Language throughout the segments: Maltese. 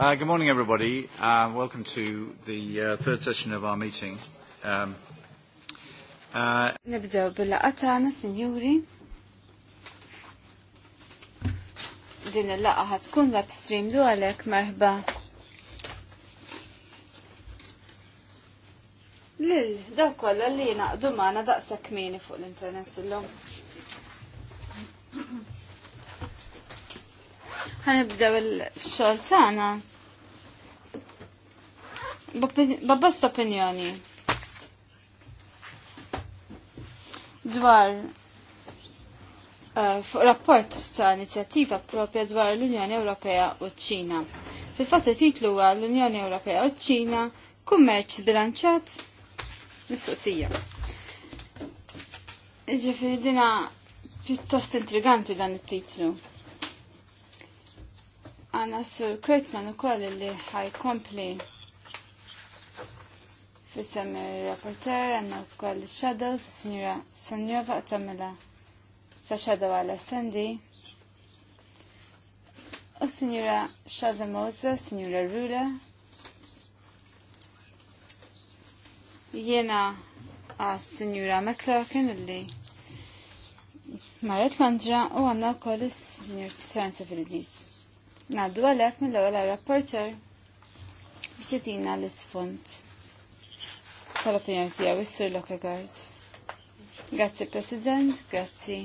Uh, good morning, everybody. Uh, welcome to the uh, third session of our meeting. Um, uh, Nibdew bil-laqa tagħna, Sinjuri. Din il laqgħa ħad tkun web streamdu għalhekk merħba. Lil, daw kollha li naqdu magħna daqshekk kmieni fuq l-internet illum. ħanibdew il-xogħol tagħna. Babbast opinjoni. Dwar uh, rapport ta' inizjattiva propja dwar l-Unjoni Ewropea u ċina Fil-fatt titlu l-Unjoni Ewropea u ċina kummerċ bilanċat mistoqsija. Ġifiri dina pjuttost intriganti dan it-titlu għanna sur Kurtzman u koll li ħaj kompli fissam il-rapporter għanna u koll il-shadow s signora Sanjova għatamela sa shadow għala Sandy u signora Shaza Moza, signora Rula jena s signora McLaughlin illi Marret Mandra, u għanna u koll il-signor Tsaransa Filidis. Naddu għalek mill-ewwel rapporter biex jtina l isfont tal-opinjoni tiegħu is-Sur Lockegaard. Grazzi President, grazzi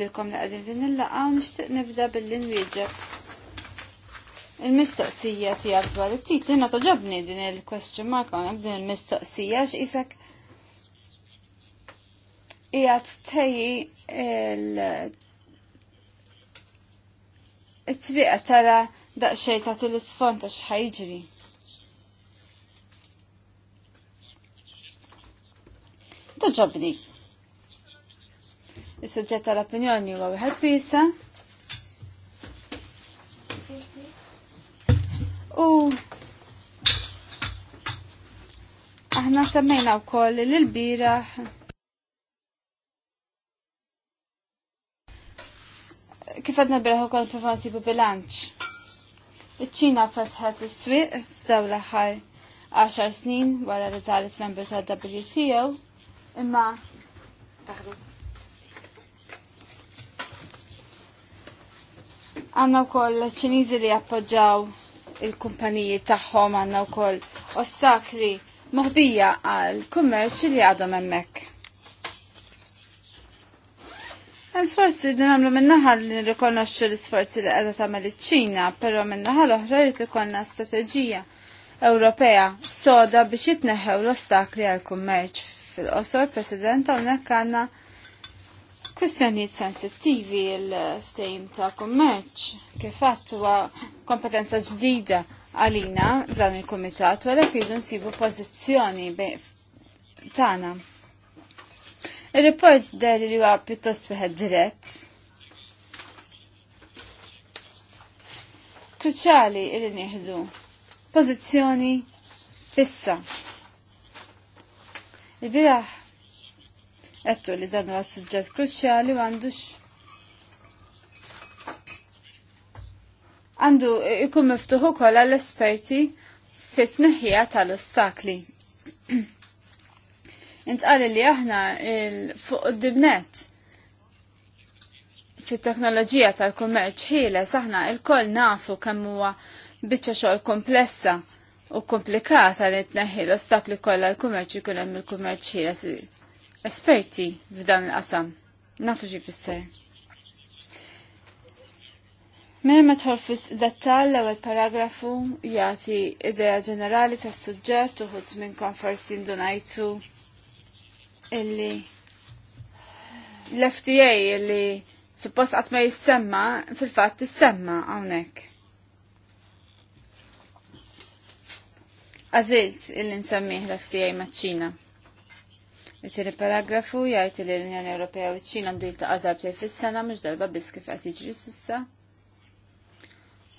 lilkom li qegħdin din il-laqgħa nixtieq nibda billi nwieġeb. Il-mistoqsija tiegħek dwar it-titli li ġabni din il-question mark hawnhekk din il-mistoqsija x'isek qiegħed tejji il- it-triqa tara daqxej ta' til-isfond ta' xħajġri. Toġobni. Is-suġġett tal-opinjoni huwa wieħed wiesa. U aħna semmejna wkoll l-biraħ Kif għadna bil kol performansi bu bilanċ. Iċ-ċina fetħet is-swieq laħħar l-aħħar 10 snin wara li talet membru ta' wco imma Għanna wkoll ċinizi li appoġġaw il-kumpaniji tagħhom għandna wkoll ostakli moħbija għal kummerċ li għadhom hemmhekk. L-sforzi din għamlu minnaħal li nirrikonoxxu l-sforzi li għadha tagħmel iċ-Ċina, però minnaħal oħra jrid ikollna strateġija Ewropea soda biex jitneħew l-ostakli għal-kummerċ. Fil-qosor, President, hawnhekk għandna kwistjonijiet sensittivi l-ftehim ta' kummerċ kif fatt huwa kompetenza ġdida għalina dan il-kumitat u jidun sibu nsibu pożizzjoni tagħna il reports dar li huwa pjuttost wieħed dirett. Kruċali li nieħdu pożizzjoni fissa. Il-biraħ qedtu li dan huwa suġġett kruċjali u għandux għandu ikun miftuħu ukoll għall esperti fit-tneħħija tal-ostakli. Intqal li aħna fuq id-dibnet fit-teknoloġija tal-kummerċ ħieles aħna il-koll nafu kemm huwa biċċa xogħol komplessa u komplikata li tneħħi l-ostakli kollha l-kummerċ ikun hemm il-kummerċ ħieles esperti f'dan il-qasam. Nafu xi fisser. Minn mela ma tħol fis dettal l-ewwel paragrafu jagħti idea ġenerali tas-suġġett uħud minn konfors jindunajtu illi l-FTA illi suppost għatma jissemma fil-fat jissemma għawnek. Għazilt illi nsemmiħ l-FTA maċ-ċina. Jisir paragrafu jgħid li l-Unjoni Ewropea u ċ-Ċina għandu jiltaqgħa darbtej fis-sena mhux darba biss kif qed jiġri s'issa.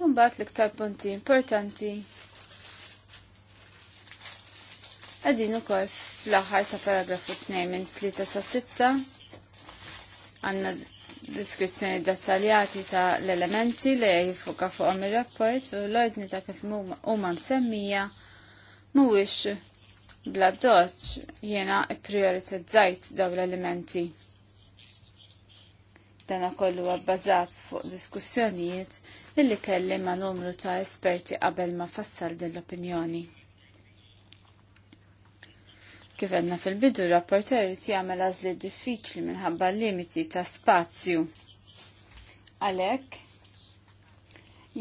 Mbagħad l-iktar punti importanti Għadin ukoll fl-aħħar ta' paragrafu 2 minn 3 sa' 6 għandna diskrizzjoni dettaljati ta' l-elementi li jifuka fuqhom ir-rapport u l-ordni ta' kif huma msemmija mhuwiex bla doċ jiena prioritizzajt dawn l-elementi. Dana kollu għabbażat fuq diskussjonijiet illi kelli ma' numru ta' esperti qabel ma' fassal din l opinjoni Kif għedna fil-bidu, rapporter ti jagħmel għazli diffiċli minħabba limiti ta' spazju. Għalhekk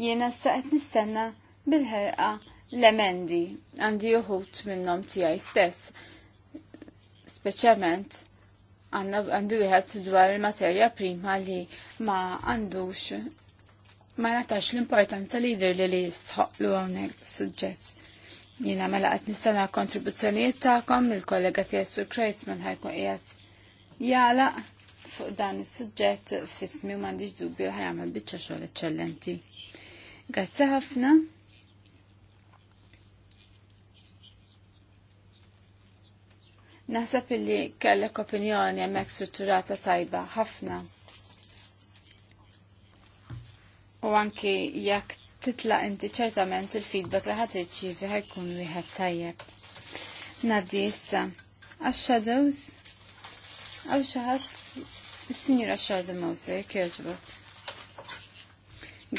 jiena saqet nistenna bil-ħerqa l-emendi għandi uħut minnom tiegħi stess. Speċjalment għandu wieħed dwar il-materja prima li ma għandux ma natax l-importanza li jidir li li jistħoqlu għonek suġġett. Jina mela għat nistana kontribuzzjonijiet ta'kom, il-kollega tijaj Sur Kreitzman ħajku jgħat jala fuq dan is suġġett fismi u mandiġ dubju ħajamel bieċa xogħol eccellenti. Grazzi ħafna. Naħseb illi kellek opinjoni hemmhekk strutturata tajba ħafna. U anki jekk titla inti ċertament il-feedback li ħat irċivi ħajkun wieħed tajjeb. Naddi issa għax-shadows għaw ħadd, il-Sinjura Xarda Moser kjoġbok.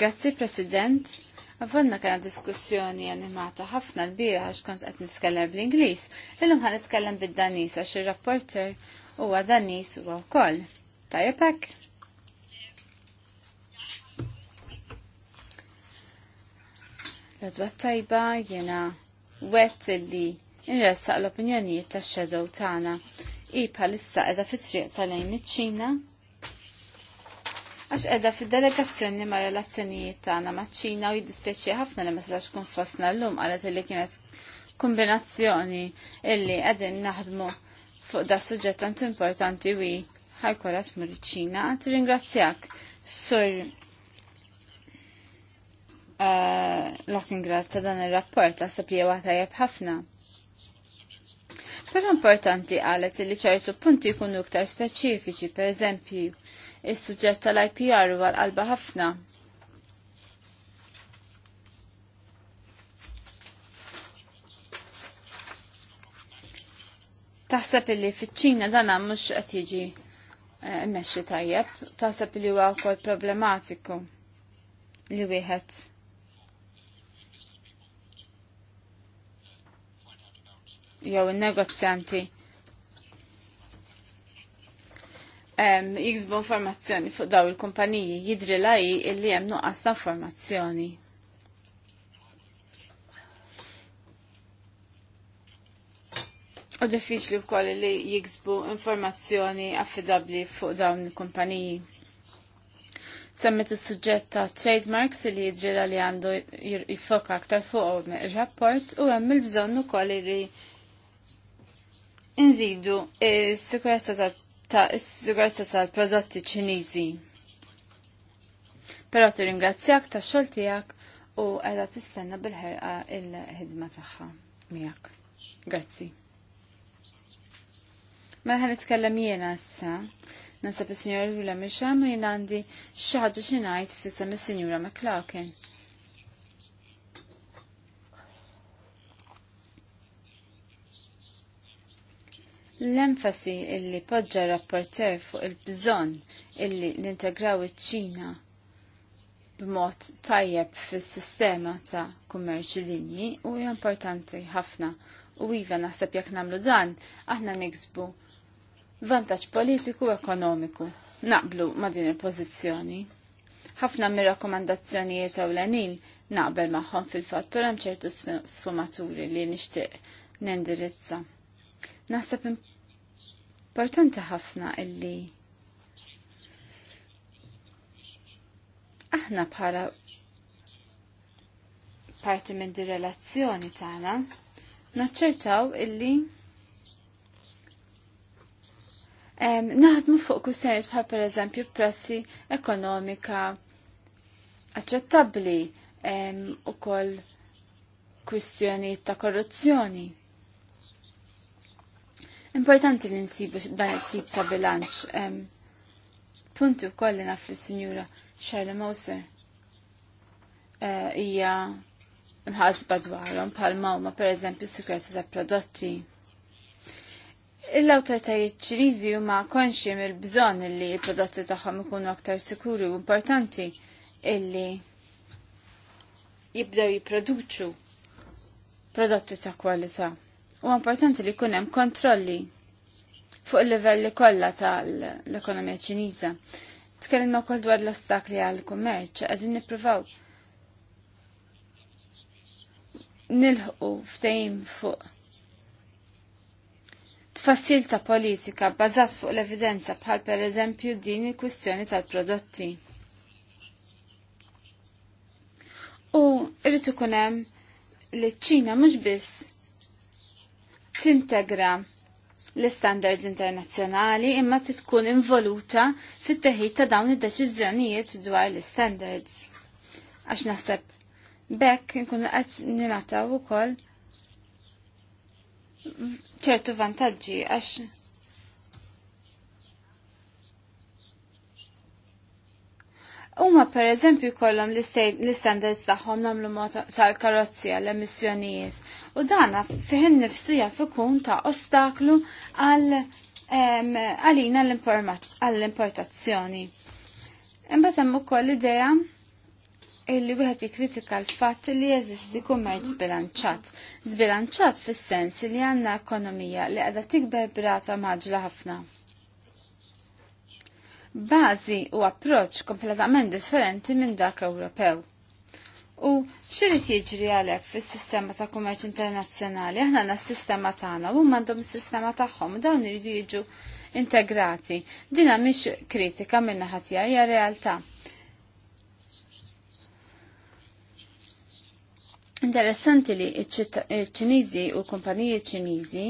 Grazzi President, għavonna kena diskussjoni animata ħafna l-bira għax kont qed nitkellem bl-Inglis, illum għan nitkellem bil-Danis għax rapporter u għadanis u wkoll. Tajjeb Tajepek? Rodwa tajba jena wet li nressaq l-opinjonijiet ta' xedow tagħna. I bħalissa edha fit-triq tal-lejn ċina għax qiegħda fid-delegazzjoni ma' relazzjonijiet tagħna ma' ċina u jiddispjaċi ħafna li ma setax kun fostna llum qalet li kienet kombinazzjoni illi qegħdin naħdmu fuq da suġġett tant importanti wi ħajkola tmur ċina. Għant ringrazzjak, Sur l-Ockingrat dan il-rapport ta' sapje għata ħafna. Però importanti għalet li ċertu punti jkunu ktar speċifiċi, per eżempju, il-sujġett tal-IPR u għal-qalba ħafna. Taħseb li fiċ-Ċina dan mhux qed jiġi eh, immexxi tajjeb, taħseb li huwa wkoll problematiku li wieħed jew in-negozjanti jiksbu informazzjoni fuq daw il-kumpaniji jidri laj illi hemm nuqqas ta' informazzjoni. U diffiċli wkoll li jiksbu informazzjoni affidabli fuq dawn il-kumpaniji. Semmet is-suġġett ta' trademarks li jidri li għandu jifoka aktar fuq ir-rapport u hemm il-bżonn ukoll li inżidu s-sikurezza tal-sigurezza tal-prodotti ċiniżi. Però tirringrazzjak ta' xogħol tiegħek u qiegħda tistenna bil-ħerqa il-ħidma tagħha miegħek. Grazzi. Mela ħan nitkellem jiena issa. Nasab is-Sinjora Lula Mixam u jien għandi xi ħaġa xi ngħid fisem is-Sinjura McLaughlin. L-enfasi illi poġġa rapporter fuq il-bżon illi l-integraw iċ-Ċina b'mod tajjeb fis-sistema ta' kummerċi dinji u importanti ħafna u iva naħseb jekk nagħmlu dan aħna niksbu vantaġġ politiku u ekonomiku. Naqblu ma' din il-pożizzjoni ħafna mir rakkomandazzjonijiet ewlenin naqbel magħhom fil-fatt, però hemm ċertu sfumaturi li nixtieq nindirizza. Naħseb Importanti ħafna illi aħna bħala parti minn di relazzjoni tagħna naċċertaw illi Um, naħdmu fuq kustjoniet bħal per eżempju prassi ekonomika aċċettabbli um, koll kwistjonijiet ta' korruzzjoni. Importanti li nsibu dan it-tip ta' bilanċ. Puntu li naf li sinjura Charlie Mose eh, hija mħasba dwarhom bħal mawma eżempju sikurezza ta' prodotti. Il-awtoritajiet Ċiniżi huma konxi mill-bżonn li l-prodotti tagħhom ikunu aktar sikuri u importanti illi jibdew jipproduċu prodotti ta' kwalità. U importanti li jkun hemm kontrolli fuq il-livelli kollha tal-ekonomija ċiniża. Tkellimna wkoll dwar l-ostakli għall-kummerċ, qegħdin nippruvaw nilħqu ftehim fuq tfassil ta' politika bbażat fuq l-evidenza bħal pereżempju din il-kwistjoni tal-prodotti. U irrid ikun hemm li ċ-Ċina mhux biss tintegra l-standards internazzjonali imma tiskun involuta fit-teħid ta' dawn id-deċiżjonijiet dwar l-standards. Għax naħseb bekk nkunu qed nilataw ukoll ċertu vantaġġi għax Uma per eżempju kollom l istandards tagħhom namlu mod sal-karozzi għall-emissjonijiet u dana fiħin nifsu jaf ta' ostaklu għal għalina l-importazzjoni. Imbagħad hemm ukoll l-idea illi wieħed jikkritika l-fatt li jeżisti kummerċ zbilanċat. Zbilanċat fis-sens li għandna ekonomija li qiegħda tikber brata maġla ħafna bażi u approċċ kompletament differenti minn dak Ewropew. U xirrit jiġri għalek fis sistema ta' kummerċ internazzjonali, aħna għanna s-sistema tagħna u mandom s-sistema tagħhom dawn iridu jiġu integrati. Dina mhix kritika minna ħatija hija realtà. Interessanti li ċ-Ċiniżi u l-kumpaniji Ċiniżi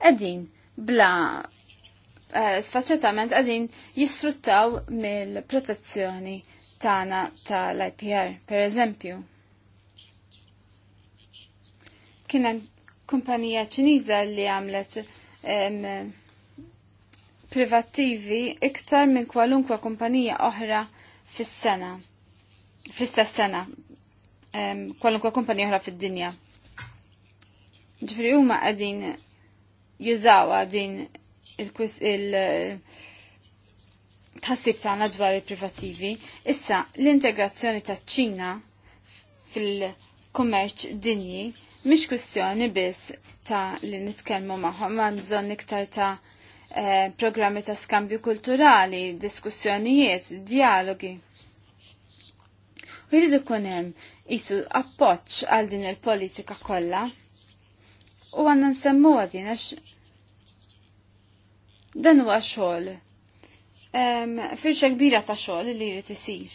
qegħdin bla Eh, sfaċċatament għadin jisfruttaw mill-protezzjoni tana tal-IPR, per eżempju. Kien hemm kumpanija Ċiniża li għamlet privattivi iktar minn kwalunkwe kumpanija oħra fis-sena. Fl-istess sena. Kwalunkwe kumpanija oħra fid-dinja. Ġifri huma qegħdin jużaw din il-tħassib tagħna dwar il-privattivi. Issa l-integrazzjoni ta' ċina fil-kummerċ dinji mhix kwistjoni biss ta' li nitkellmu magħhom ma' bżonn iktar ta' eh, programmi ta' skambju kulturali, diskussjonijiet, dialogi. U jridu kun hemm isu għal din il-politika kollha u għandna nsemmu għadin għax Dan huwa xogħol. Firxa kbira ta' xogħol li jrid isir.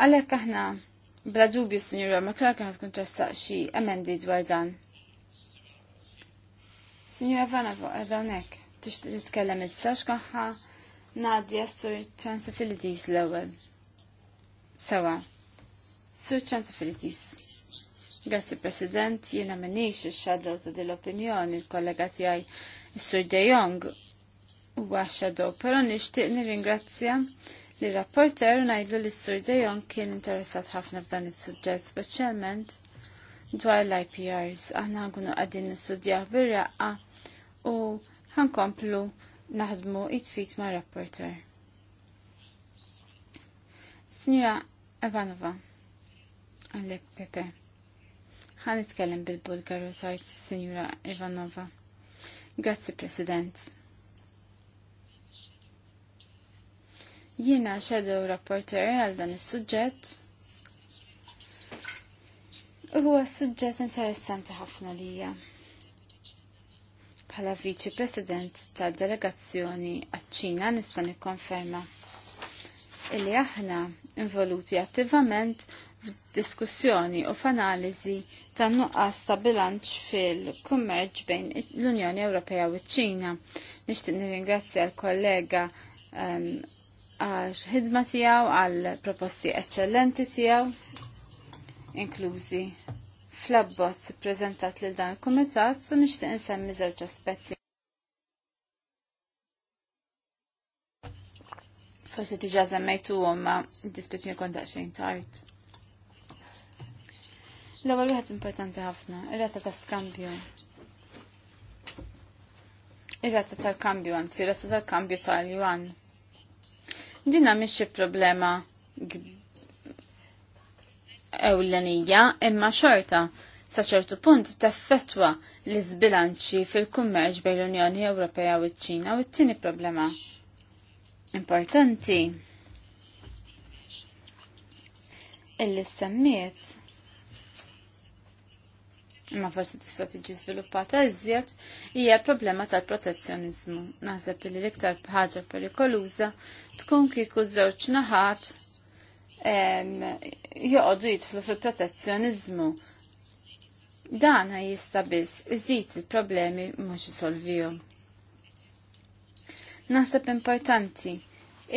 Għalhekk aħna bla dubju Sinjura McClark ħad tkun tressaq xi emendi dwar dan. Sinjura Vana fuq hawnhekk tixtieq titkellem issa x'kaħħa ngħaddi sur transafilities l-ewwel. Sewa. Sur transafilities. Grazzi President, jiena minix il-shadow ta' dell'opinjoni opinjoni il-kollega tijaj Sur De Jong huwa pero però nixtieq nirringrazzja li rapporter ngħidlu li s-sur Dejon kien interessat ħafna f'dan is-suġġett speċjalment dwar l-IPRs. Aħna nkunu n nistudjah bir-raqqa u ħankomplu naħdmu it fit ma' rapporter. Signora Evanova, għallek Pepe. Ħan bil-Bulgaru sajt, Signora Ivanova. Grazzi, President. Jiena shadow rapporter għal dan is-suġġett. Huwa suġġett interessanti ħafna lija. Bħala viċi president tad delegazzjoni għaċ-Ċina nista' nikkonferma illi aħna involuti attivament f'diskussjoni u f'analiżi ta' nuqqas ta' bilanċ fil-kummerġ bejn l-Unjoni Ewropea u ċ-Ċina. Nixtieq nirringrazzja l-kollega um, għax ħidma tijaw, għal proposti eccellenti tijaw, inklużi fl-abbozz prezentat li dan il-komitat, u nishtiq nsemmi żewġ aspetti. Forse diġa semmejtu ma dispiċni kon daqsxejn tard. L-ewwel wieħed importanti ħafna, ir-rata ta' skambju. Ir-rata tal-kambju, anzi, ir-rata tal-kambju tal-Juan. tal kambju tal juan tal Dina mhix problema ewlenija imma xorta sa ċertu punt teffettwa l iżbilanċi fil-kummerġ bejn l-Unjoni Ewropea u ċ-Ċina u t-tieni problema importanti illi semmiet imma forsi tista' tiġi żviluppata iżjed hija problema tal-protezzjonizmu. Naħseb li l-iktar ħaġa perikoluża tkun kieku żewġ naħat joqogħdu jidħlu fil-protezzjonizmu. Dan jista' biss iżid il-problemi mhux isolvihom. Naħseb importanti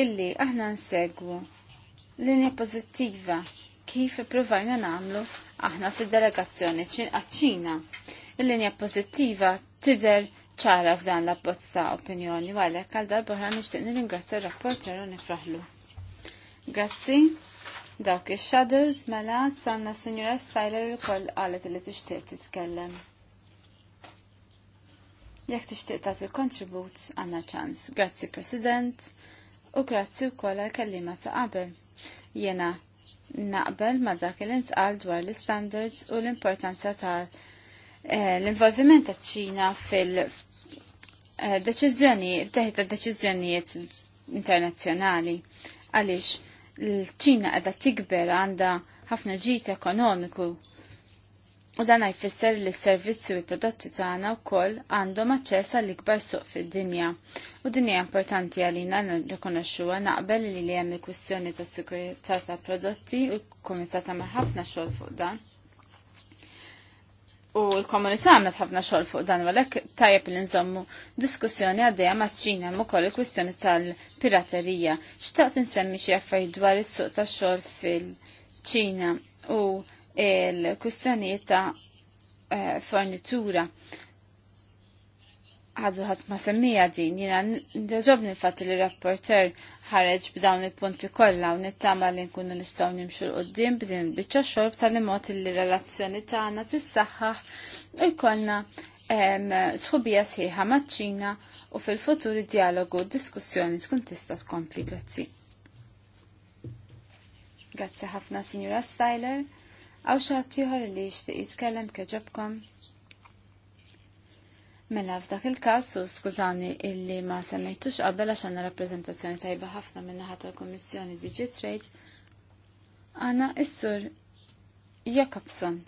illi aħna nsegwu linja pożittiva kif provajna namlu aħna fil-delegazzjoni ċina. Il-linja pozittiva tider ċara f'dan l-abbozz ta' opinjoni għalek għalhekk għal boħra nixtieq nirringrazzja r-rapporter u nifraħlu. Grazzi, dawk il shadows mela sanna Sinjura Sajler ukoll qalet li tixtieq titkellem. Jekk tixtieq tagħti l-kontribut għandna ċans. Grazzi President u grazzi wkoll għall-kellima ta' qabel. Jena naqbel ma dak il ntqal dwar l-standards u l-importanza tal eh, l-involviment ta' ċina fil-deċizjoni, eh, f'teħid ta' deċizjonijiet internazzjonali. Għaliex l-ċina qiegħda tikber għandha ħafna ġid ekonomiku U dan jfisser li s-servizzi u l-prodotti tagħna wkoll għandhom aċċess għall ikbar suq fid-dinja. U din hija importanti għalina nirrikonoxxuha naqbel li li hemm il-kwistjoni tas sikurità ta' prodotti u l-Kumitat tagħmel ħafna xogħol fuq dan. U l-komunità għamlet ħafna xogħol fuq dan għalhekk tajjeb li nżommu diskussjoni għaddejja maċ-Ċina hemm ukoll il-kwistjoni tal-piraterija. Xtaqt insemmi xi affarijiet dwar is-suq tax-xogħol fil-Ċina u il-kustanijiet ta' eh, fornitura. Għadu għad ma semmija din, jina ndeġobni fatt li rapporter ħareġ b'dawn il-punti kollha u nittama li nkunu nistgħu nimxu l qoddim b'din biċċa xorb tal-imot li relazzjoni tagħna tissaħħaħ u jkollna sħubija sħiħa maċ-Ċina u fil futuri dialogu diskussjoni tkun tista' tkompli grazzi. Grazzi ħafna Sinjura Styler. Għaw xaħat juħar li jishtiq jitkellem keġobkom. Mela f'dak il-każ u skużani illi ma semmejtux qabel għax għandna rappreżentazzjoni tajba ħafna minna naħa tal-Kummissjoni Digitrade. is issur Jakobson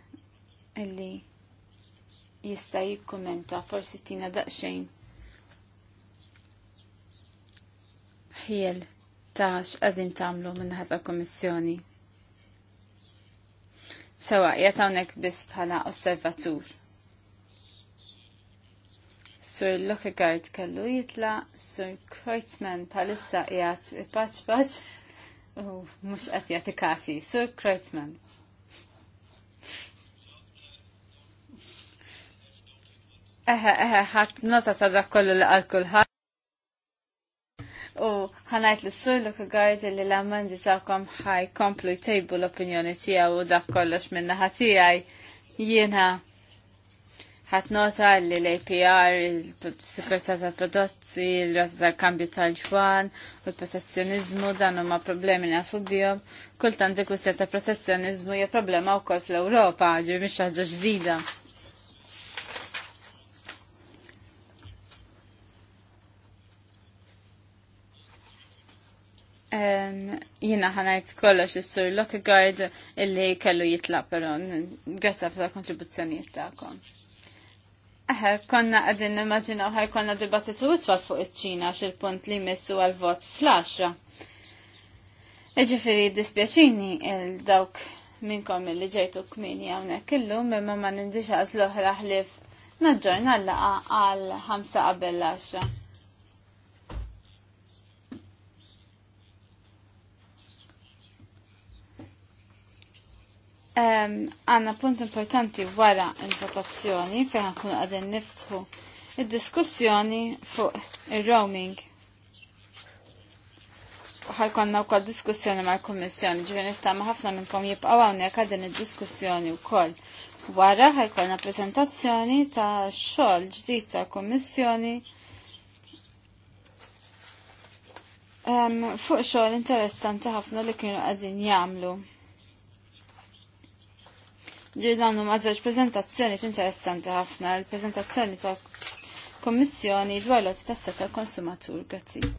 illi jista' jikkumenta forsi tina daqsxejn ħiel ta' x'qegħdin tagħmlu minn naħa tal-Kummissjoni sewa qiegħed hawnhekk biss bħala osservatur. Sur Lockegaard kallu jitla, Sur Kreutzmann palissa jgħat paċ-paċ u mhux qed jagħti kasi, Sur Kreutzmann. Eħe, eħe, ħat nota ta' dak kollu li għal kulħadd ħanajt l-sur Lokagard li l-ammendi tagħkom ħaj komplu jtejbu l-opinjoni tiegħu u dak kollox minna ħatijaj jiena ħat nota li l-APR, il-sikurta tal prodotti, il-rata ta' kambju tal-ġwan, u l-protezzjonizmu dan huma problemi nafu bihom. Kultan dik ta' protezzjonizmu hija problema wkoll fl-Ewropa, ġir mhix ħaġa ġdida. Jina ħanajt kollox is-sur Lockegard illi kellu jitla però grazza għal kontribuzzjonijiet tagħkom. Eħe, konna għadin nimmaġinaw uħar konna dibattitu itwal fuq iċ-ċina xil-punt li missu għal-vot fl Iġifiri dispjaċini il-dawk minnkom li ġejtu kmini għawnek illum imma ma nindix għazluħ raħlif naġġorna l-laqa għal ħamsa qabel 10. għanna punt importanti wara il-votazzjoni fejn ħankun għadin niftħu il diskussjoni fuq il-roaming. Ħajkonna wkoll diskussjoni mal kummissjoni ġifieri niftama ħafna minnkom jibqgħu hawnhekk għadin id-diskussjoni wkoll. Wara ħajkonna prezentazzjoni ta' xogħol ġdid ta' kummissjoni fuq xogħol interessanti ħafna li kienu qegħdin jagħmlu li dawn huma żewġ preżentazzjoni interessanti ħafna, il prezentazzjoni ta' Kommissjoni dwar l għoti tas-seta konsumatur. Grazzi.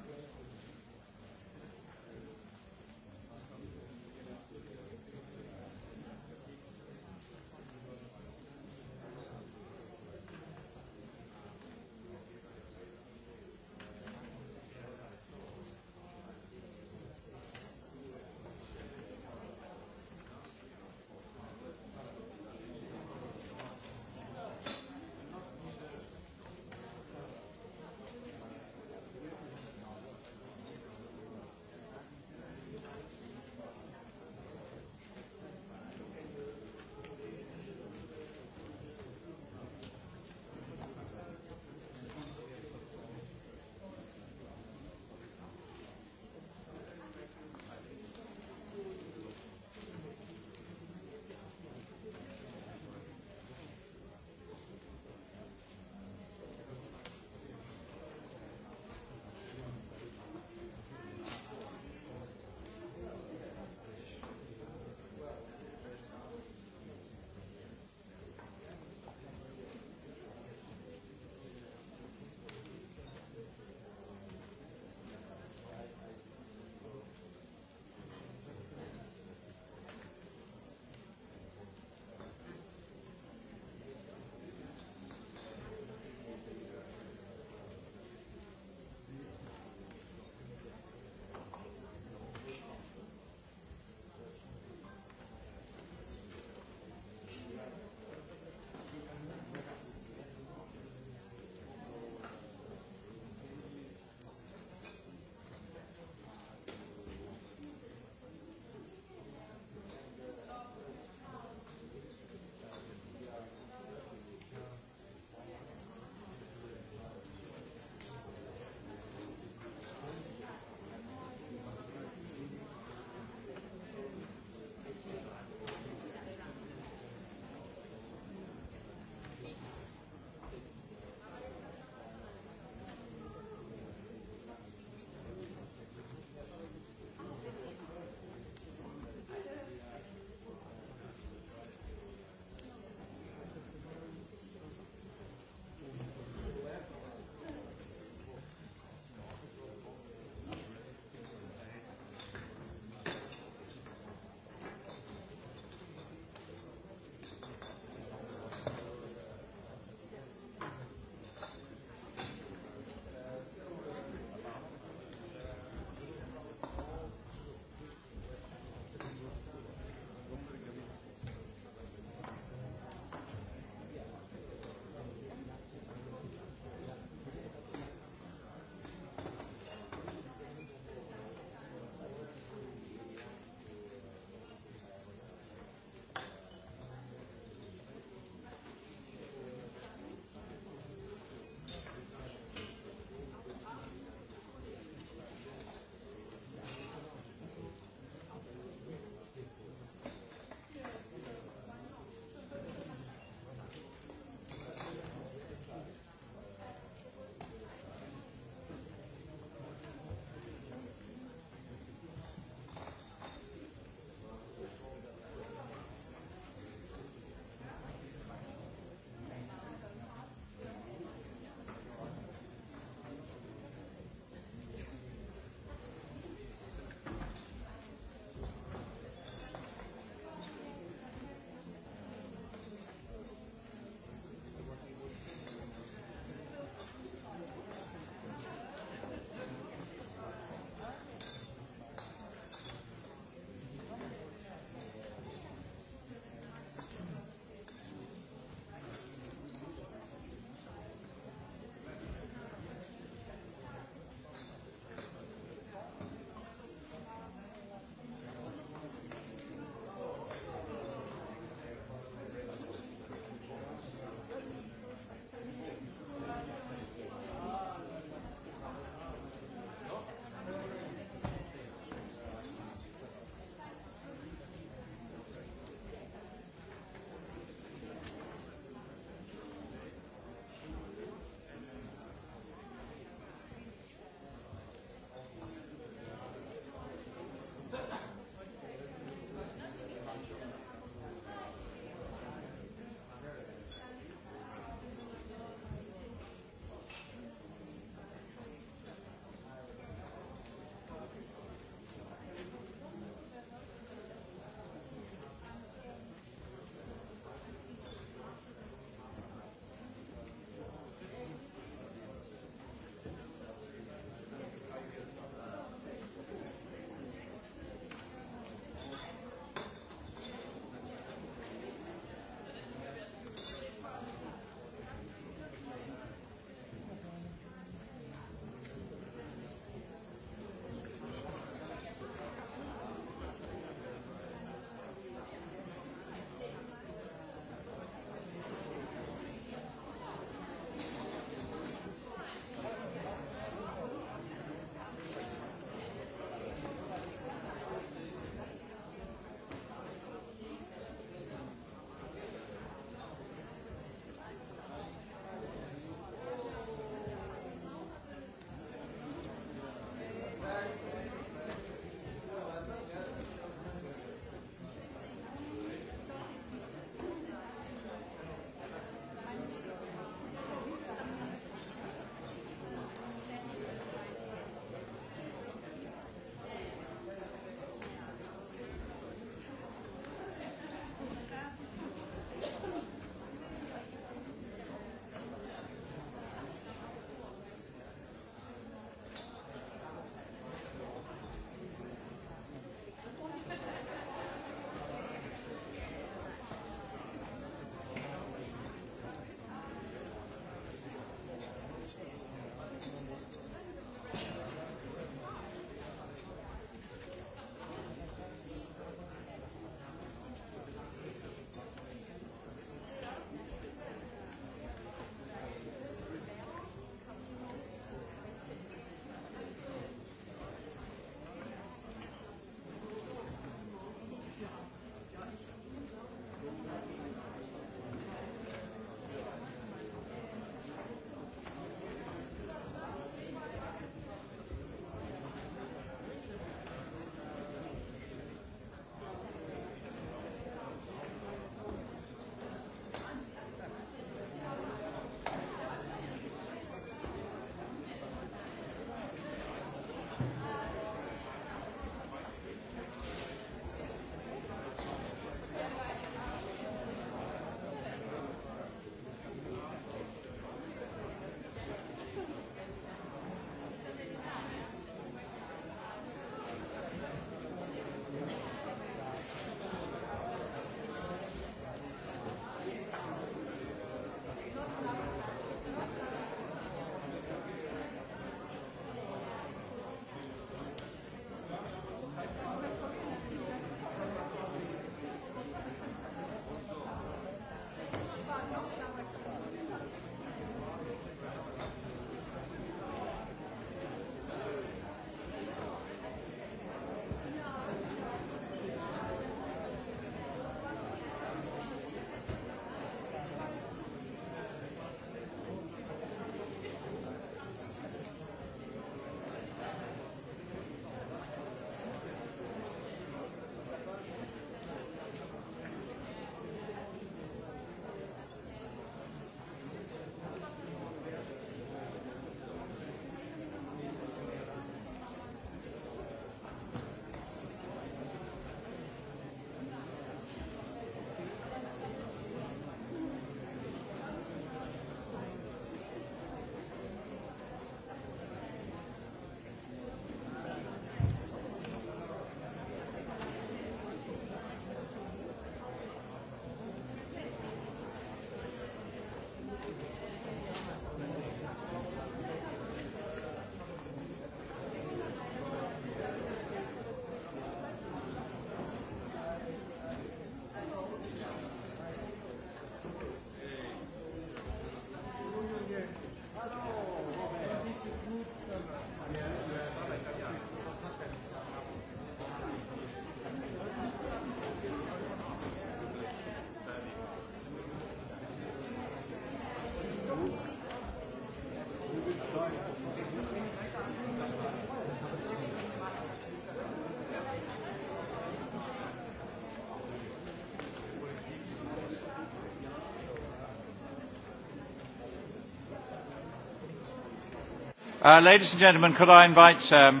Uh, ladies and gentlemen, could I invite um,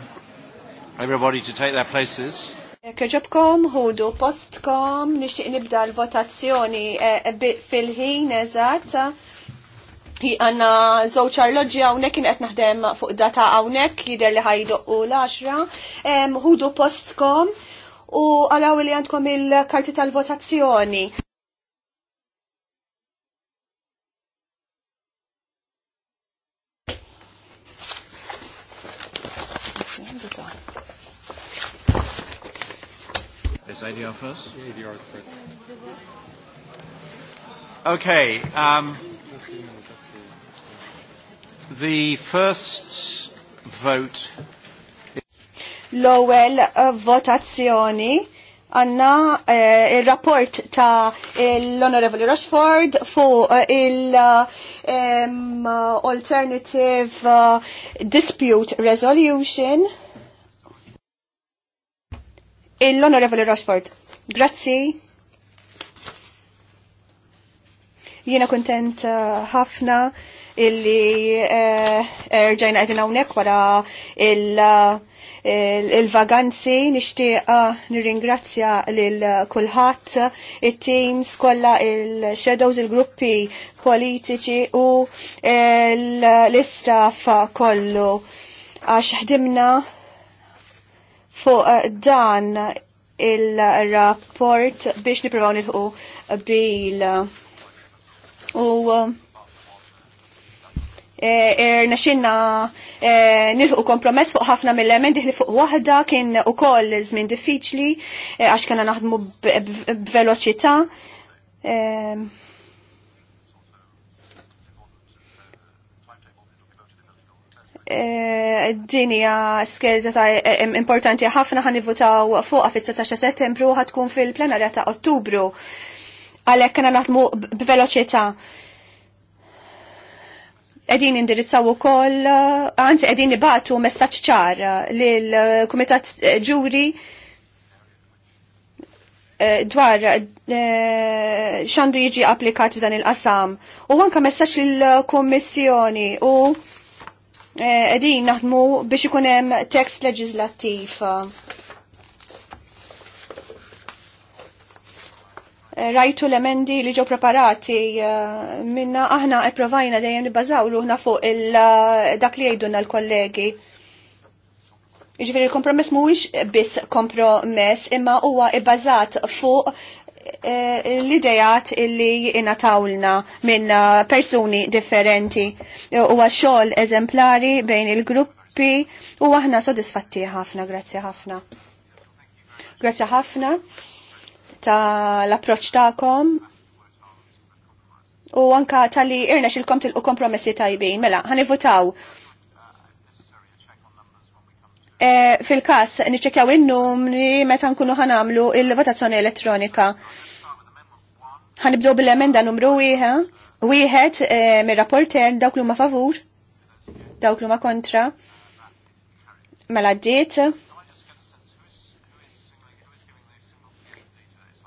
everybody to take their places? Keġobkom, hudu postkom, nixtieq nibda l-votazzjoni eh, eh, fil-ħin eżatt. Hi għanna żewġ arloġġi hawnhekk kien qed naħdem fuq data hawnhekk jidher li ħajdoqqu l-10. Hudu postkom u għaraw li għandkom il-karti tal-votazzjoni. first? The ADR is first. Okay. Um, the first vote. L-ewwel uh, votazzjoni għanna eh, il-rapport ta' l-Honorable Rushford fu uh, il-Alternative uh, Dispute Resolution. Il-Honorable Rushford. Grazzi. Jiena kontent eh, ħafna illi eh, rġajna għedin hawnhekk wara eh, il-vaganzi nir nirringrazzja lil kulħadd it-teams kollha il-shadows il-gruppi politiċi u l-istaff kollu għax ħdimna fuq dan il-rapport biex niprofaw nilħu bil u irna eh, er, xinna eh, nilħu kompromess fuq ħafna mill-elementi li fuq wahda kien u koll zmin diffiċli eh, għax kena naħdmu b-veloċita. dinja eh, skelda ta' importanti ħafna ħan votaw fuqa fit-16 settembru ħatkun fil-plenarja ta' ottubru Għalek kena naħdmu b'veloċità. Qegħdin indirizzaw ukoll, anzi qegħdin ibatu messaġġ ċar l kumitat ġuri eh, dwar eh, xandu jiġi applikat f'dan il-qasam. U anka messaġġ lill kummissjoni u Eh, edi naħdmu biex ikun hemm tekst leġislattiv. Eh, rajtu l-emendi li ġew preparati eh, minna aħna approvajna dejjem nibbażaw ruħna fuq dak li jgħidunna l-kollegi. Ġifieri il kompromess mhuwiex biss kompromess imma huwa ibbażat fuq Eh, l-idejat illi tawlna minn eh, persuni differenti u għaxol eżemplari bejn il-gruppi u aħna sodisfatti ħafna, grazzi ħafna. Grazzi ħafna ta' l-approċ ta'kom u anka tal-li irna xilkom til-u kompromessi tajbin. Mela, ħanivutaw. E, eh, Fil-kas, niċekjaw il-numri meta nkunu ħanamlu il-votazzjoni elettronika ħanibdow bil-emenda numru wieħed, wieħed eh, mir-rapporter dawk li huma favur, dawk li kontra. Mela ddiet.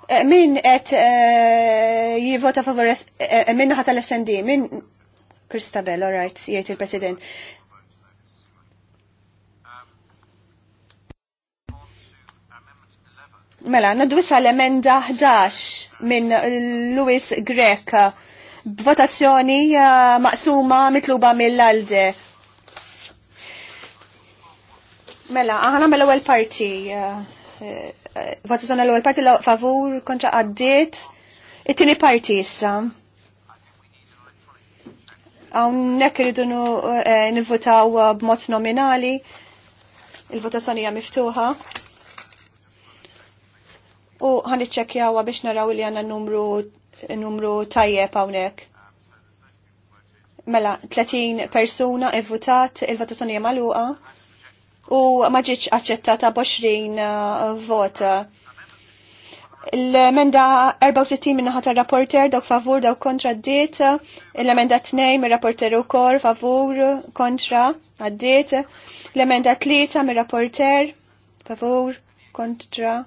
Eh, min qed eh, jivota favor min ħata l-SND, min Kristabel, all right, jgħid il-President. Mela, naddu issa l-emenda 11 minn Louis Grek b'votazzjoni eh, maqsuma mitluba mill-alde. Mela, aħna mill ewwel parti. Eh, eh, votazzjoni l ewwel parti l favur kontra għaddiet. It-tieni parti issa. Hawnhekk irridu nivvotaw b'mod nominali. Il-votazzjoni hija miftuħa u ħaniċċekjawha biex naraw li għandna numru numru tajjeb hawnhekk. Mela, 30 persuna evvutat il-votazzjoni magħluqa u ma ġietx aċċettata uh, vot. L-emenda 64 minna ħata rapporter dawk favur dawk kontra d-diet, l-emenda 2 minna rapporter u kor favur kontra għaddiet. diet l-emenda 3 minna rapporter favur kontra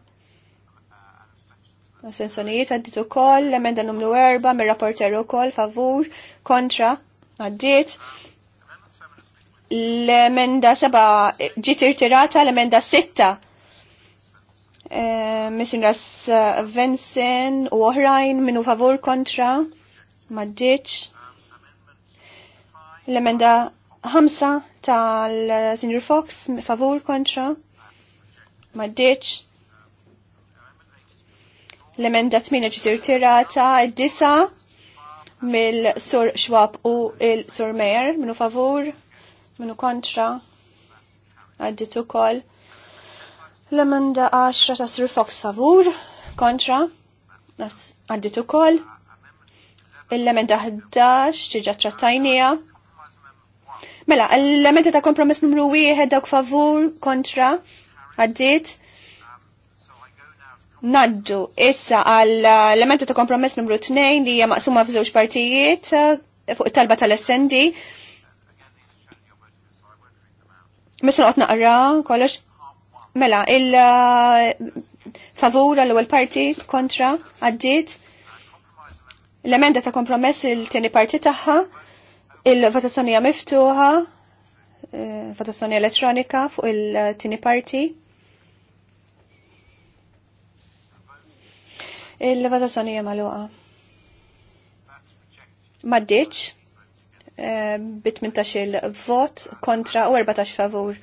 Sensonijiet għaddit ukoll, l-emenda numru erba' mir-rapporter koll, favur kontra għaddit. L-emenda seba' ġiet irtirata l-emenda sitta. Eh, Missin Ras eh, Vensen u oħrajn minnu favur kontra maġġieċ. L-emenda ħamsa tal-Sinjur Fox favur kontra maġġieċ l-emenda 8 ġitir tirata, disa mill-sur Schwab u il-sur Meyer, minu favur, minu kontra, għaddit ukoll. L-emenda 10 ta' sur Fox favur, kontra, għaddit ukoll. L-emenda 11 tiġa trattajnija. Mela, l-emenda ta' kompromis numru 1 dawk favur, kontra, għaddit Naddu issa għall elementi ta' kompromess numru 2 li hija maqsuma f'żewġ partijiet eh, fuq it-talba tal-SND. Missa noqgħod naqra kollox mela il eh, favur l-ewwel parti kontra għaddiet l-emenda ta' kompromess il-tieni parti tagħha il-votazzjoni hija miftuħa eh, votazzjoni elettronika fuq il-tieni parti. Il-votazzjoni hija magħluqa. Maddiċ eh, bi 18 il-vot kontra u 14 favur.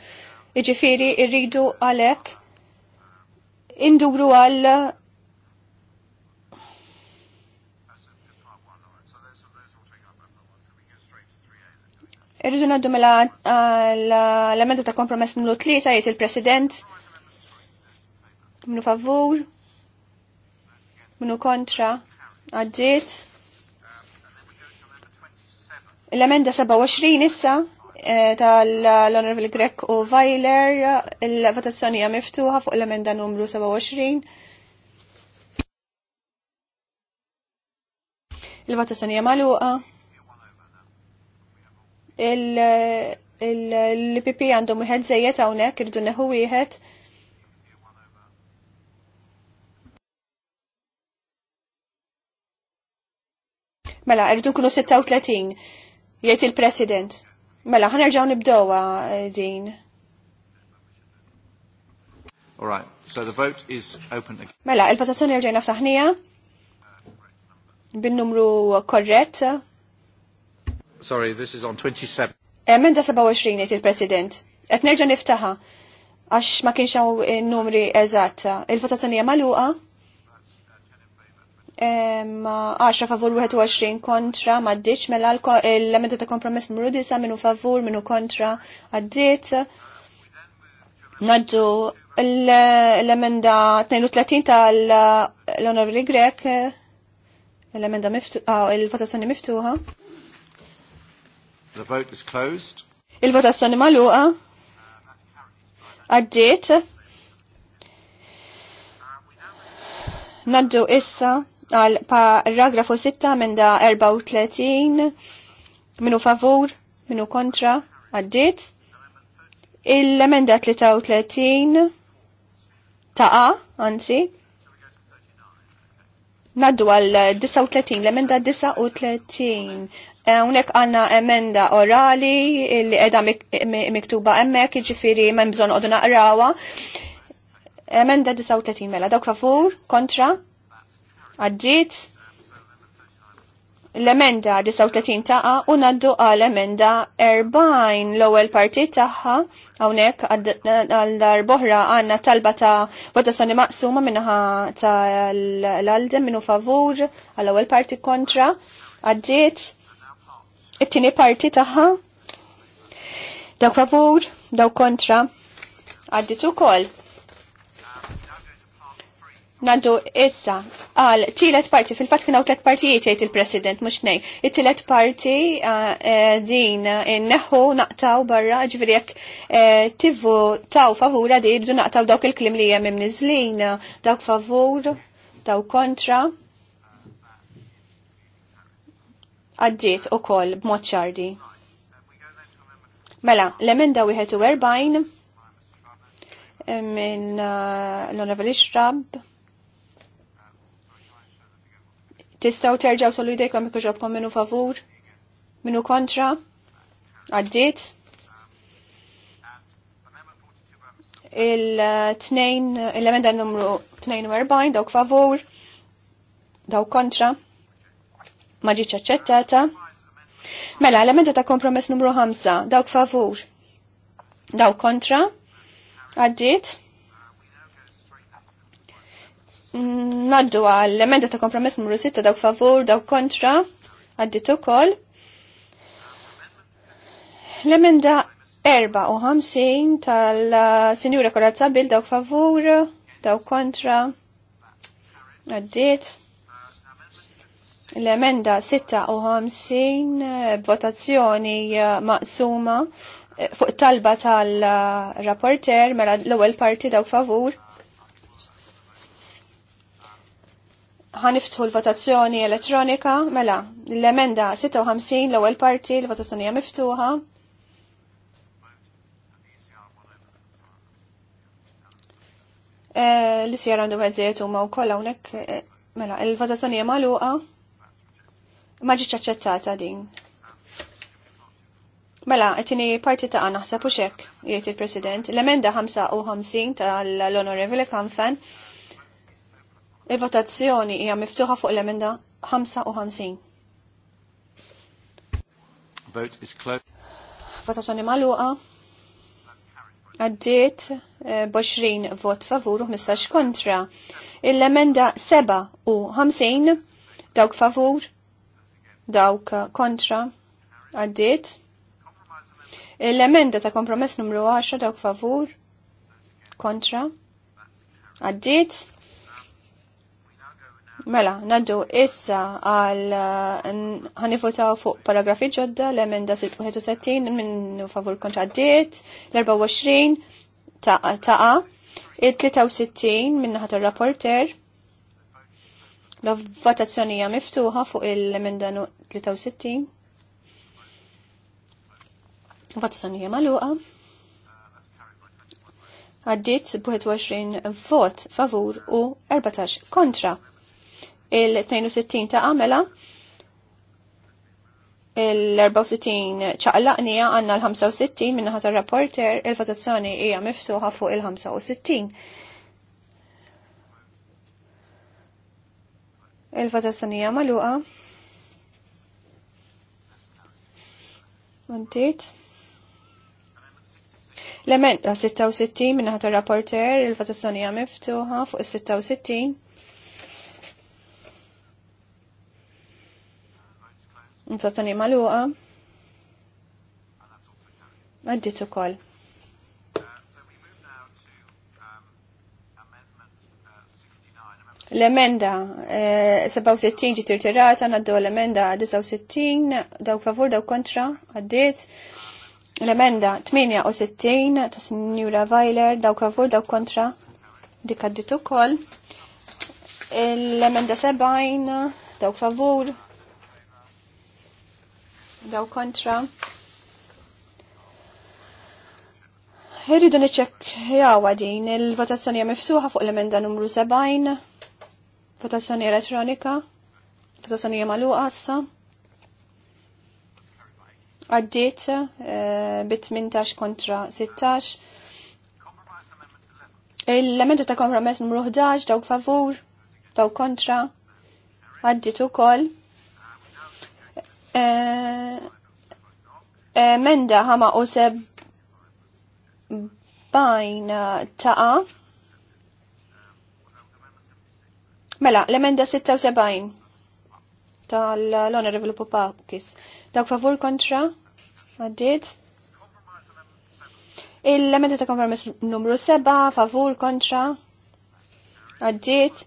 Iġifiri irridu għalek induru għal Irridu naddu mela l-emenda ta' kompromess numru 3 jiet il-President. Mnu favur, minu kontra għaddiet. L-emenda 27 issa eh, tal-Honorable Grek u Weiler, il-votazzjoni hija miftuħa fuq l-emenda numru 27. Il-votazzjoni hija magħluqa. Il-PP għandhom wieħed żejjed hawnhekk irdu neħu wieħed. Mela, rridu nkunu 36, jgħid il-President. Mela, ħanerġaw nibdowa eh, din. All right, so the vote is open again. Mela, il-votazzjoni rġaj naftaħnija? bin-numru korret? Sorry, this is on 27. Emenda 27 jgħid il-President. Qed nerġa' niftaħa għax ma kienx hawn eh, numri eżatt. Il-votazzjoni hija magħluqa. 10 favur 21 kontra ddiċ mela l-emenda ta' kompromess numru disa minu favur minu kontra għaddit naddu l-emenda 32 tal-Honorable Grek l-emenda ah, il-votazzjoni miftuħa The vote is closed. Il-votazzjoni maluqa għaddit naddu issa għal paragrafu 6 minn da 34 minnu favur, minnu kontra, għaddit. Il-emenda 33 A, anzi, naddu għal 39, l-emenda 39. E, unek għanna emenda orali li edha miktuba emmek, ġifiri ma' mżon għodu naqrawa. Emenda 39 mela, dawk favur, kontra, għadġiet l-emenda 39 taqa u naddu għal emenda 40 l-ewwel partit tagħha hawnhekk għal darboħra għandna talba ta' votazzjoni maqsuma minnaħa tal alde minnu favur għal ewwel parti kontra għaddiet it-tieni parti tagħha daw favur daw kontra għaddiet ukoll. Naddu issa għal tielet parti, fil-fat kienaw tlet partijiet jgħid il-President, mux nej. Il-tielet parti eh, eh, din neħu naqtaw barra, ġviri jek eh, tivu taw favura di jibdu naqtaw dawk il-klim li jem imnizlin, dawk favur, daw kontra. Għaddit u koll b'mod ċardi. Mela, l-emenda 41 minn l-Onorevoli Xrab Tistaw terġaw tollu jdejkom jekk ġobkom minu favur, minu kontra, għaddit. Il-tnejn, il-emenda numru 42, dawk favur, dawk kontra, maġiċ ċettata. Mela, l-emenda ta' kompromess numru 5, dawk favur, dawk kontra, għaddit. Naddu għal emenda ta' kompromess numru 6 dawk favur, dawk kontra, għaddit ukoll. L-emenda 54 tal-Sinjura Korazza Bil dawk favur, dawk kontra, għaddit l-emenda 56 votazzjoni eh, maqsuma eh, fuq talba tal-rapporter eh, mela l-ewwel parti dawk favur ħaniftħu l-votazzjoni elettronika, mela, l-emenda 56 l-ewwel parti, l-votazzjoni hija miftuħa. Eh, Li sjer għandu għedżiet u maw kolla unek, eh, mela, l-votazzjoni hija maluqa, ma aċċettata din. Mela, għetini parti ta' għana, sa' puxek, jgħid il-President, l-emenda 55 tal honorable Kanfan, Il-votazzjoni hija miftuħa fuq l-emenda 55. Vote is closed. Votazzjoni magħluqa. Għaddiet 20 eh, vot favur u 15 kontra. Il-emenda 7 u 50 dawk favur, dawk kontra. Għaddiet. L-emenda ta' kompromess numru 10 dawk favur, kontra. Għaddiet. Mela, naddu issa għal ħanifutaw fuq paragrafi ġodda l-emenda 67 minn favur konċaddiet, l-24 taqa, il-63 minn ħat rapporter l-votazzjonija miftuħa fuq l-emenda 63. Votazzjonija maluqa. Għaddit b-21 vot favur u 14 kontra il-62 ta' għamela, il-64 ċaqlaqnija għanna l-65 minnaħat il-rapporter, il-votazzjoni hija miftuħa fuq il-65. il fatazzjoni hija maluqa. Montit. L-emenda 66 minnaħat il-rapporter, il fatazzjoni hija miftuħa fuq il-66. Ntrattani maluqa. Għaddit ukoll. L-emenda 67 ġiet tirata naddu l-emenda 69, dawk favur, dawk kontra, għaddiet. L-emenda 68 ta' Signora Weiler, dawk favur, dawk kontra, dik għaddit ukoll. L-emenda 70, dawk favur, daw kontra. Irridu jawa din il-votazzjoni mifsuħa fuq l-emenda numru 70. Votazzjoni elettronika. Votazzjoni hija magħluqa Għaddit Għaddiet 18 eh, kontra 16. L-emenda ta' kompromess numru 11 dawk favur, dawk kontra. u ukoll. Eh, eh, Menda ħama u seb bajna taqa. Mela, l-emenda 76 tal-Honorable Popakis. Dawk favur kontra? Għaddit? Il-emenda ta' kompromess numru 7, favur kontra? Għaddit?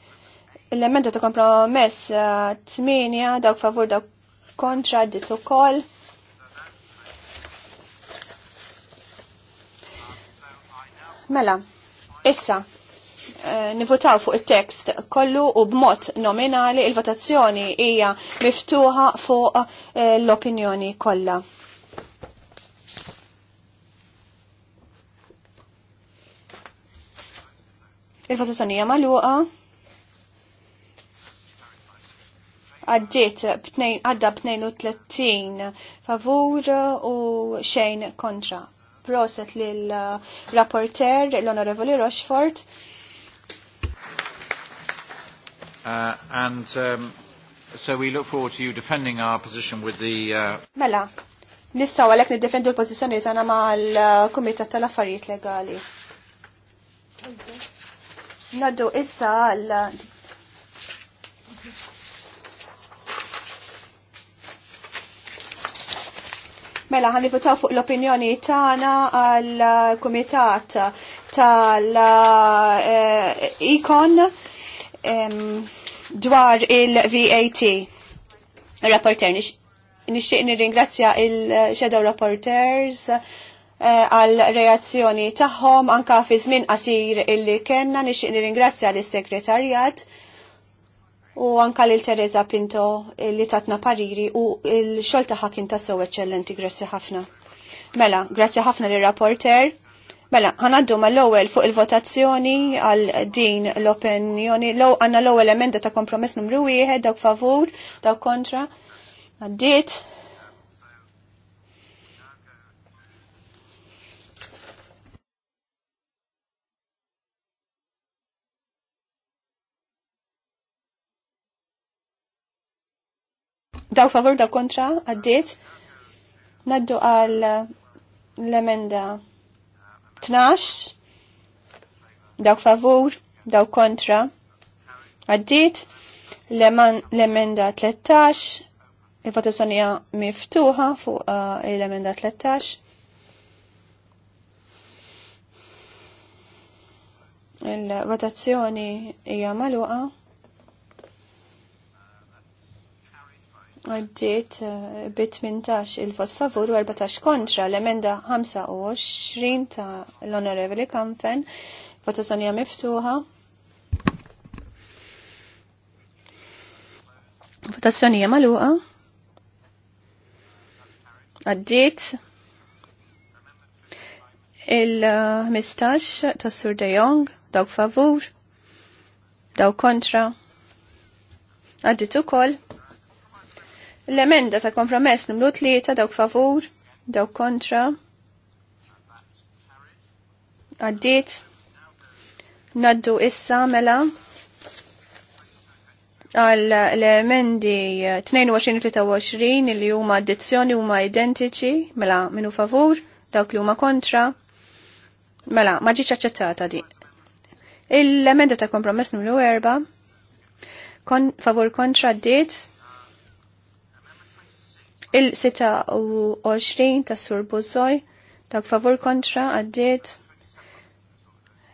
Il-emenda ta' kompromess 8, eh, dawk favur dawk kontra dit ukoll. Mela, issa, eh, nivotaw fuq il-tekst kollu u b'mod nominali il-votazzjoni hija miftuħa fuq eh, l-opinjoni kollha. Il-votazzjoni hija magħluqa. għadġiet għadda b-32 favur u xejn kontra. Proset lill-rapporter uh, l-Onorevoli Rochefort. Uh, and um, so we look forward to you defending our position with the... Uh... Mela, nissa għalek nid-defendu l-pozizjoni tana ma' l-Komitat uh, tal-Affarijiet Legali. Naddu issa għal Mela, għan votaw fuq l-opinjoni tagħna għal kumitat tal-ikon eh, dwar il-VAT. Rapporter, nixtieq nirringrazzja il-Shadow Rapporters eh, għal reazzjoni tagħhom anka fi żmien qasir illi kellna nixtieq nirringrazzja l-Segretarjat u anka lil Teresa Pinto eh, li tatna pariri u l-xol taħħa kien ta' sew eċċellenti, grazzi ħafna. Mela, grazzi ħafna li rapporter. Mela, ħanaddu ma l-ewwel fuq il-votazzjoni għal din l-opinjoni. Low għandna l-ewwel emenda ta' kompromess numru wieħed dawk favur, dawk kontra. Għaddit. Daw favor daw kontra għaddit Naddu għal l-emenda 12. Daw favur daw kontra għaddit L-emenda 13. Il-votazzjoni miftuħa fuq uh, l-emenda 13. il-votazzjoni hija magħluqa għaddiet eh, bit 18 il-vot favur u 14 kontra l-emenda 25 ta' l-Onorevoli Kamfen, votazzjoni miftuħa. Votazzjoni maluqa. Għaddiet il-15 ta' Sur De Jong, dawk favur, dawk kontra. Għaddiet ukoll L-emenda ta' kompromess numru tlieta dawk favur, dawk kontra. Għaddit. Naddu issa mela għal l-emendi 22-23 li huma addizzjoni huma identiċi mela minu favur, dawk li huma kontra. Mela, ma ġiċ aċċettata di. Il-emenda ta' kompromess numru 4 kon favur kontra d Il-26 ta' Sur Buzoj, dawk favur kontra għaddiet.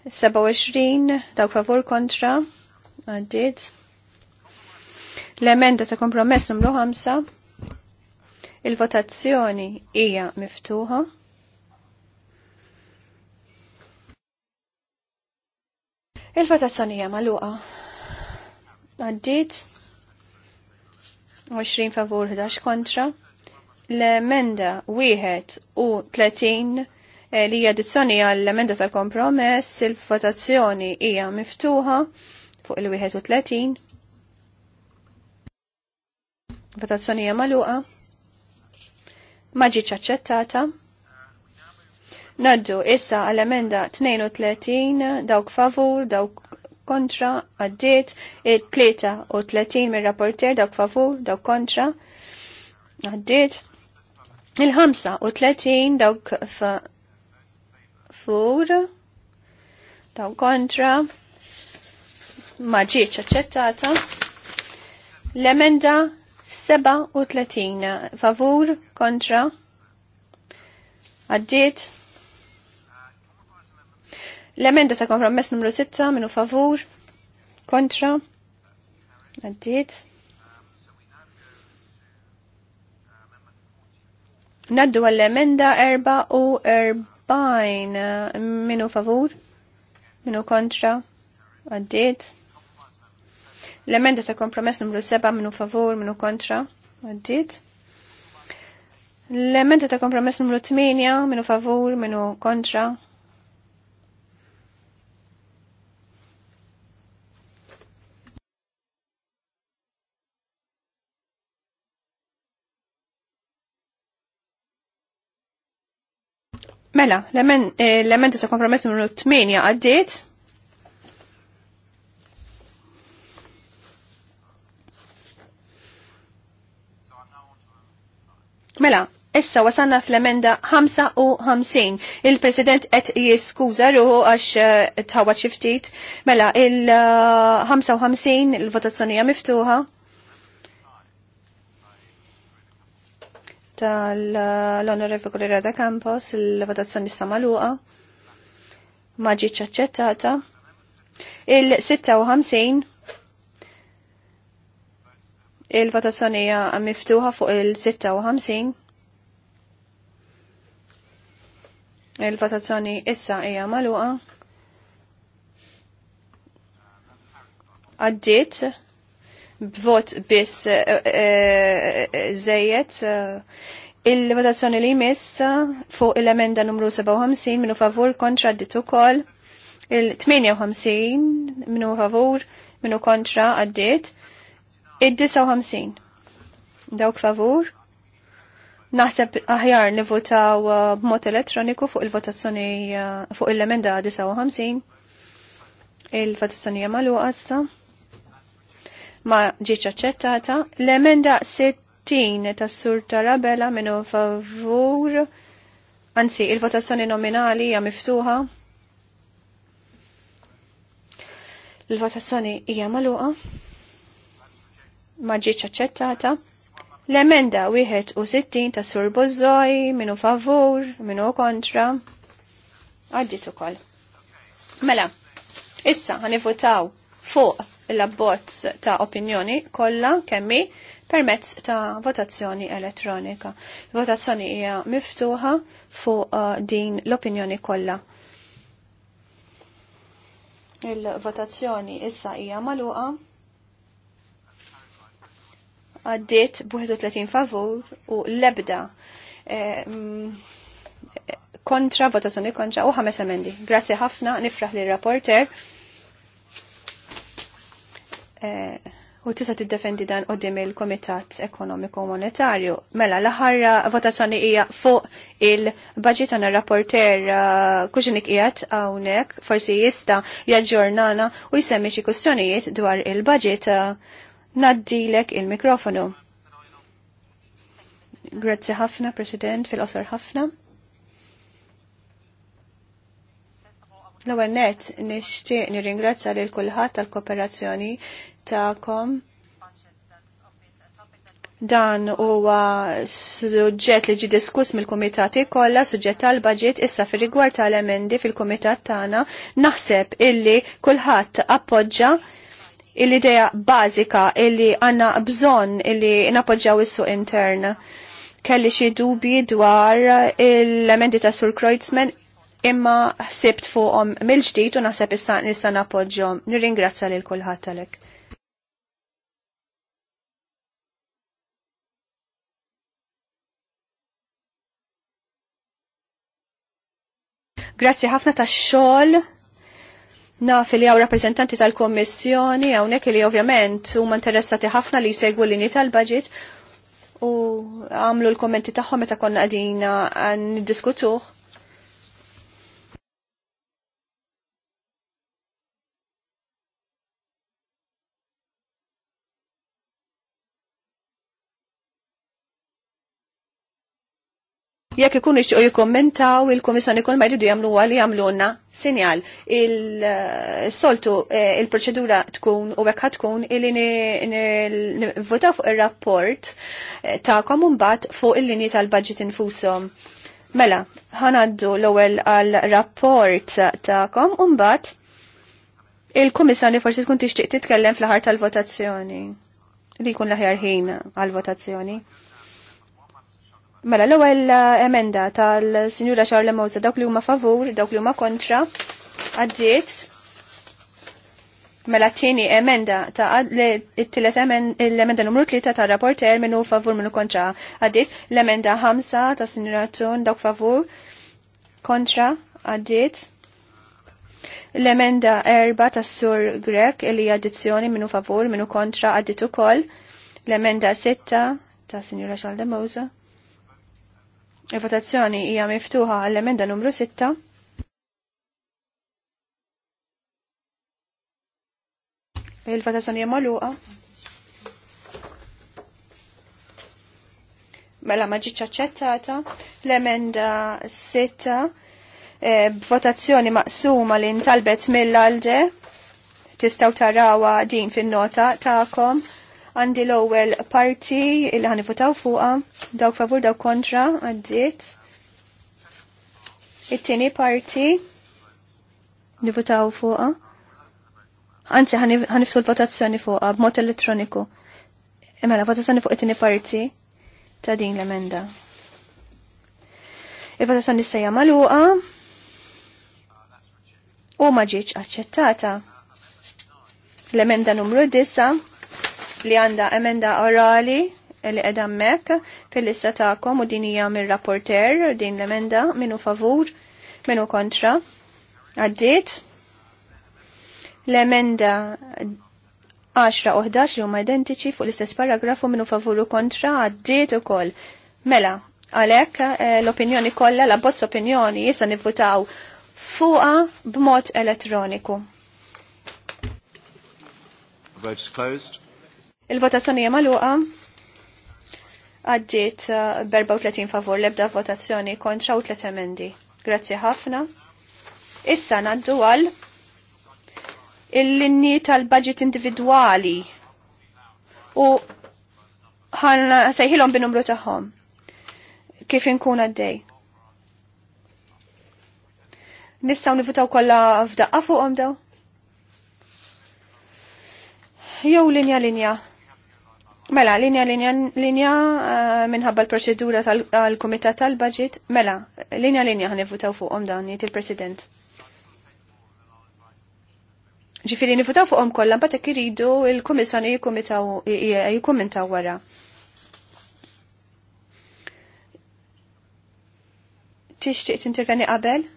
27 dawk favur kontra għaddiet. L-emenda ta' kompromess numru 5. Il-votazzjoni hija miftuħa. Il-votazzjoni hija magħluqa. Għaddiet 20 favur 11 kontra l-emenda wieħed u 30 eh, li hija għall-emenda ta' kompromess, il-votazzjoni hija miftuħa fuq il-31. Votazzjoni hija magħluqa. Ma ġietx aċċettata. Naddu issa għall-emenda 32 dawk favur, dawk kontra, għaddiet, il-33 mir-rapporter dawk favur, dawk kontra, għaddiet il tletin dawk fur, daw kontra, maġiċ aċċettata. L-emenda 37 favur kontra għaddiet. L-emenda ta' kompromess numru 6 minu favur kontra għaddiet. Naddu għall-emenda erba' u erbajn minu favur, minu kontra, Għaddit? L-emenda ta' kompromess numru 7 minu favur, minu kontra, Għaddit? L-emenda ta' kompromess numru 8 minu favur, minu kontra, Mela, eh, l-emendi ta' kompromess numru 8 għaddiet. Mela, issa wasanna fl-emenda 55. Il-President qed jiskuża ruħu għax eh, tħawwa xi ftit. Mela, il-55 eh, il-votazzjonija miftuħa. tal-Onorevoli Rada Campos, il-votazzjoni samaluqa, ma ġietx aċċettata. Il-56 il-votazzjoni hija miftuħa fuq il-56. Il-votazzjoni issa hija maluqa. Għaddiet b'vot biss żejjed. Eh, eh, eh, il-votazzjoni li jmiss fuq il-emenda numru 57 minu favur kontra għaddit ukoll. Il-58 minu favur minu kontra għaddit. id 59 dawk favur. Naħseb aħjar nivvotaw b'mod elettroniku fuq il-votazzjoni fuq il-emenda 59. Il-votazzjoni jamalu għassa ma ġiċ aċċettata. L-emenda 60 tas sur Tarabella minu favur, anzi il-votazzjoni nominali hija miftuħa. Il-votazzjoni hija magħluqa. Ma ġiċ aċċettata. L-emenda 61 ta' sur Bozzoj minu favur, minu kontra. Għaddit ukoll. Mela, issa ħanivutaw fuq l-abbozz ta' opinjoni kollha kemmi permezz ta' votazzjoni elettronika. Votazzjoni hija miftuħa fuq uh, din l-opinjoni kollha. Il-votazzjoni issa hija magħluqa. Għaddiet b'31 favur u l-ebda eh, kontra votazzjoni kontra u ħames emendi. Grazzi ħafna, nifraħ li rapporter Eh, u tista' tiddefendi dan qudiem il-Komitat Ekonomiku Monetarju. Mela l eh, votazzjoni hija fuq il-budget għana rapporter eh, kuxinik ijat hawnhekk forsi jista' jaġġornana u jisemmi xi kustjonijiet dwar il-budget naddilek il-mikrofonu. Grazzi ħafna, President, fil-qosor ħafna. L-ewwel nett nixtieq nirringrazzja lil kulħadd tal-kooperazzjoni ta'kom. Dan huwa suġġett li ġi diskuss mill-kumitati kollha suġġett tal-baġit issa fir-rigward tal-emendi fil-kumitat tagħna naħseb illi kulħadd appoġġa l-idea bażika illi għandna bżonn illi napoġġaw is-suq intern. Kelli xi dubi dwar l-emendi ta' Sur Kreutzmann imma ħsibt fuqhom mill-ġdid u naħseb issa nista' napoġġhom. Nirringrazzja lil kulħadd għalhekk. Grazzi ħafna tax-xogħol naf li għaw rappresentanti tal-kommissjoni għawnek li ovvjament u interessati ħafna li segwu l inni tal-budget u għamlu l-kommenti taħħom meta konna għadina uh, diskutuħ jekk ikun ixtiqu jikkommentaw il-Komissjoni kull ma jridu jagħmlu li jagħmluna sinjal il-soltu eh, il-proċedura tkun u hekk tkun illi nivvotaw fuq ir-rapport eh, tagħkom imbagħad fuq il-linji tal-budget infushom. Mela, ħanaddu l-ewwel għal rapport tagħkom u mbagħad il-Kummissjoni forsi tkun tixtieq titkellem fl-aħħar tal-votazzjoni li jkun l-aħjar ħin għal-votazzjoni. Mela, l-ewwel eh, emenda tal-Sinjura Charles Mowza dawk li huma favur, dawk li huma kontra, għaddiet. Mela t-tieni emenda ta' it-tielet l-emenda numru 3 ta' rapporter minnu favur minnu kontra għaddiet. L-emenda ħamsa ta' Sinjura Tun dawk favur kontra għaddiet. L-emenda 4 ta' Sur Grek li addizzjoni minnu favur minnu kontra għaddiet ukoll. L-emenda sitta ta' Sinjura Charles Mowza Il-votazzjoni hija miftuħa għall-emenda numru 6. Il-votazzjoni hija magħluqa. Mela ma ġietx aċċettata l-emenda 6 b'votazzjoni eh, maqsuma li ntalbet mill-alde tistgħu tarawha din fin-nota tagħkom. Ta Għandi l-ewwel parti illi ħanifutaw fuqha, dawk favur dawk kontra għaddiet. It-tieni parti nivutaw fuqha. Anzi ħaniftu l-votazzjoni fuqha b'mod elettroniku. Mela votazzjoni fuq it-tieni parti ta' din l-emenda. Il-votazzjoni sejja magħluqa u ma ġietx aċċettata l-emenda numru 9 li għanda emenda orali li edha mek fil-lista ta'kom u din hija mir-rapporter din l-emenda minu favur minu kontra. Għaddit l-emenda 10 u 11 li huma identiċi fuq l-istess paragrafu minu u kontra għaddit ukoll. Mela, għalek eh, l-opinjoni kollha la bozz opinjoni jisa nivvutaw fuqa b'mod elettroniku. Votes closed. Il-votazzjoni hija magħluqa għaddiet uh, b-34 favur lebda votazzjoni kontra u tlet emendi. Grazzi ħafna. Issa naddu għal il-linji tal-budget individuali u ħan sejħilhom bin-numru tagħhom kif inkun għaddej. Nistgħu nivutaw kollha f'daqqa fuqhom daw? Jew linja linja. Mela, linja, linja, linja uh, minħabba l-proċedura tal-Komitat tal-Budget. Mela, linja, linja nifutaw fuqom dan, jiet il-President. Ġifiri, nifutaw fuqom kollan, bata kiridu il-Komissjoni jikomentaw wara. Tixtieq tinterveni qabel?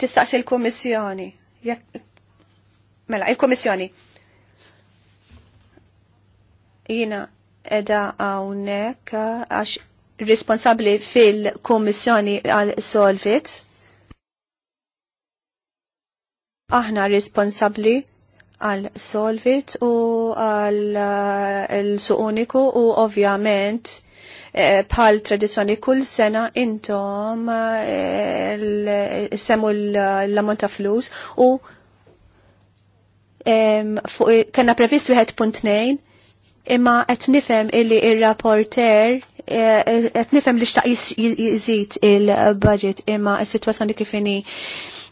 tistaqsi l-Kummissjoni. Mela, il-Kummissjoni. Jina edha għawnek għax responsabli fil komissjoni għal Solvit. Aħna responsabli għal Solvit u għal eh, suqoniku u ovvjament eh, bħal tradizjoni kull sena intom eh, semmu l-ammont ta' flus u kena previst 1.2 imma qed nifhem illi ir-rapporter eh, qed nifhem li xtaq jiżid il-budget imma s-sitwazzjoni kif inhi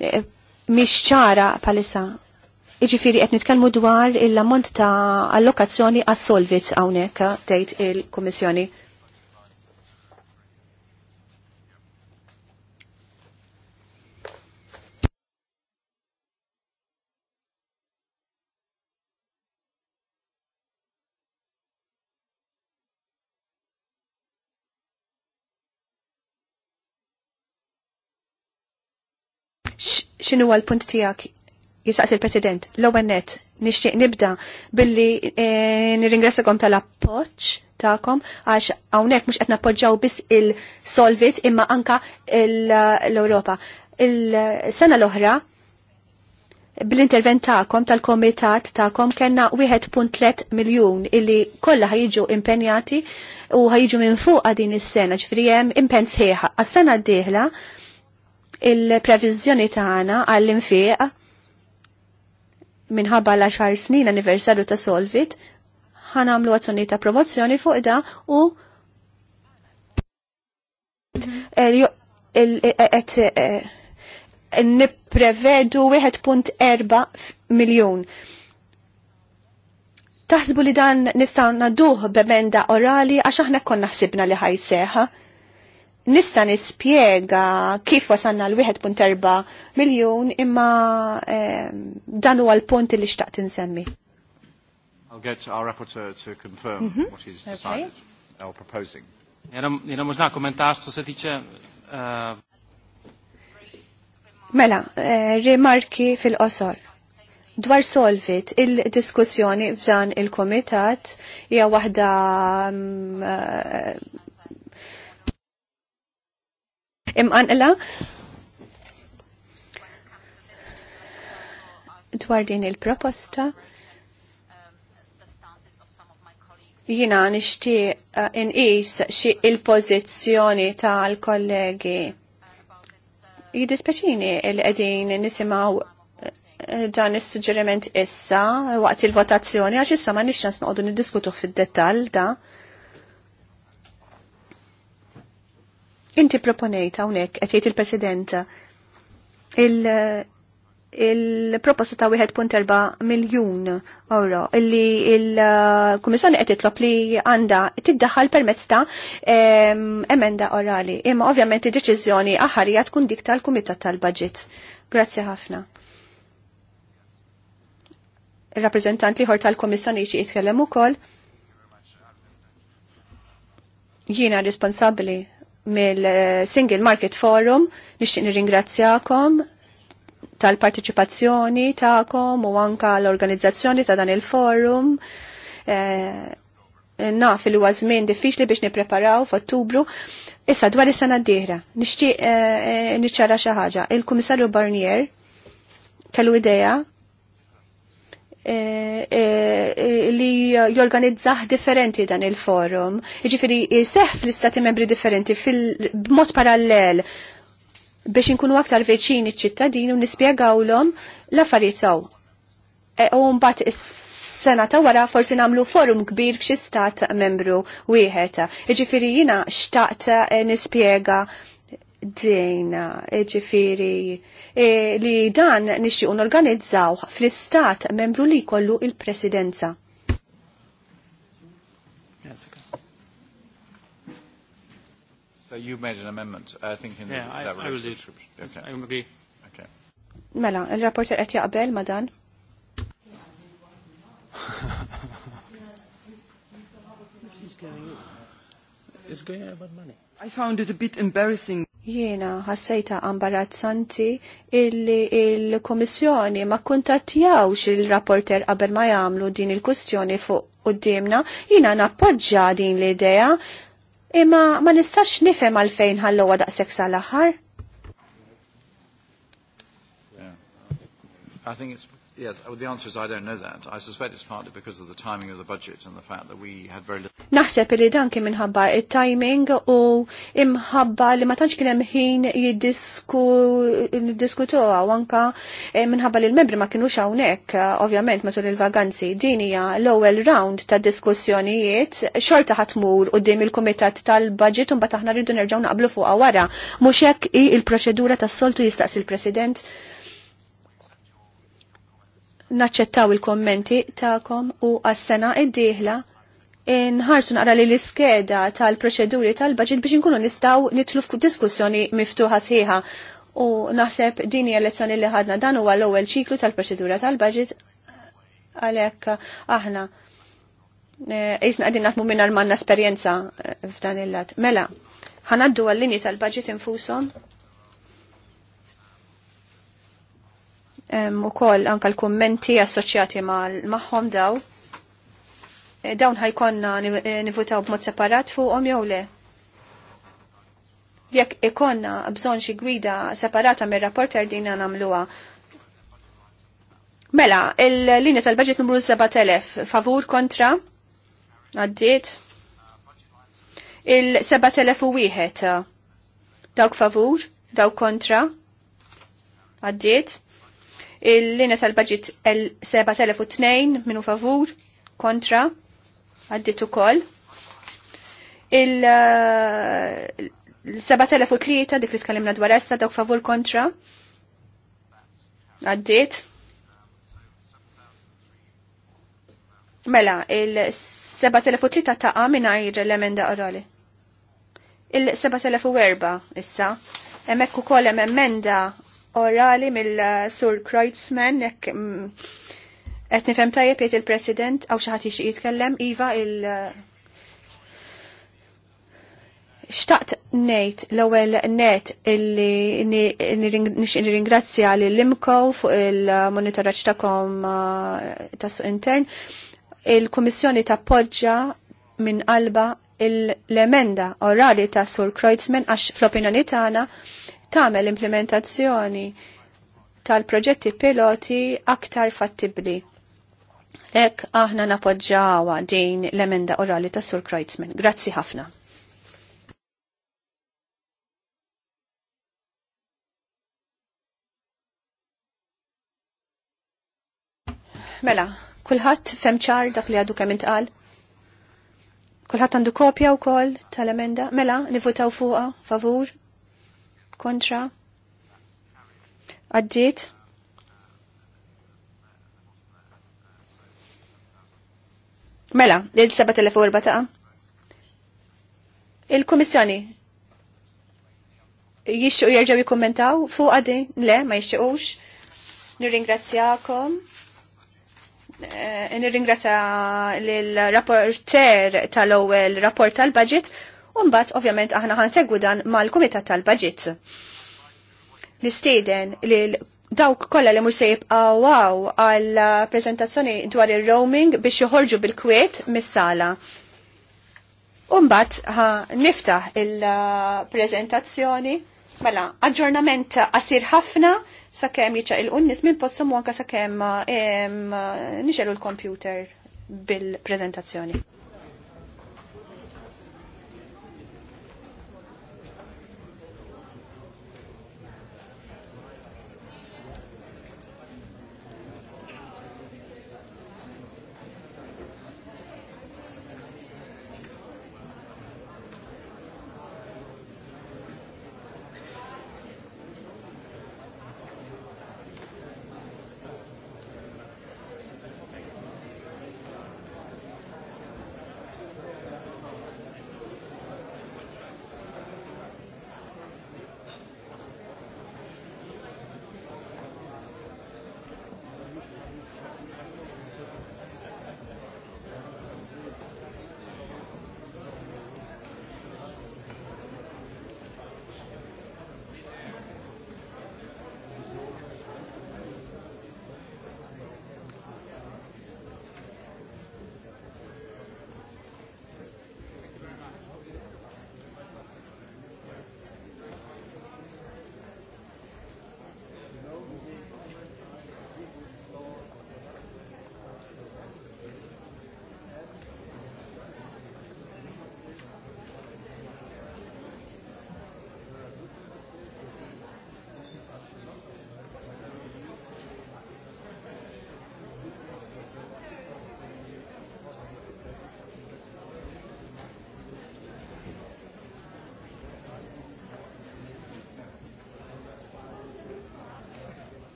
eh, mhix ċara palissa. Iġifiri qed nitkellmu dwar l-ammont ta' allokazzjoni għas-solvit hawnhekk tgħid il-Kummissjoni. xinu għal punt tijak jisaqs il-President, l-ONET, nishtiq nibda billi nir e, nirringressakom tal-appoċ ta'kom, għax għawnek mux għetna poġġaw bis il-Solvit imma anka l-Europa. Il-sena l-oħra, bil intervent ta'kom tal-komitat ta'kom kena 1.3 miljon illi kolla ħajġu impenjati u ħajġu minn fuq din is-sena ġifri hemm impenn sħiħa. Għas-sena d-dieħla il-previżjoni tagħna għall-infiq minħabba l xar snin anniversarju ta' Solvit, ħanamlu azzjoni ta' promozzjoni fuq da u mhm. e- e- e- niprevedu 1.4 miljon. Taħsbu li dan nistaw nadduħ b'emenda orali għax aħna konna ħsibna li ħajseħ nista nispiega kif wasanna l-1.4 miljon imma eh, dan huwa l-punt li xtaqt insemmi. I'll get our rapporteur to confirm mm -hmm. what he's decided okay. or proposing. Jena možná komentář, co se týče... Eh, mela, eh, rimarki fil-qosor. Dwar solvit, il-diskussjoni f'dan il-komitat hija waħda mm, eh, imqanqla dwar din il-proposta. Jina nishti in uh, inqis xi il-pożizzjoni tal-kollegi. Jidispeċini il-qegħdin nisimgħu uh, dan is-suġġeriment issa waqt il-votazzjoni għax issa ma nixxans noqogħdu niddiskutu fid-dettall da. Inti proponejt hawnhekk qed jgħid il-Presidenta il-proposta ta' 1.4 miljun euro illi il-Kummissjoni qed titlob li għandha tiddaħħal permezz ta' emenda orali. Imma ovvjament id-deċiżjoni aħarija tkun dik tal-Kumitat tal-Budgets. Grazzi ħafna il-rappresentant liħor tal-Komissjoni xie jitkellem ukoll. Jiena responsabli mill-Single Market Forum, nixtieq nirringrazzjakom tal-partiċipazzjoni ta'kom u anka l-organizzazzjoni ta' dan il-forum. Eh, naf li huwa żmien diffiċli biex nippreparaw f'Ottubru. Issa dwar is-sena d-dieħla, nixtieq eh, eh, niċċara xi ħaġa. Il-Kummissarju Barnier kellu idea Eh, eh, li jorganizzaħ differenti dan il-forum. Ġifiri, eh, seħ fl-istati membri differenti b'mod parallel biex inkunu aktar veċini ċittadini u nispiegawlhom l-affarijiet sew. U mbagħad is-sena ta' wara forsi nagħmlu forum kbir f'xi stat membru wieħed. Jiġifieri jiena xtaqt nispjega dejna, e, ġifiri, e, li dan un-organizzaw fl-istat membru li kollu il-presidenza. Mela, il-rapporter għet jaqbel ma dan? It's going about money. I found it a bit embarrassing. Jiena ħassejta ambarazzanti illi il-Komissjoni ma kuntattjawx il-rapporter qabel ma jagħmlu din il-kustjoni fuq qudiemna, jiena nappoġġa din l-idea, imma ma nistax nifhem għalfejn ħallowa daqshekk sal-aħħar. I think it's Yes, well, the answer is I don't know that. I suspect it's partly because of the timing of the budget and the fact that we had very little. Naħseb li dan kien minħabba il-timing u imħabba li ma tantx kien hemm ħin jiddiskutuha anka eh, minħabba li l-membri ma kinux hawnhekk eh, ovvjament matul il-vaganzi. Din hija l-ewwel round ta' diskussjonijiet xorta ħatmur qudiem il-kumitat tal-budget u mbagħad aħna rridu nerġgħu naqblu fuqha wara. Mhux hekk hi l-proċedura tas-soltu jistaqsi il-President. il president naċċettaw il-kommenti ta'kom u għas-sena id-dieħla nħarsu naqra li l-iskeda tal-proċeduri tal-budget biex nkunu nistaw nitlu f'diskussjoni miftuħa sħiħa u naħseb dini elezzjoni li ħadna dan huwa l-ewwel ċiklu tal-proċedura tal-budget għalhekk aħna jisna eh, qegħdin naħdmu minn għal manna esperjenza eh, f'dan il-lat. Mela, ħanaddu għall-linji tal-budget infushom u koll anka l-kommenti assoċjati maħħom daw. E, dawn ħajkonna nivutaw e, b'mod separat fuqhom jew le. Jekk ikonna bżonn xi gwida separata mir-rapporter din nagħmluha. Mela, il-linja tal-budget numru 7000 favur kontra għaddiet il u wieħed. dawk favur, dawk kontra għaddiet Il-linja tal-budget L7002 minu favur kontra għaddit ukoll. Il-7003 uh, dik li tkallimna dwar essa dawk favur kontra għaddit. Mela, il-7003 taqa minajr l-emenda orali. Il-7004 issa, emmek u kol emenda orali mill-Sur Kreutzmann, nek mm, qed nifhem tajjeb jgħid il-President għaw xi ħadd jitkellem, iva il- Xtaqt nejt l-ewwel net illi nirringrazzja lil Limco fuq il-monitoraġġ ta' uh, su intern. Il-Kummissjoni tappoġġa minn qalba l-emenda orali ta' Sur Kreutzmann għax fl-opinjoni tagħna tagħmel implementazzjoni tal-proġetti piloti aktar fattibli. Ek aħna napoġġawa din l-emenda orali ta' Sur Kreutzmann. Grazzi ħafna. Mela, kulħadd femċar dak li għadu kemm intqal? Kulħadd għandu kopja wkoll tal-emenda? Mela, nivutaw fuqha, favur? kontra għaddiet mela il-7004 taqa il-komissjoni jixxu jirġaw jikommentaw fuq għaddi le ma jixxuqux nirringrazzjakom eh, nirringrazzja l-rapporter tal-ewwel rapport tal-budget Umbat, ovvjament, aħna ħansegwu dan mal-Kumitat tal-Baġit. Nistieden li dawk kolla li mux jibqaw għaw għal prezentazzjoni dwar il-roaming biex joħorġu bil-kwiet mis-sala. Umbat, ha, niftaħ il-prezentazzjoni. Mela, aġġornament qasir ħafna sakemm jiċċaq il unnis minn postom u sakemm nixelu l-kompjuter bil-prezentazzjoni.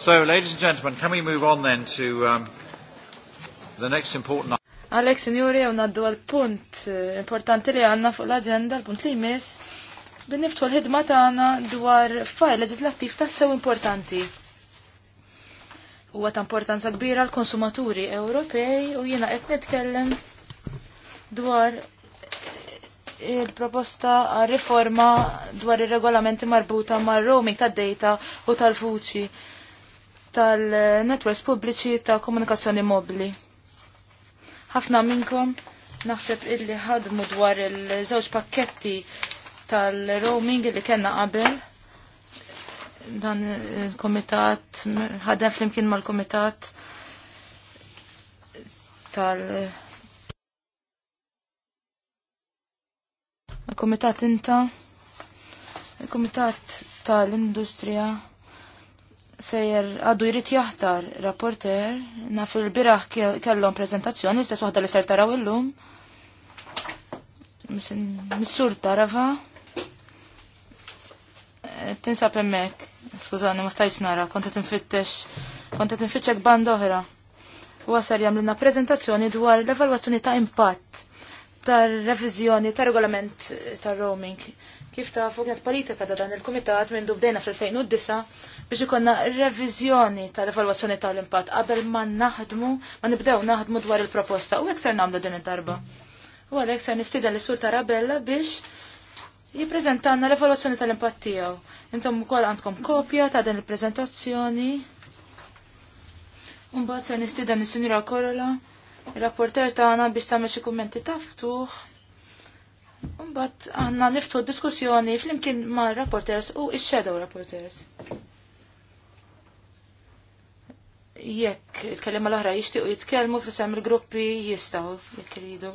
So, ladies and gentlemen, can we move on then to um, the next important... Alex, signori, għu naddu għal-punt eh, importanti li għanna fuq l-agenda, l-punt li jmiss, b'niftu l-ħidma tagħna dwar faj leġislattiv tas-sew importanti. Huwa ta' importanza kbira l-konsumaturi Ewropej u jiena qed nitkellem dwar eh, il-proposta għal riforma dwar ir-regolamenti marbuta mar-roaming tad-data u tal-fuċi. tal tal fuċi tal-networks pubbliċi ta' komunikazzjoni mobili. Ħafna minnkom naħseb illi ħadmu dwar il-żewġ pakketti tal-roaming li kena qabel dan il-komitat, ħadem flimkien mal-komitat tal- il-komitat inta, il-komitat tal-industrija, sejjer għadu jrid jaħtar rapporter na il-biraħ kellhom prezentazzjoni stess waħda li ser taraw illum. Missur tarava. Eh, tinsab hemmhekk. Skużani, ma stajtx nara, kont qed infittex, kont qed infittxek band oħra. ser jagħmlilna prezentazzjoni dwar l-evalwazzjoni ta' impatt tar-reviżjoni tar-regolament tar-roaming. Kif ta' fuq kienet politika ta' dan il-Kumitat minn dubdejna fil-2009 biex ikonna reviżjoni tal-evalwazzjoni tal-impatt qabel ma naħdmu, ma nibdew naħdmu dwar il-proposta u hekk ser nagħmlu din it-tarba. U għalhekk ser nistida l-istur ta' Rabella biex jippreżentanna l-evalwazzjoni tal-impatt tiegħu. Intom ukoll għandkom kopja ta' din il-preżentazzjoni. Mbagħad ser nistida is-Sinjura Korola il-rapporter tagħna biex tagħmel xi kummenti ta' ftuħ. Unbat għandna niftħu diskussjoni flimkien ma' rapporters u x-shadow rapporters. Jekk il-kelima l-oħra jixtiequ jitkellmu fissam il-gruppi jistgħu jekk iridu.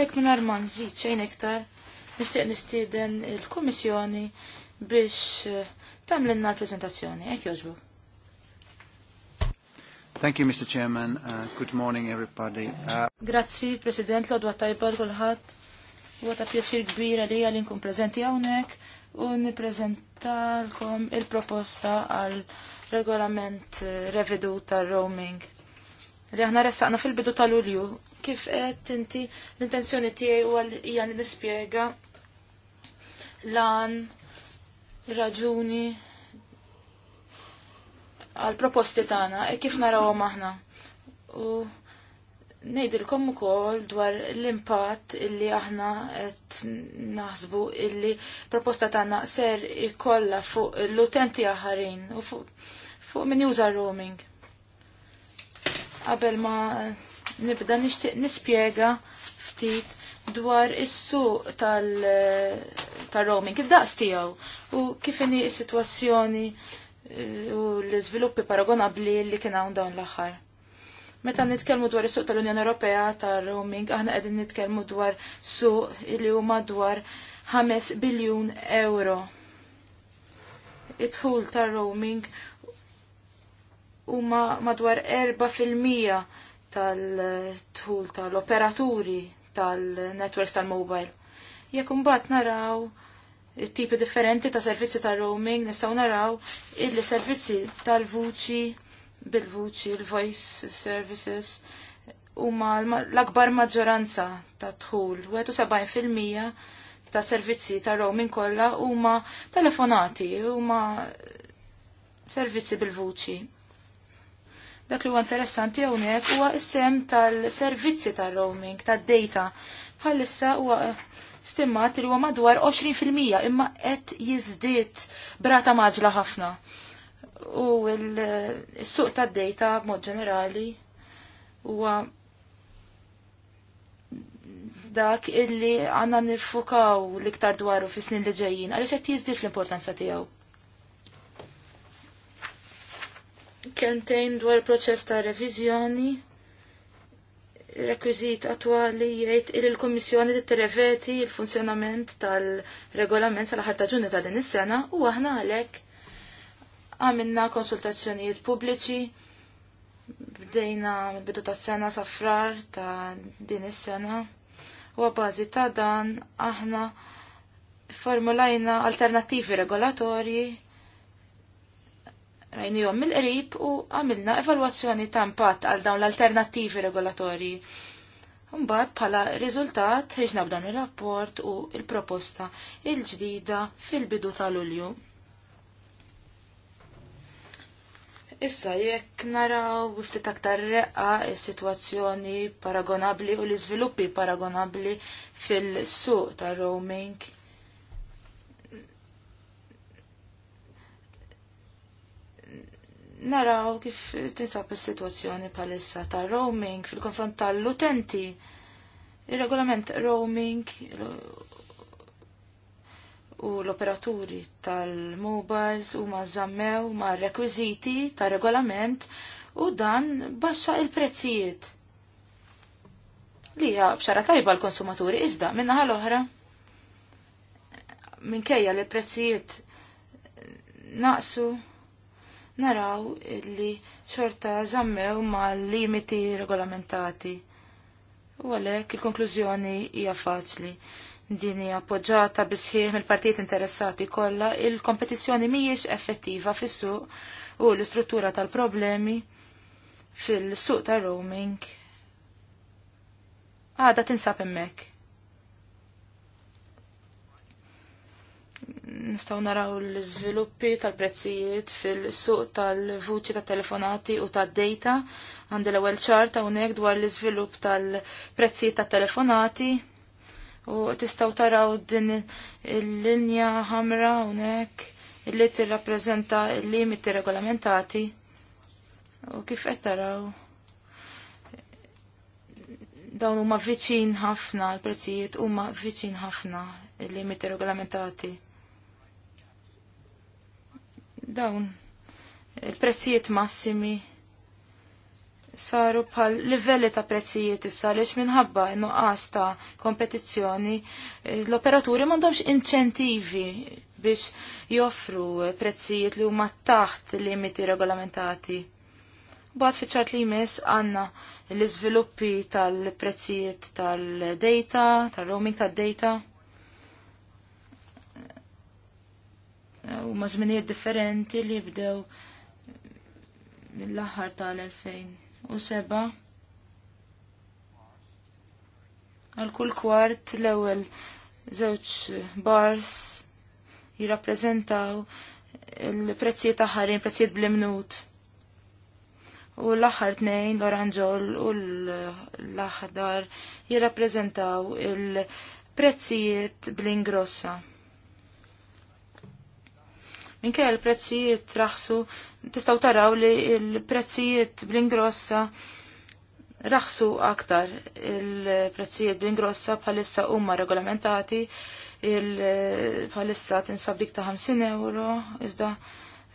Lek minn arman zid xejn iktar nixtieq nistieden il-Kummissjoni biex tagħmel l-prezentazzjoni, jekk jogħġbu. Thank you, Mr. Chairman. Uh, good morning, everybody. Grazie, uh, Grazzi, President, Lodwa odwa tajba l Wata pjaċir kbira li għalin kun prezenti għawnek u niprezentalkom il-proposta għal regolament eh, revidu tal-roaming. Li aħna ressaqna fil-bidu tal-ulju. Kif qed inti l-intenzjoni tiegħi huwa hija nispjega lan raġuni għal proposti tagħna e kif narawhom aħna. U ngħidilkom ukoll dwar l-impatt illi aħna qed naħsbu illi proposta tagħna ser ikollha fuq l-utenti aħarin u fuq fuq min juża roaming. Qabel ma nibda nixtieq nispjega ftit dwar is-suq tal-roaming, tal id-daqs tiegħu u kif inhi s-sitwazzjoni Eh, u l-iżviluppi paragonabli li kien hawn dawn l-aħħar. Meta nitkellmu dwar is-suq tal-Unjoni Ewropea tal-roaming, aħna qegħdin nitkellmu dwar suq li huma dwar 5 biljun euro. It-ħul tar roaming huma madwar 4% tal-tħul tal-operaturi tal-networks tal-mobile. Jekk mbagħad naraw tipi differenti ta' servizzi ta' roaming nistaw naraw illi servizzi tal-vuċi bil-vuċi, il-voice services huma l-akbar maġġoranza ta' dħul. 70% ta' servizzi ta' roaming kollha huma telefonati, huma servizzi bil-vuċi. Dak li huwa interessanti hawnhekk huwa is-sem tal-servizzi ta' roaming, tad-data. Bħalissa huwa stimmat li huwa madwar 20% imma qed jiżdied brata maġla ħafna. U l-suq eh, tad-dejta b'mod ġenerali huwa dak illi għanna nifukaw iktar dwaru fi snin li ġejjin, għaliex qed jiżdied l-importanza tiegħu. Kentejn dwar il proċess ta' reviżjoni rekwizit attwali jgħid il l li tirreveti il-funzjonament tal-regolament sal-aħħar ta' ġunju ta' din is-sena u aħna għalhekk għamilna konsultazzjonijiet pubbliċi bdejna mill-bidu ta' sena safrar ta' din is-sena u għabażi ta' dan aħna formulajna alternativi regolatorji jom mill-qrib u għamilna evalwazzjoni ta' impatt għal dawn l-alternattivi regolatorji. Mbagħad bħala riżultat ħriġna b'dan ir-rapport u l-proposta il ġdida fil-bidu ta' Lulju. Issa jekk naraw biftit aktar reqqa is-sitwazzjoni paragonabli u l-iżviluppi paragonabli fil-suq ta' roaming naraw kif tinsab is-sitwazzjoni bħalissa ta' roaming fil-konfront tal-utenti. Ir-regolament roaming u l-operaturi tal-mobiles u ma' zammew ma' rekwiziti ta' regolament u dan baxxa il-prezzijiet. Lija bxara tajba l-konsumaturi iżda minna ħal-oħra. Minkejja li prezzijiet naqsu naraw li xorta zammew ma limiti regolamentati. U għalek il-konklużjoni hija faċli. Din hija appoġġata bisħieħ mill-partijiet interessati kollha il-kompetizzjoni mhijiex effettiva fis-suq u l-istruttura tal-problemi fil-suq tar-roaming għada tinsab hemmhekk. nistaw naraw l-izviluppi tal-prezzijiet fil-suq tal-vuċi ta' telefonati u ta' data għandi l-ewwel ċarta hawnhekk dwar l-iżvilupp tal-prezzijiet ta' telefonati u tistgħu taraw din il-linja ħamra hawnhekk illi tirrappreżenta l-limiti regolamentati u kif qed taraw dawn huma viċin ħafna l-prezzijiet huma viċin ħafna il-limiti regolamentati dawn il-prezzijiet massimi saru bħal livelli ta' prezzijiet issa għaliex minħabba nuqqas ta' kompetizzjoni l-operaturi m'għandhomx inċentivi biex joffru prezzijiet li huma taħt limiti regolamentati. Bad fiċart li jmiss għanna l-izviluppi tal-prezzijiet tal-data, tal-roaming tal-data. u mażminijiet differenti li bdew mill-aħħar tal-2007. Għal kull kwart l-ewwel żewġ bars jirrappreżentaw il-prezzijiet aħħarin, prezzijiet bl-imnut. U l-aħħar tnejn l-oranġol u l-aħdar jirrappreżentaw il-prezzijiet bl-ingrossa. Minke l-prezzijiet raħsu, tistgħu taraw li l-prezzijiet bl-ingrossa raħsu aktar il-prezzijiet bl-ingrossa bħalissa huma regolamentati il-bħalissa tinsab dik ta' 50 euro iżda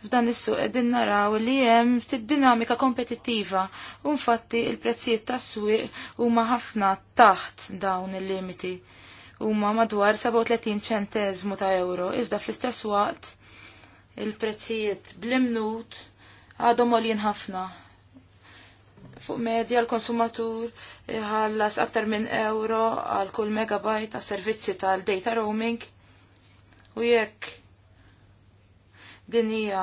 f'dan is-suq qegħdin naraw li hemm ftit dinamika kompetittiva u infatti il-prezzijiet tas-swieq huma ħafna taħt dawn il-limiti huma madwar 37 ċentezmu ta' euro iżda fl-istess waqt il-prezzijiet bl-imnut għadhom għolin ħafna. Fuq medja l-konsumatur ħallas aktar minn euro għal kull megabajt għas servizzi tal-data roaming u jekk din hija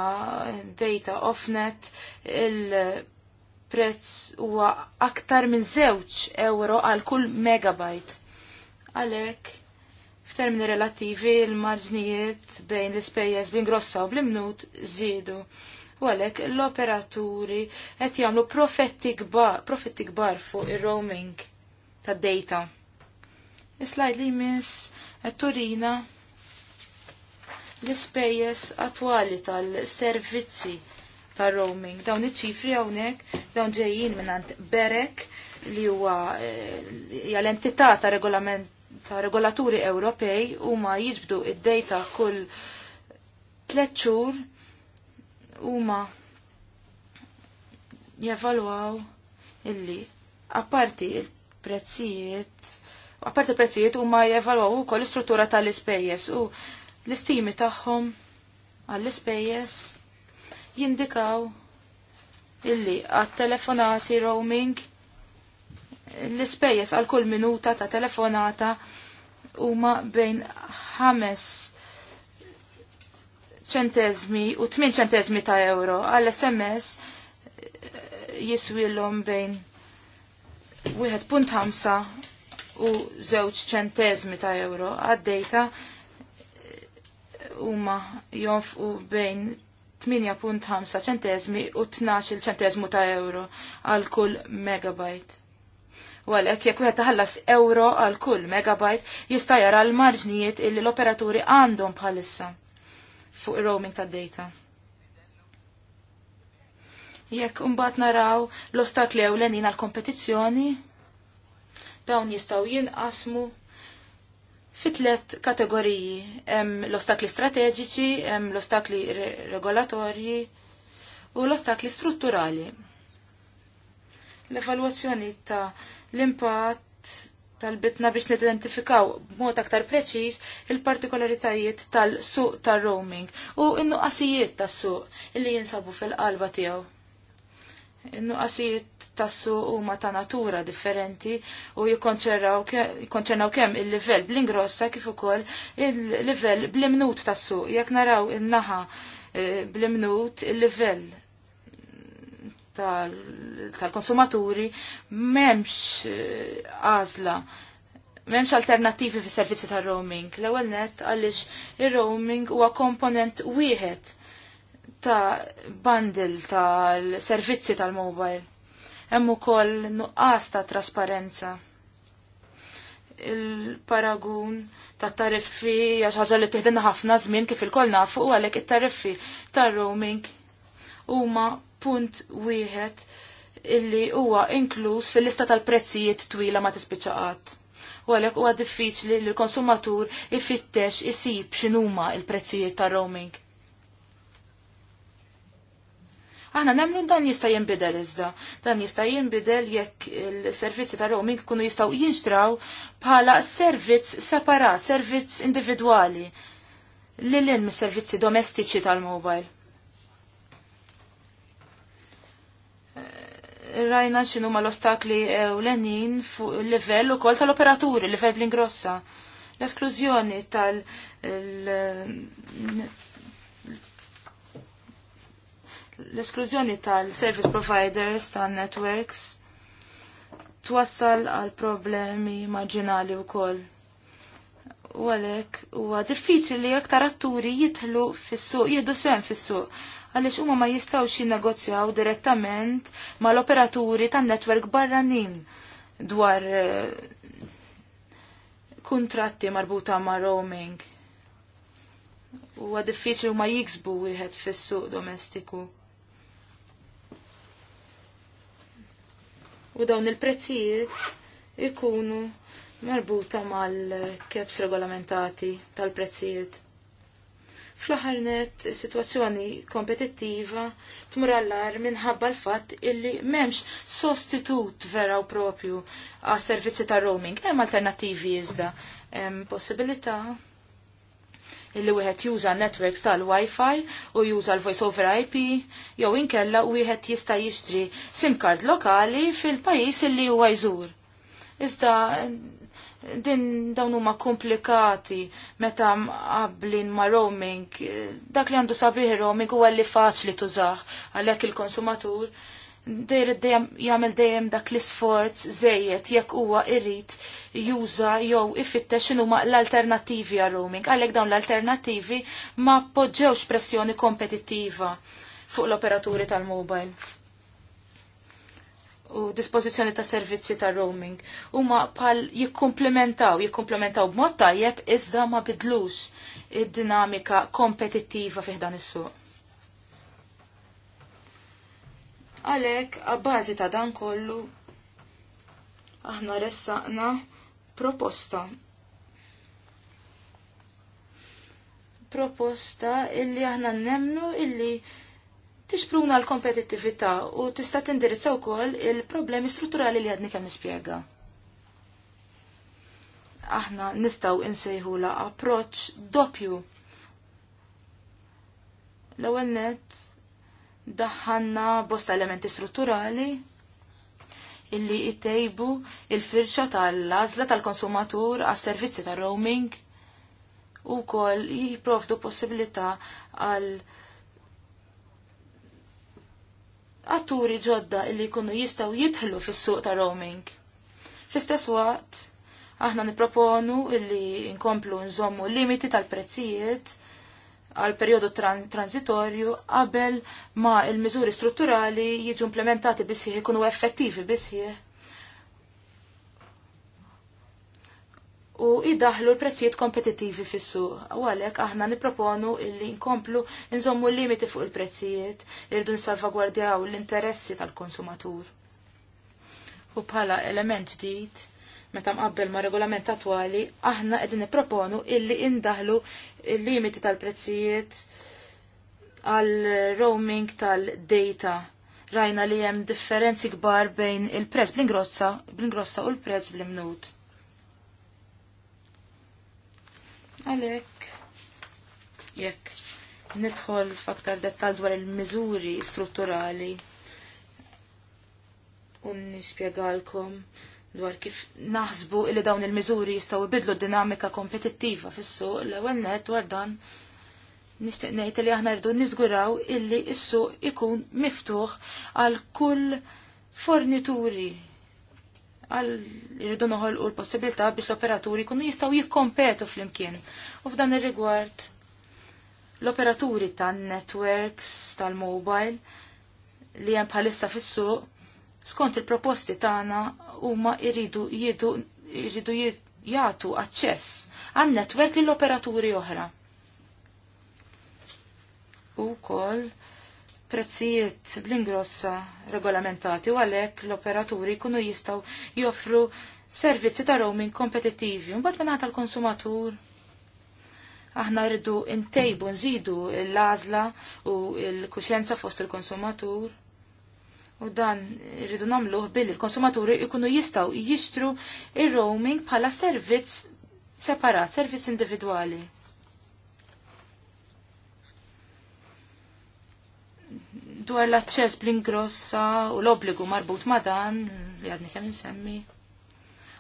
data offnet il-prezz huwa aktar minn żewġ euro għal kull megabajt. Għalhekk F'termini relattivi il-marġnijiet bejn l-ispejjeż grossa u bl-imnut żiedu. U għalhekk l-operaturi qed jagħmlu profetti kbar, fuq ir-roaming tad-data. Is-slajd li jmiss qed turina l-ispejjeż attwali tal-servizzi ta' roaming. Dawn iċ-ċifri hawnhekk dawn ġejjin minn berek li huwa eh, l-entità ta' regolament ta' regolaturi Ewropej huma jiġbdu id-dejta kull tliet xhur huma jevalwaw illi apparti il-prezzijiet apparti il-prezzijiet huma jevalwaw ukoll l-istruttura tal-ispejjeż u l-istimi tagħhom għall-ispejjeż jindikaw illi għat-telefonati roaming l-ispejjeż għal kull minuta ta' telefonata huma bejn ħames ċentezmi u 8 ċentezmi ta' euro għal SMS eh, jiswilhom bejn 1.5 u żewġ ċentezmi ta' euro għad-dejta eh, huma jonfqu bejn 8.5 ċentezmi u 12 ċentezmu ta' euro għal kull megabyte. U għalhekk jekk wieħed taħallas euro għal kull megabajt jista' jara l-marġnijiet illi l-operaturi għandhom bħalissa fuq ir-roaming tad-data. Jekk umbat naraw l-ostakli ewlenin għal kompetizzjoni, dawn jistgħu jinqasmu Fit tliet kategoriji hemm l-ostakli strateġiċi, l-ostakli regolatorji u l-ostakli strutturali. L-evalwazzjoni ta' l-impatt tal-bitna biex nidentifikaw b'mod aktar preċiż il-partikolaritajiet tal-suq tar-roaming u n-nuqqasijiet tas-suq illi jinsabu fil-qalba tiegħu. In-nuqqasijiet tas-suq huma ta' natura differenti u jikkonċernaw kemm il-livell bl-ingrossa kif ukoll il-livell bl-imnut tas-suq. Jekk naraw in-naħa eh, bl-imnut il-livell tal-konsumaturi memx eh, għazla, memx alternativi fi servizzi tal-roaming. L-ewel net għalix il-roaming huwa komponent wieħed ta' bundle tal-servizzi tal-mobile. Hemm ukoll nuqqas ta' trasparenza il-paragun ta' tariffi, għax ħaġa li tiħdinna ħafna żmien kif il kol nafu għalhekk it-tariffi tar-roaming huma punt wieħed illi huwa inkluż fil-lista tal-prezzijiet twila ma tispiċċaqat. U għalhekk huwa diffiċli li l-konsumatur ifittex isib x'inhuma l-prezzijiet tar-roaming. Aħna nemlu dan jista' jinbidel iżda. Dan jista' jinbidel jekk il-servizzi ta' roaming kunu jistgħu jinxtraw bħala servizz separat, servizz individwali lil mis servizzi domestiċi tal-mobile. rajna xinu ma l-ostakli ewlenin fuq il-level u kol tal-operaturi, il-level bl-ingrossa. L-esklużjoni tal- l-esklużjoni tal-service providers, tal-networks, twassal għal problemi marġinali u kol. U għalek, u li jek atturi jitħlu fissu, jiddu sem fissu għaliex huma ma jistgħux jinnegozjaw direttament mal-operaturi tan-netwerk barranin dwar eh, kontratti marbuta ma' roaming. U għadifiċi diffiċli ma jiksbu wieħed fis-suq domestiku. U dawn il-prezzijiet ikunu marbuta mal-keps regolamentati tal-prezzijiet. Fl-aħħar net situazzjoni kompetittiva tmur allar minħabba l-fatt illi m'hemmx sostitut vera u propju għas servizzi ta' roaming. Hemm alternattivi iżda hemm possibilità illi wieħed juża networks tal-Wi-Fi u juża l-Voice over IP, jew inkella wieħed jista' jixtri SIM card lokali fil-pajjiż illi huwa jżur. Iżda din dawn huma komplikati meta mqablin ma' roaming. Dak li għandu sabiħ roaming huwa li faċli tużah għalhekk il-konsumatur dejr jagħmel dejjem dak l-isforz żejjed jekk huwa irrid juża jew ifittex x'inhu l-alternattivi għal roaming. Għalhekk dawn l-alternattivi ma poġġewx pressjoni kompetittiva fuq l-operaturi tal-mobile u dispożizzjoni ta' servizzi ta' roaming. Huma pal jikkumplementaw, jikkumplementaw b'mod tajjeb iżda ma bidlux id-dinamika kompetittiva fih dan is-suq. Għalhekk għabbażi ta' dan kollu aħna ressaqna proposta proposta illi aħna nemnu illi tixpruna l-kompetittività u tista' tindirizza wkoll il-problemi strutturali li għadni kemm nispjega. Aħna nistgħu insejħula approċċ doppju. L-ewwel net daħħanna bosta elementi strutturali illi jtejbu il-firxa tal għażla tal-konsumatur għas servizzi tal-roaming u kol jiprovdu possibilità għal atturi ġodda illi jkunu jistaw jidħlu fis-suq ta' roaming. Fl-istess waqt, aħna niproponu illi nkomplu nżommu limiti tal-prezzijiet għal periodu tran transitorju qabel ma il-miżuri strutturali jiġu implementati bisħieħ ikunu effettivi bisħieħ u idaħlu l-prezzijiet kompetittivi fis-suq. U għalhekk aħna nipproponu illi nkomplu nżommu l-limiti fuq il-prezzijiet irdu nsalvagwardjaw l-interessi tal-konsumatur. U bħala element ġdid meta mqabbel ma' regolament attwali, aħna qegħdin nipproponu illi indaħlu l-limiti tal-prezzijiet għal roaming tal-data. Rajna li hemm differenzi kbar bejn il-prezz bl-ingrossa, bl-ingrossa u l-prezz bl-imnut. Għalhekk jekk nidħol f'aktar dettal dwar il-miżuri strutturali u nispjegalkom dwar kif naħsbu li dawn il-miżuri jistgħu jbidlu dinamika kompetittiva fis-suq l-ewwel net dwar dan nixtieq ngħid li aħna rridu niżguraw illi s-suq ikun miftuħ għal kull fornituri għal irridu noħolqu l-possibilità biex l-operaturi kunu jistgħu jikkompetu flimkien. U f'dan ir-rigward l-operaturi tan-networks tal-mobile li hemm bħalissa fis-suq skont il-proposti tagħna huma jridu jidu jridu jagħtu aċċess għan netwerk lill operaturi oħra. U wkoll prezzijiet bl-ingrossa regolamentati u għalhekk l-operaturi jkunu jistgħu joffru servizzi ta' roaming kompetittivi. Mbagħad minn l konsumatur aħna rridu ntejbu nżidu l-għażla u l-kuxjenza fost il-konsumatur. U dan rridu nagħmluh billi l-konsumaturi jkunu jistgħu jixtru ir-roaming bħala servizz separat, servizz individwali. dwar l-aċċess bl-ingrossa u l-obbligu marbut ma' dan li għadni kemm insemmi.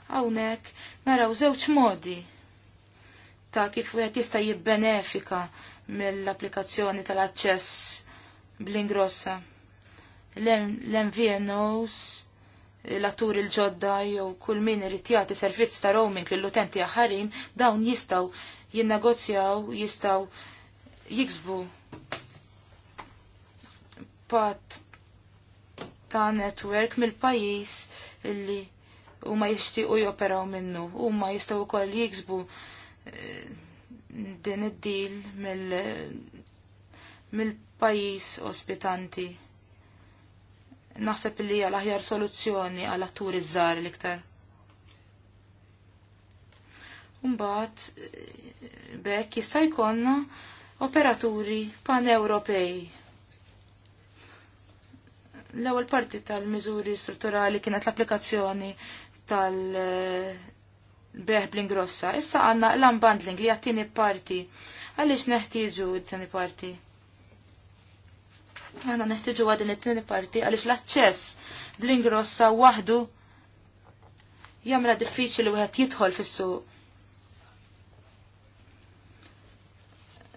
Hawnhekk naraw żewġ modi ta' kif wieħed jista' jibbenefika mill-applikazzjoni tal-aċċess bl-ingrossa. L-MVNOs, l-attur il-ġodda jew kull min irid jagħti servizz ta' roaming lill-utenti aħarin dawn jistgħu jinnegozjaw, jistgħu jiksbu pat ta' network mill-pajis illi u ma jishtiqu joperaw minnu u ma jistaw ukoll jiksbu eh, din id-dil mill-pajis ospitanti. Naħseb li għal aħjar soluzzjoni għal atturi żgħar l-iktar. Mbagħad eh, bekk jista' jkollna operaturi pan-Ewropej L-ewwel parti tal-miżuri strutturali kienet l-applikazzjoni tal-beħ bl-ingrossa. Issa għandna l-unbundling li għattini parti. Għaliex neħtieġu t-tieni parti? Għanna neħtiġu għadin it-tini parti għalix l-acċess bl-ingrossa wahdu jamra diffiċi li wieħed jidħol fis-suq.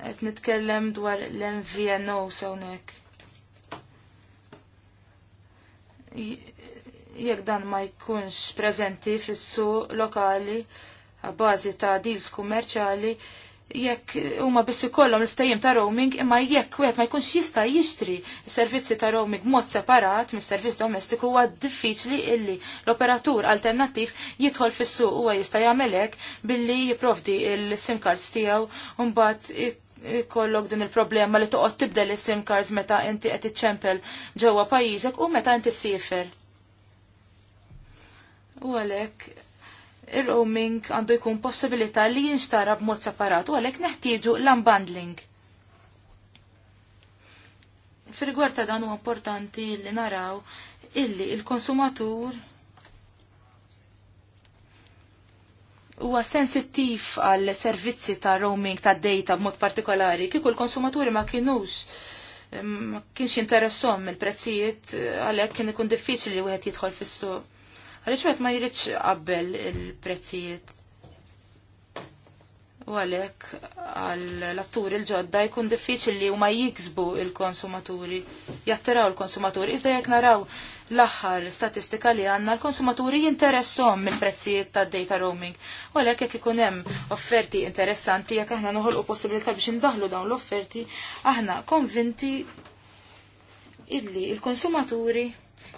Qed nitkellem dwar l-MVNO sewnek. jekk dan ma jkunx prezenti fis lokali għabbażi ta' deals kummerċali, jekk huma biss ikollhom l-ftajjem ta' roaming, imma jekk wieħed ma jkunx jista' jixtri s-servizzi ta' roaming mod separat mis-servizz domestiku huwa diffiċli illi l-operatur alternattiv jidħol fis-suq huwa jista' jagħmel hekk billi jipprovdi l-sim cards tiegħu u mbagħad kollok din il-problema li toqgħod tibdel is-sim cards meta inti qed iċċempel ġewwa pajjiżek u meta inti ssifer. U għalhekk ir-roaming għandu jkun possibilità li jinxtara b'mod separat u għalhekk neħtieġu l-unbundling. Fir-rigward ta' dan huwa importanti li naraw illi il-konsumatur huwa sensittiv għal servizzi ta' roaming ta' data b'mod partikolari, kieku l-konsumaturi ma kienux ma kienx interessom il-prezzijiet għalhekk kien ikun diffiċli li wieħed jidħol fis-suq. Għaliex wieħed ma jridx qabel il-prezzijiet. U għalhekk għall-atturi l-ġodda jkun diffiċli li huma jiksbu il-konsumaturi, jattiraw il-konsumaturi. Iżda jekk naraw l-aħħar statistika li għandna l-konsumaturi jinteressom mill-prezzijiet ta' data roaming. U għalhekk jekk ikun hemm offerti interessanti jekk aħna noħolqu possibilità biex indaħlu dawn l-offerti, aħna konvinti illi il-konsumaturi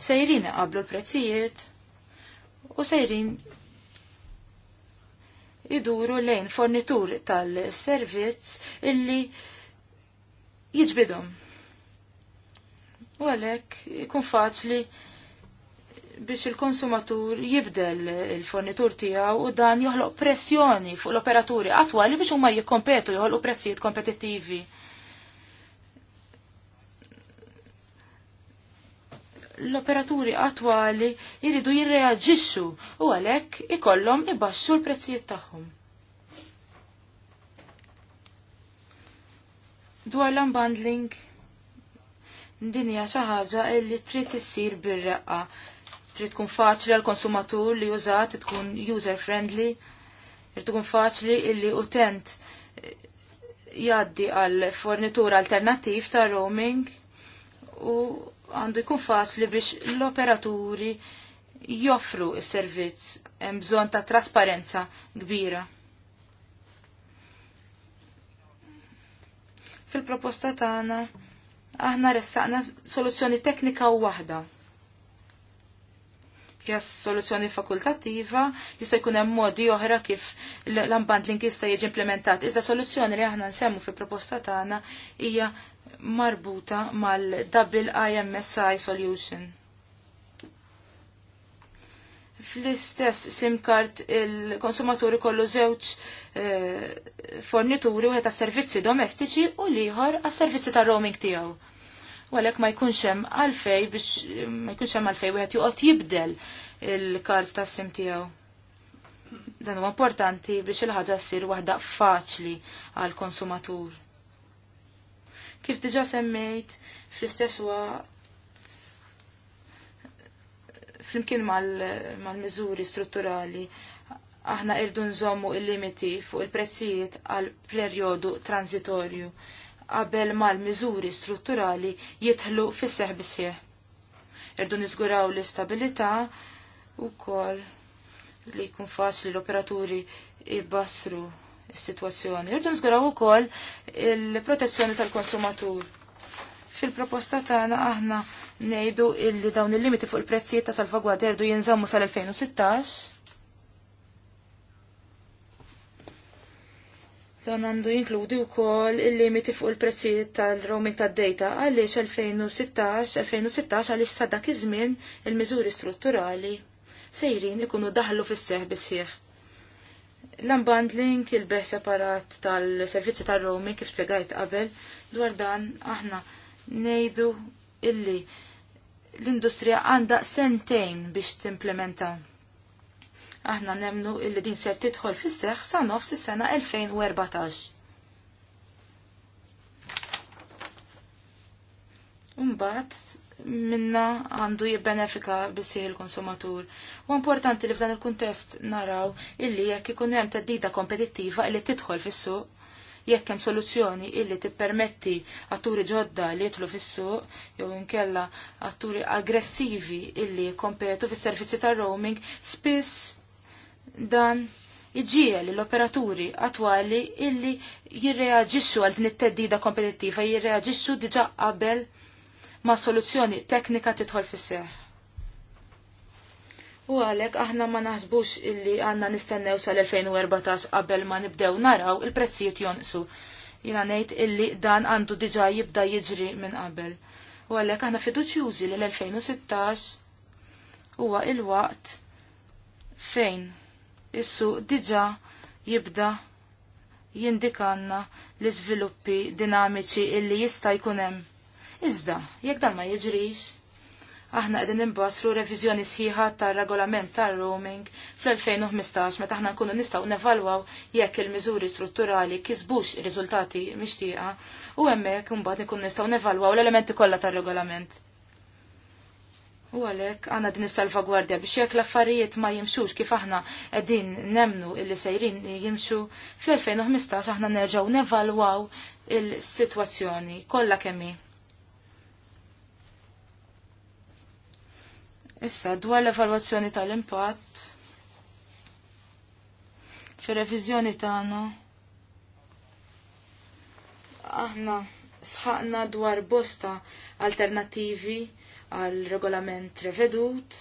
sejrin qablu l-prezzijiet u sejrin iduru lejn fornitur tal-servizz illi jiġbidhom. U għalhekk ikun faċli biex il-konsumatur jibdel il-fornitur tiegħu u dan joħloq pressjoni fuq l-operaturi attwali biex huma jikkompetu joħloq prezzijiet kompetittivi. l-operaturi attwali jiridu jirreagġixxu u għalhekk ikollhom ibaxxu l-prezzijiet tagħhom. Dwar l-unbundling, din hija xi ħaġa li trid issir bir-reqqa. Trid tkun faċli għall konsumatur li użat tkun user friendly, trid tkun faċli li utent jaddi għal fornitur alternattiv ta' roaming u għandu jkun faċli biex l-operaturi joffru s-servizz hemm bżonn ta' trasparenza kbira. Fil-proposta tagħna aħna ressaqna soluzzjoni teknika u waħda. Ja soluzzjoni fakultattiva, jista' jkun hemm modi oħra kif l-unbundling jista' jiġi implementat. Iżda soluzzjoni li aħna nsemmu fil-proposta tagħna hija marbuta mal-Double IMSI Solution. Fl-istess SIM card il-konsumaturi kollu żewġ eh, fornituri wieħed għas-servizzi domestiċi u liħor għas-servizzi ta' roaming tiegħu. Walek ma jkunx hemm għalfej biex ma jkunx hemm għalfej wieħed joqgħod jibdel il kart tas SIM tiegħu. Dan huwa importanti biex il-ħaġa ssir waħda faċli għal konsumatur Kif diġa semmejt fl-istess fl-imkien mal-mizuri mal strutturali aħna irdu nżommu il-limiti fuq il-prezzijiet għal perjodu transitorju qabel mal-miżuri strutturali jitħlu fis-seħ bisħieħ. Irdu niżguraw l-istabilità u kol li jkun faċli l-operaturi jbassru is-sitwazzjoni. Irdu nżguraw ukoll il-protezzjoni tal-konsumatur. Fil-proposta tagħna aħna ngħidu illi dawn il-limiti fuq il-prezzijiet ta' salvagwardja irdu jinżammu sal-2016. Dan għandu jinkludi wkoll il-limiti fuq il-prezzijiet tal-roaming tad-data għaliex 2016-2016 għaliex sa dak iż-żmien il-miżuri strutturali sejrin ikunu daħlu fis-seħ bisħieħ. L-unbundling, il-beħ separat tal-servizzi tal-roaming, kif spiegajt qabel, dwar dan aħna nejdu illi l-industrija għanda sentejn biex timplementa. Aħna nemnu illi din ser titħol fis seħħ sa nofs is-sena 2014. Umbat, minna għandu jibbenefika bisih il-konsumatur. U importanti li f'dan il-kuntest naraw illi jekk ikun hemm teddida kompetittiva illi tidħol fis-suq, jekk hemm soluzzjoni illi tippermetti atturi ġodda li jidħlu fis-suq jew inkella atturi aggressivi illi kompetu fis-servizzi tar roaming, spiss dan iġiel l-operaturi attwali illi jirreaġixxu għal din it-teddida kompetittiva, jirreaġixxu diġà qabel ma' soluzzjoni teknika titħol fis-seħ. U għalek aħna ma naħsbux illi għanna nistennew sal-2014 qabel ma nibdew naraw il-prezzijiet jonqsu. Jina ngħid illi dan għandu diġa jibda jiġri minn qabel. U għalek aħna fiduċjużi li l-2016 huwa il-waqt fejn issu diġa jibda jindikanna l-iżviluppi dinamiċi illi jista' jkun hemm Iżda, jekk dan ma jiġrix, aħna qegħdin imbasru reviżjoni sħiħa tar-regolament tar-roaming fl-2015 meta aħna nkunu nistgħu nevalwaw jekk il-miżuri strutturali kisbux ir-riżultati mixtieqa u hemmhekk imbagħad nkunu nistgħu nevalwaw l-elementi kollha tar-regolament. U għalhekk għandna din is-salvagwardja biex jekk l-affarijiet ma jimxux kif aħna qegħdin nemnu illi sejrin jimxu fl-2015 aħna nerġgħu nevalwaw il-sitwazzjoni kollha kemm Issa, dwar l-evalwazzjoni tal-impatt, fir-reviżjoni tagħna, aħna sħaqna dwar bosta alternativi għal regolament revedut.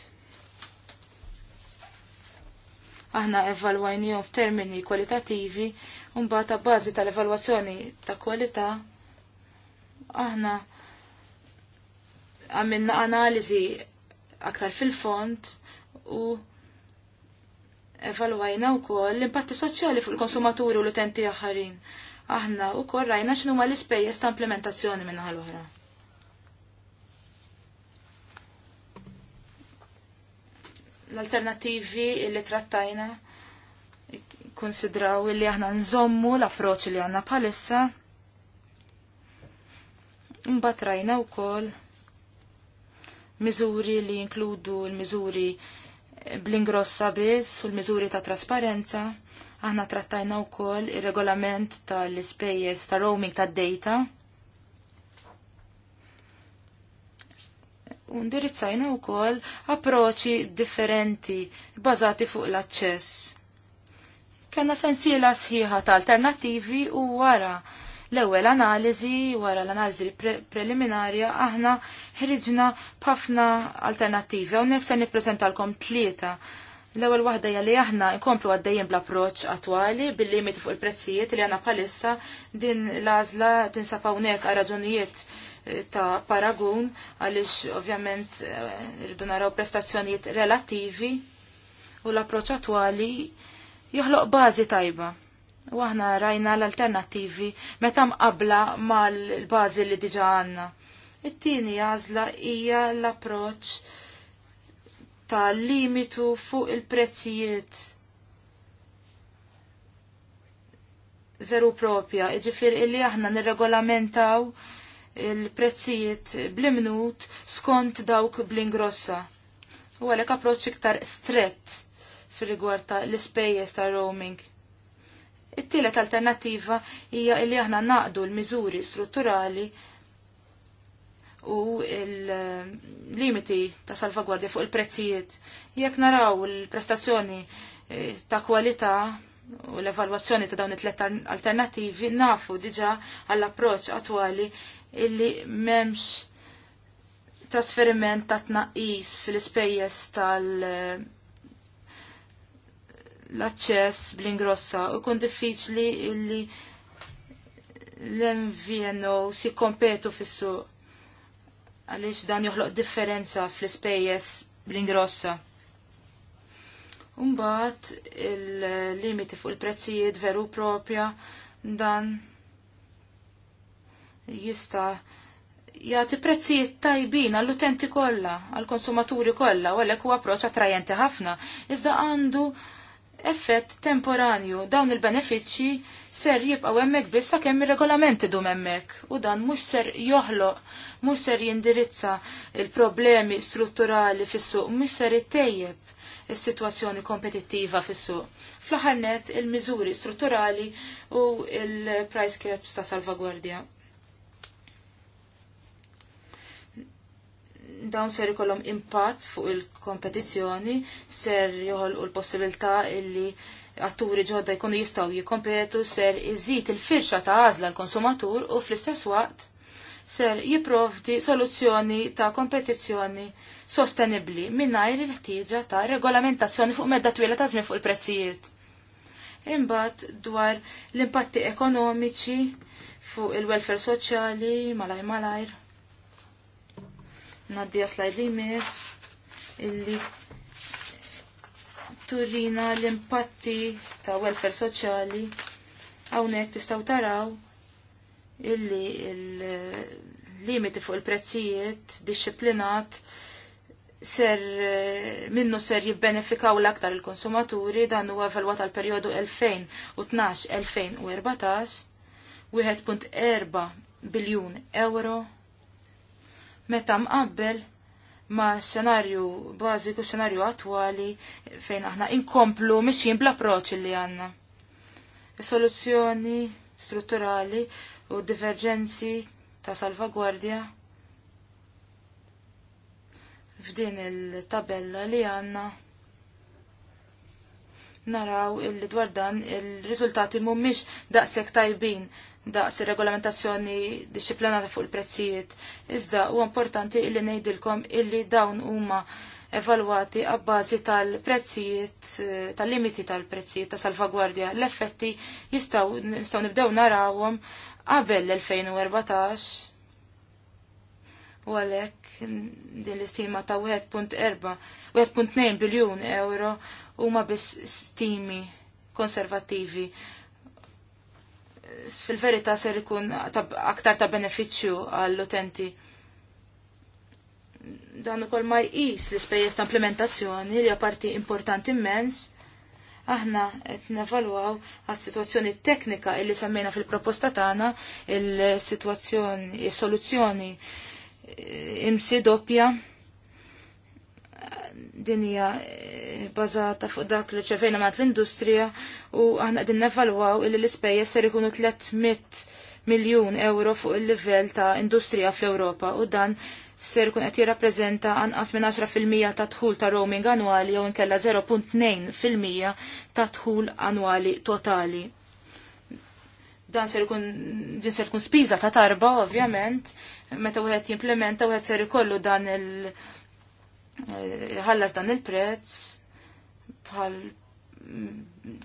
Aħna evalwajnijom f'termini kwalitativi Umba ta' bazi tal-evalwazzjoni ta' kwalità, aħna għamilna analizi aktar fil-font u evalwajna wkoll l-impatti soċjali fuq il-konsumaturi u l-utenti aħħarin. Aħna wkoll rajna x'numa l-ispejjeż ta' implementazzjoni minna l-oħra. l-alternativi li trattajna konsidraw illi aħna nżommu l-approċ li għanna palissa. Mbatrajna u kol miżuri li jinkludu l-miżuri bl-ingrossa biss u l-miżuri ta' trasparenza. Aħna trattajna wkoll ir-regolament tal-ispejjeż ta' roaming ta' data. U ndirizzajna wkoll approċċi differenti bbażati fuq l-aċċess. Kenna sensiela sħiħa ta' alternattivi u wara l-ewwel analiżi wara l-analiżi preliminarja aħna ħriġna b'ħafna alternattivi hawnhekk se nippreżentalkom tlieta. L-ewwel waħda hija li aħna nkomplu għaddejjin bl-approċċ attwali bil-limiti fuq il-prezzijiet li għandna bħalissa din l-għażla tinsab hawnhekk għal raġunijiet eh, ta' paragun għaliex ovvjament eh, irridu naraw prestazzjonijiet relattivi u l-approċċ attwali joħloq bażi tajba. U aħna rajna l-alternativi meta mqabla mal-bażi li diġa għandna. It-tieni għażla hija l-approċċ ta' limitu fuq il-prezzijiet. Veru propja, iġifir illi aħna nirregolamentaw il-prezzijiet bl-imnut skont dawk bl-ingrossa. U għalek approċċ iktar strett fir rigward ta' l-ispejjeż ta' roaming It-tielet alternattiva hija li aħna naqdu l-miżuri strutturali u l-limiti ta' salvagwardja fuq il-prezzijiet. Jekk naraw l-prestazzjoni eh, ta' kwalità u l-evalwazzjoni ta' dawn it-tlet alternattivi, nafu diġa għall-approċ attwali illi memx trasferiment ta' tnaqqis fil-ispejjeż tal- l-aċċess bl-ingrossa u jkun diffiċli li l-MVNO si kompetu fissu għaliex dan joħloq differenza fl-ispejjeż bl-ingrossa. Umbat il-limiti fuq il-prezzijiet veru propja dan jista' jagħti prezzijiet tajbin għall-utenti kollha, għall-konsumaturi kollha, u għalhekk huwa approċċ attrajenti ħafna, iżda għandu effett temporanju dawn il-benefiċċji ser jibqgħu hemmhekk biss sakemm ir-regolament idum hemmhekk u dan mhux ser joħloq, mhux ser jindirizza il-problemi strutturali fis-suq, mhux ser ittejjeb is-sitwazzjoni kompetittiva fis-suq. Fl-aħħar net il-miżuri strutturali u il-price caps ta' salvagwardja. dawn ser ikollhom impatt fuq il-kompetizzjoni, ser joħolqu l-possibilità illi atturi ġodda jkunu jistgħu jikkompetu, ser iżid il-firxa ta' għażla l-konsumatur u fl-istess waqt ser jipprovdi soluzzjoni ta' kompetizzjoni sostenibbli mingħajr il-ħtieġa ta' regolamentazzjoni fuq medda twila ta' żmien fuq il-prezzijiet. Imbagħad dwar l-impatti ekonomiċi fuq il-welfare soċjali malaj malajr Naddija slajdi mis illi turina l-impatti ta' welfare soċjali hawnhekk tistaw taraw illi il-limiti fuq il-prezzijiet disċiplinat ser minnu ser jibbenefikaw l-aktar il-konsumaturi dan huwa evalwat għal perjodu 2012-2014 1.4 biljun euro meta mqabbel ma' xenarju bażiku, xenarju attwali fejn aħna inkomplu mixjin bl-approċ li għanna. Soluzzjoni strutturali u diverġenzi ta' salvagwardja f'din il-tabella li għanna naraw il dwar dan il-riżultati mhumiex daqshekk tajbin daqs ir-regolamentazzjoni disciplinata fuq il-prezzijiet. Iżda huwa importanti illi ngħidilkom illi dawn huma evalwati għabbażi tal-prezzijiet, eh, tal-limiti tal-prezzijiet, ta' salvagwardja. L-effetti jistaw, jistaw nibdew narawhom qabel l-2014. U għalek din l-istima ta' 1.2 biljun euro huma biss stimi konservativi fil-verità ser ikun aktar ta' beneficju għall-utenti. Dan ukoll ma jqis l-ispejjeż ta' implementazzjoni li parti importanti immens. Aħna qed nevaluaw għas-sitwazzjoni teknika illi semmejna fil-proposta tagħna il-sitwazzjoni, il soluzzjoni eh, imsi doppja dinja eh, bazata fuq dak li ċevejna mat l-industrija u aħna qegħdin nevalwaw illi l-ispejjeż ser ikunu 300 miljun euro fuq il-livell ta' industrija fl europa u dan ser kun qed jirrappreżenta anqas minn 10% ta' tħul ta' roaming annwali jew inkella 0.2% ta' dħul annwali totali dan ser ikun din ser tkun spiża ta' tarba ovvjament meta wieħed jimplementa wieħed ser ikollu dan il ħallas dan il-prezz bħal mm,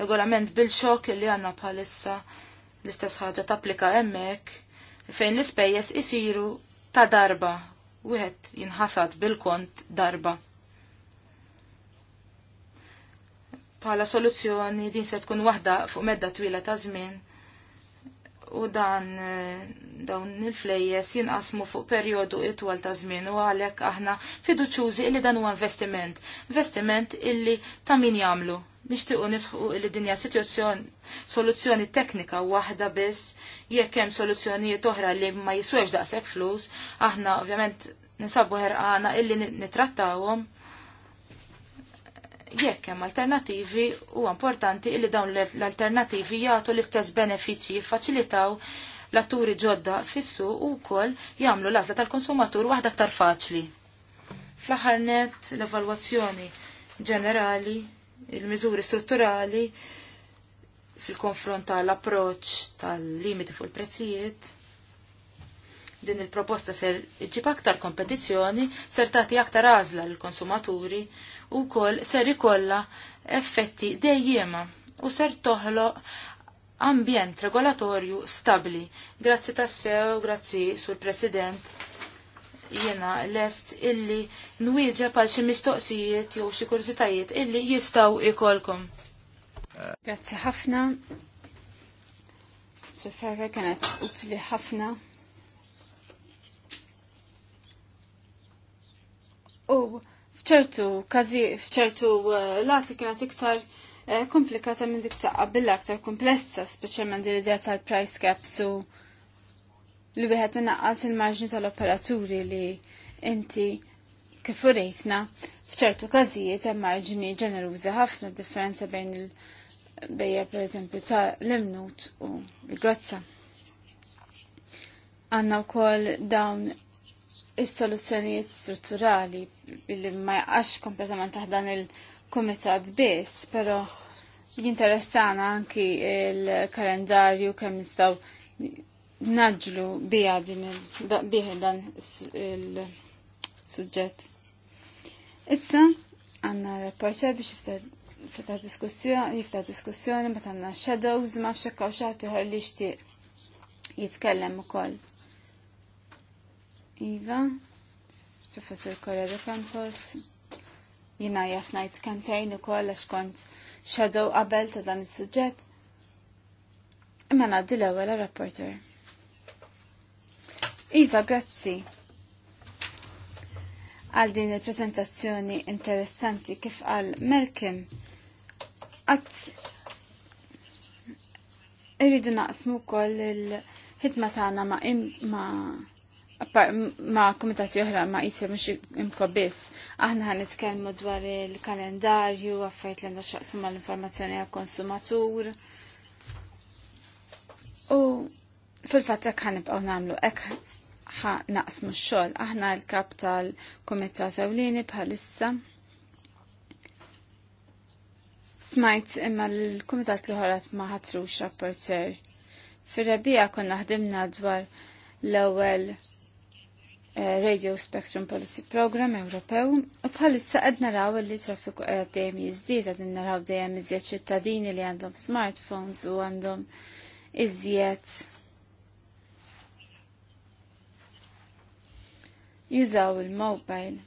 regolament bil-xok li għanna bħalissa l-istess ħaġa tapplika hemmhekk fejn l-ispejjeż isiru ta' darba wieħed jinħasad bil-kont darba. Bħala soluzzjoni din se tkun waħda fuq medda twila ta' żmien u dan eh, dawn il-flejjes jinqasmu fuq perjodu itwal ta' żmien u għalhekk aħna fiduċjużi li dan huwa investiment. Investiment illi ta' min jagħmlu. Nixtiequ nisħu li dinja sitwazzjoni soluzzjoni teknika waħda biss jekk hemm soluzzjonijiet oħra li ma jiswewx daqshekk flus, aħna ovvjament ninsabu ħerqana illi nitrattawhom jekk hemm alternattivi huwa importanti li dawn l-alternattivi jagħtu l-istess benefiċċji jiffaċilitaw l-atturi ġodda fissu u wkoll jagħmlu l-għażla tal-konsumatur waħda aktar faċli. Fl-aħħar net l-evalwazzjoni ġenerali, il-miżuri strutturali fil-konfront tal-approċċ tal-limiti fuq il-prezzijiet, Din il-proposta ser iġib aktar kompetizzjoni, ser tagħti aktar għażla lill-konsumaturi u kol ser ikolla effetti dejjema u ser toħloq ambjent regolatorju stabli. Grazzi tassew, grazzi sur President. Jena lest illi nwieġa pal xi mistoqsijiet jew xi kurzitajiet illi jistaw ikolkom. Grazzi ħafna. Sur Ferre kienet utli ħafna U fċertu kazi, fċertu uh, lati kienet iktar uh, komplikata minn dik ta' qabilla aktar komplessa, speċjalment din l-idea tal-price caps u li wieħed inaqqas il-marġni tal-operaturi li inti kif urejtna f'ċertu każijiet hemm marġni ġenerużi ħafna differenza bejn il-bejja pereżempju ta' l-imnut u l-grozza. Għandna wkoll dawn is-soluzzjonijiet strutturali billi ma jaqqax kompletament taħdan il-kumitat biss, però jinteressana anki il-kalendarju kemm nistgħu naġlu biha din dan il-suġġett. Issa għandna reporter biex jifta' diskussjoni, jifta' diskussjoni, meta għandna shadows ma fxekkaw xi ħadd li jitkellem ukoll. Iva, professor Correa de Campos, jina jafnajt kantejn u koll għax kont xadow qabel ta' dan il-sujġet. Imma naddi l-ewwel rapporter. Iva, grazzi. Għal din il-prezentazzjoni interessanti kif għal Melkim. Għat irridu naqsmu koll il-ħidma tagħna ma' ma komitati oħra ma jisir mux imko biss. Aħna għan itkelmu dwar il-kalendarju, għaffajt l għanda xaqsum għall-informazzjoni għal-konsumatur. U fil-fat ek ħan nibqaw namlu, ek ħa naqsmu xol. Aħna l-kap tal-komitat ewlieni bħalissa. Smajt imma l-komitat li ħorat ma ħatrux rapporter. Fil-rebija konna ħdimna dwar l-ewel Eh, Radio Spectrum Policy Program Ewropew u bħalissa qed naraw li traffiku qed dejjem jiżdied qed naraw dejjem iżjed ċittadini li għandhom smartphones u għandhom iżjed jużaw il-mobile.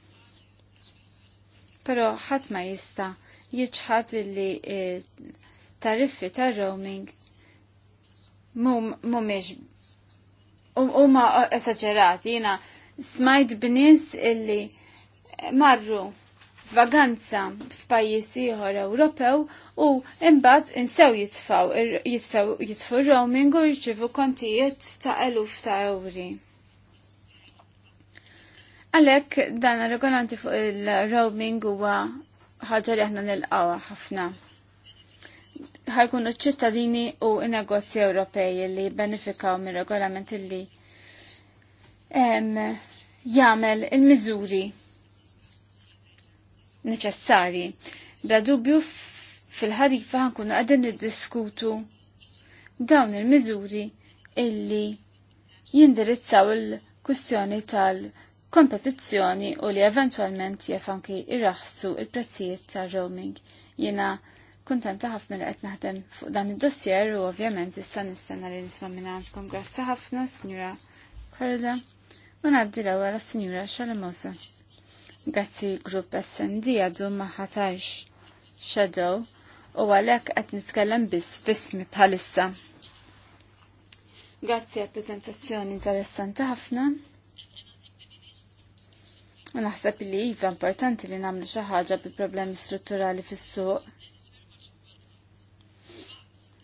Però ħadd ma jista' jiġħad li tariffi tar-roaming mhumiex U ma jiena. jina smajt b'nies illi marru vaganza f'pajjiż ieħor Ewropew u imbagħad insew jitfaw jitfgħu jitfu roaming u jirċivu kontijiet ta' eluf ta' ewri. Għalhekk dan regolanti fuq il-roaming huwa ħaġa li aħna nilqawha ħafna. Ħajkunu ċittadini u n-negozji Ewropej li benefikaw mir regolamenti li jagħmel il-miżuri neċessari. Bla dubju fil-ħarifa ħankun għadden niddiskutu dawn il-miżuri illi jindirizzaw il-kustjoni tal-kompetizzjoni u li eventualment jef anki irraħsu il-prezzijiet tal-roaming. Jena kontenta ħafna li qed naħdem fuq dan id-dossier u ovvjament issa nistenna li nisma' minn għandkom. Grazzi ħafna, Signora Korda. U naddi l-ewwel għas-Sinjura mosa Grazzi grupp SND għaddu ma ħatax Shadow u għalhekk qed nitkellem biss fismi bħalissa. Grazzi għal prezentazzjoni interessanti ħafna. U naħseb li jiva importanti li nagħmlu xi ħaġa bil-problemi strutturali fis-suq.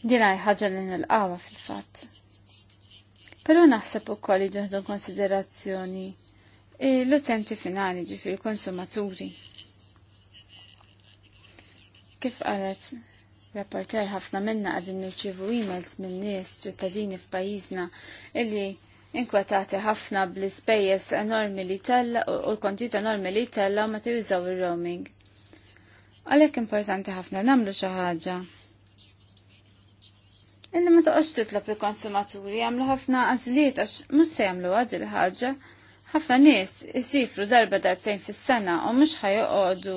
Din hija ħaġa li nilqawha fil-fatt. Pero naħseb u koll ġuħdu konsiderazzjoni l-utenti finali ġifir konsumaturi. Kif qalet rapporter ħafna minna għadin nirċivu emails minn nies ċittadini f'pajjiżna illi inkwetati ħafna bl-ispejjeż enormi li tella u l-kontit enormi li tella ma tiżaw ir roaming Għalhekk importanti ħafna nagħmlu xi ħaġa illi ma toqgħodx titlob il-konsumaturi jagħmlu ħafna għażliet għax mhux se jagħmlu għad il-ħaġa. Ħafna nies isifru darba darbtejn fis-sena u mhux ħajoqogħdu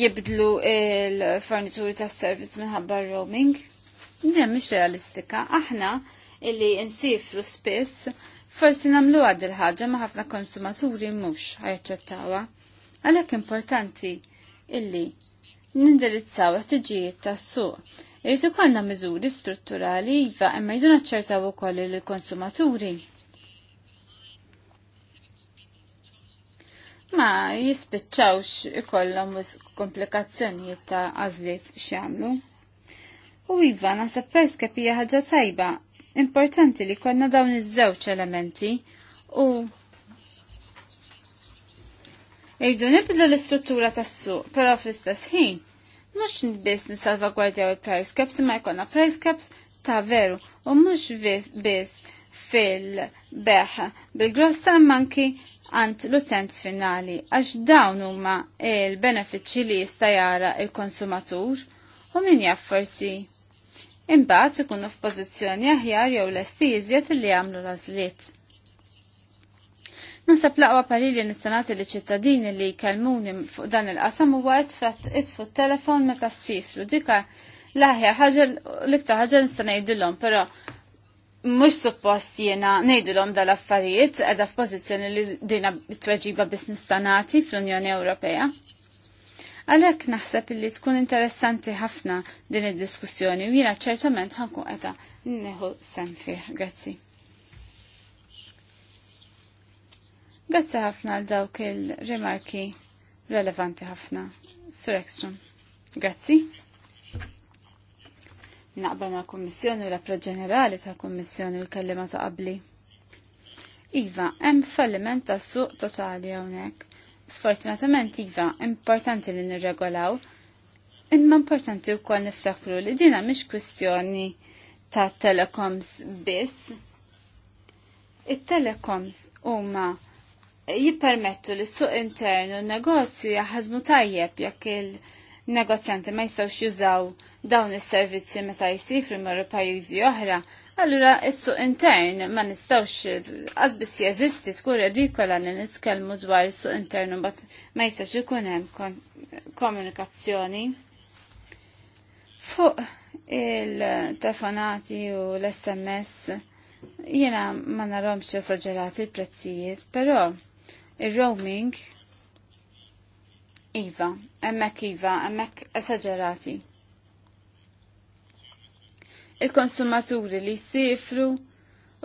jibdlu il-fornituri tas servizz minħabba roaming. Ne, mhix realistika. Aħna illi nsifru spiss, forsi nagħmlu għad il ma ħafna konsumaturi mhux ħajċċettawha. Għalhekk importanti illi nindirizzaw ħtiġijiet tas-suq. Irid ikollna miżuri strutturali iva imma ċerta naċċertaw ukoll il-konsumaturi. Ma jispiċċawx ikollhom komplikazzjonijiet ta' għażliet xiamlu. U iva naħseb perskep hija ħaġa tajba. Importanti li konna dawn iż-żewġ elementi u Irdu nibdlu l-istruttura tas-suq, però fl-istess ħin mhux biss nisalvagwardjaw il-price caps imma jkollna price caps ta' veru u mhux biss fil-beħ bil-grossa manki għand l-utent finali għax dawn huma il-benefiċċji li jista' jara il-konsumatur u min jaf forsi imbagħad ikunu f'pożizzjoni aħjar jew lesti iżjed li jagħmlu l-għażliet. Nisab laqwa parili nistanati li ċittadini li kalmuni fuq dan il-qasam u għajt fatt itfu telefon meta s-sifru. Dika laħja ħagġa l-iktar ħagġa dillom, pero mux suppost jena nejdilom dal-affarijiet edha f-pozizjoni li dina bitweġiba bis nistanati fl-Unjoni Ewropea. Għalek naħseb li tkun interessanti ħafna din id-diskussjoni u jena ċertament ħanku għeta neħu sem fih. Grazzi. Grazzi ħafna għal dawk il-remarki relevanti ħafna. Sur Ekstrom. Grazzi. Naqbel ma' kummissjoni u l-appro ġenerali ta' kummissjoni u l-kellima ta' qabli. Iva, hemm falliment ta' suq totali hawnhekk. Sfortunatament iva, importanti li nirregolaw, imma importanti wkoll niftakru li dina mhix kwistjoni ta' telecoms biss. It-telecoms huma jippermettu li suq internu n-negozju jaħdmu tajjeb jekk il-negozjanti ma jistawx jużaw dawn is-servizzi meta jisifru marru pajjiżi oħra, allura is-suq intern ma nistawx qasbis jeżisti tkun redikola li nitkellmu dwar is-suq internu mbagħad ma jistax ikun hemm komunikazzjoni. Fuq il-telefonati u l-SMS jiena ma naromx esaġerati il-prezzijiet, però Il-roaming, Iva, emmek Iva, emmek esagerati. Il-konsumaturi li sifru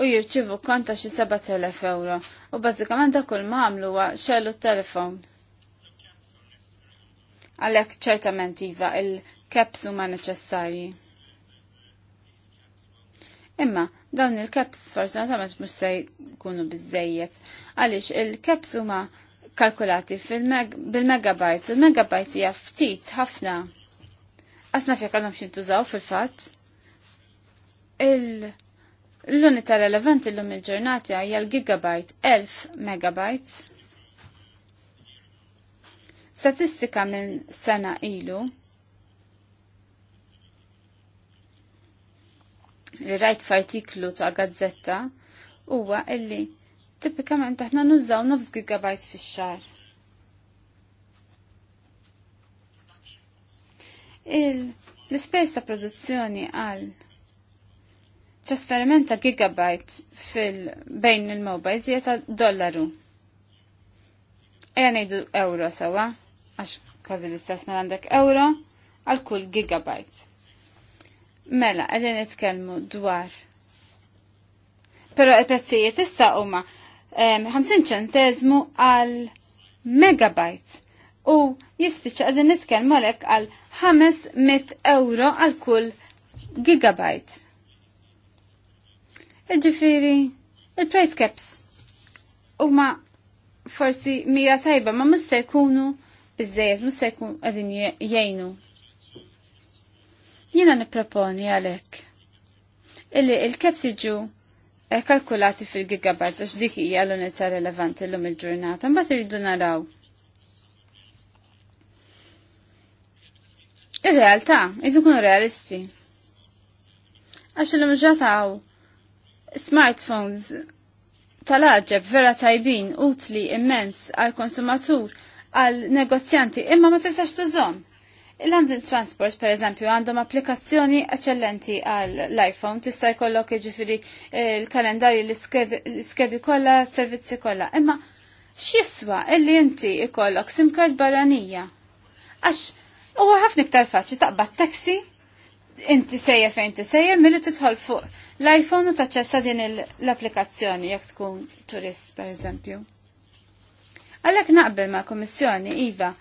u jirċivu konta xi 7000 euro u bażikament dak kull ma għamlu xellu t-telefon. Għalhekk ċertament iva il-keps huma neċessarji. Imma dawn il keps fortunatament mhux se jkunu bizzejiet. għaliex il keps huma kalkulati bil-megabytes il l hija ftit ħafna. Asna fjek għandhom xintużaw fil-fatt. L-unità relevanti l-lum il ġurnati hija l-gigabyte 1000 megabytes statistika minn sena ilu li rajt f'artiklu ta' gazzetta huwa illi tipikament aħna nużaw nofs gigabajt fix-xar. L-ispejs ta' produzzjoni għal trasferiment ta' gigabajt fil bejn il mobajt hija ta' dollaru. Ejja ngħidu euro sawa, għax kważi l-istess ma għandek euro għal kull gigabajt. Mela, għedin nitkellmu dwar. Pero il-prezzijiet issa huma 50 ċentezmu għal megabajt u jispiċċa għedin nitkellmu għalek għal 500 euro għal kull gigabajt. Iġifiri, il-price caps huma forsi mira sajba ma mista jkunu bizzejet, mista jkun għadin jgħinu Jiena nipproponi għalhekk illi il-caps e kalkulati fil-gigabyte għax dik hija l-unità rilevanti llum il-ġurnata, mbagħad iridu naraw. Ir-realtà, idu kunu realisti. Għax l ġataw smartphones tal-aġġeb vera tajbin, utli, immens għal konsumatur, għal negozjanti, imma ma tistax tużom il London Transport, per eżempju, għandhom applikazzjoni eccellenti għall-iPhone, tista' jkollok jiġifieri eh, l-kalendarju l-iskedi kollha, servizzi kollha. Imma x'jiswa illi inti jkollok sim card barranija? Għax huwa ħafna iktar faċli taqbad taxi, inti sejjer fejn ti sejjer milli tidħol fuq l-iPhone u taċċessa din l-applikazzjoni jekk tkun turist, per eżempju. Għalhekk naqbel ma' Kummissjoni, Iva,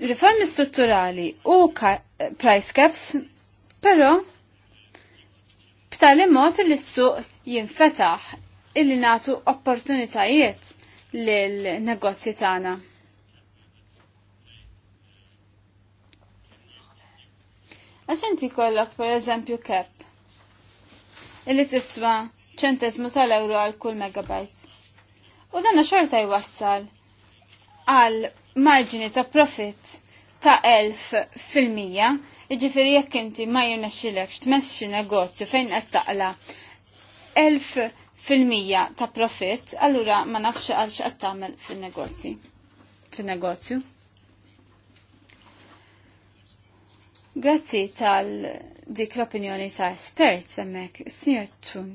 riformi strutturali u eh, price caps, però b'tali mod li s-suq jinfetaħ illi natu opportunitajiet l negozji tagħna. Għax inti kollok per eżempju kep illi tiswa ċentesmu tal-euro għal kull megabajt. U dan xorta jwassal għal marġini ta' profit ta' 1000 fil-mija, iġifiri jekk inti ma jirnexxilekx tmexxi negozju fejn qed taqla 1000 fil-mija ta' profit, allura ma nafx għalx qed tagħmel fin-negozji. Fin-negozju. Grazzi tal dik l-opinjoni ta' esperts emmek, Sr. Tun.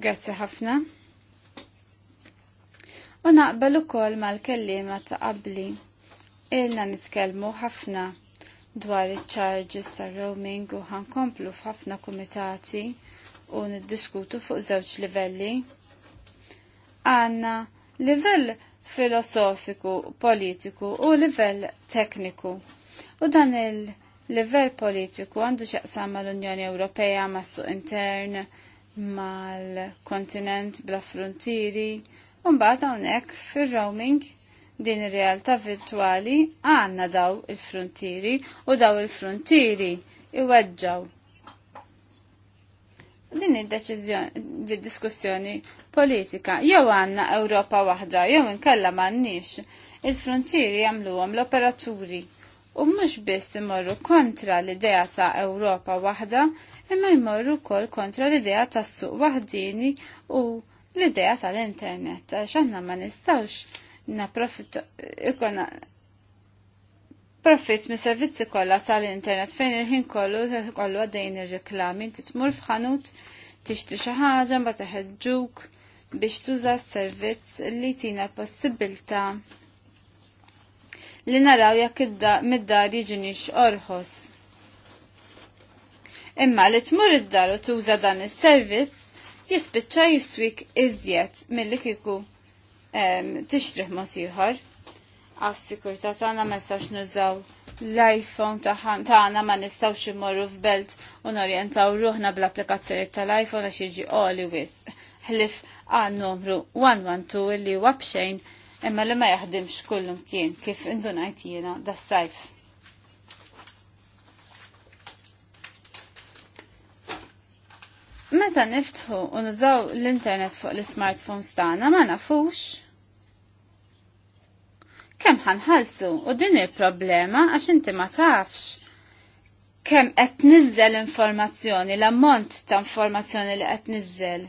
Grazzi ħafna u naqbel ukoll mal-kellima ta' qabli. Ilna nitkellmu ħafna dwar iċ-charges ta' roaming u ħankomplu f'ħafna kumitati u niddiskutu fuq żewġ livelli. Għanna livell filosofiku, politiku u livell tekniku. U dan il-livell politiku għandu xaqsam mal-Unjoni Ewropea, mas-suq intern, mal-kontinent bla frontieri Mbagħad hawnhekk fir-roaming din ir-realtà virtwali għandna daw il-frontieri u daw il-frontieri iweġġaw. Din id-deċiżjoni diskussjoni politika jew għandna Ewropa waħda jew inkella m'għandniex. Il-frontieri għamluhom l-operaturi u mhux biss imorru kontra l-idea ta' Ewropa waħda imma jmorru wkoll kontra l-idea tas suq waħdini u l-idea tal-internet, xanna ma nistawx profit, ikona Profit mis servizzi kollha tal-internet fejn il-ħin kollu kollu għaddejn ir-reklami ti tmur f'ħanut tixtri xi ħaġa mbagħad biex tuża s-servizz li tina possibilità li naraw jekk id dar jiġinix orħos. Imma li tmur id-dar u tuża dan is-servizz jispiċċa jiswik iżjed milli kieku tixtriħ ma siħar. Għas-sikurta tagħna ma nistax nużaw l-iPhone tagħna ma nistgħux imorru f'belt u orientaw ruħna bl-applikazzjoni tal-iPhone għax jiġi oli wis Ħlif għan numru 112 li huwa bxejn imma li ma jaħdimx kullum kien kif indunajt jiena das-sajf. Meta niftħu u nużaw l-internet fuq l-smartphones tagħna ma nafux. Kemm ħanħalsu u din il-problema għax inti ma tafx. Kemm qed niżel informazzjoni, l-ammont ta' informazzjoni li qed niżel.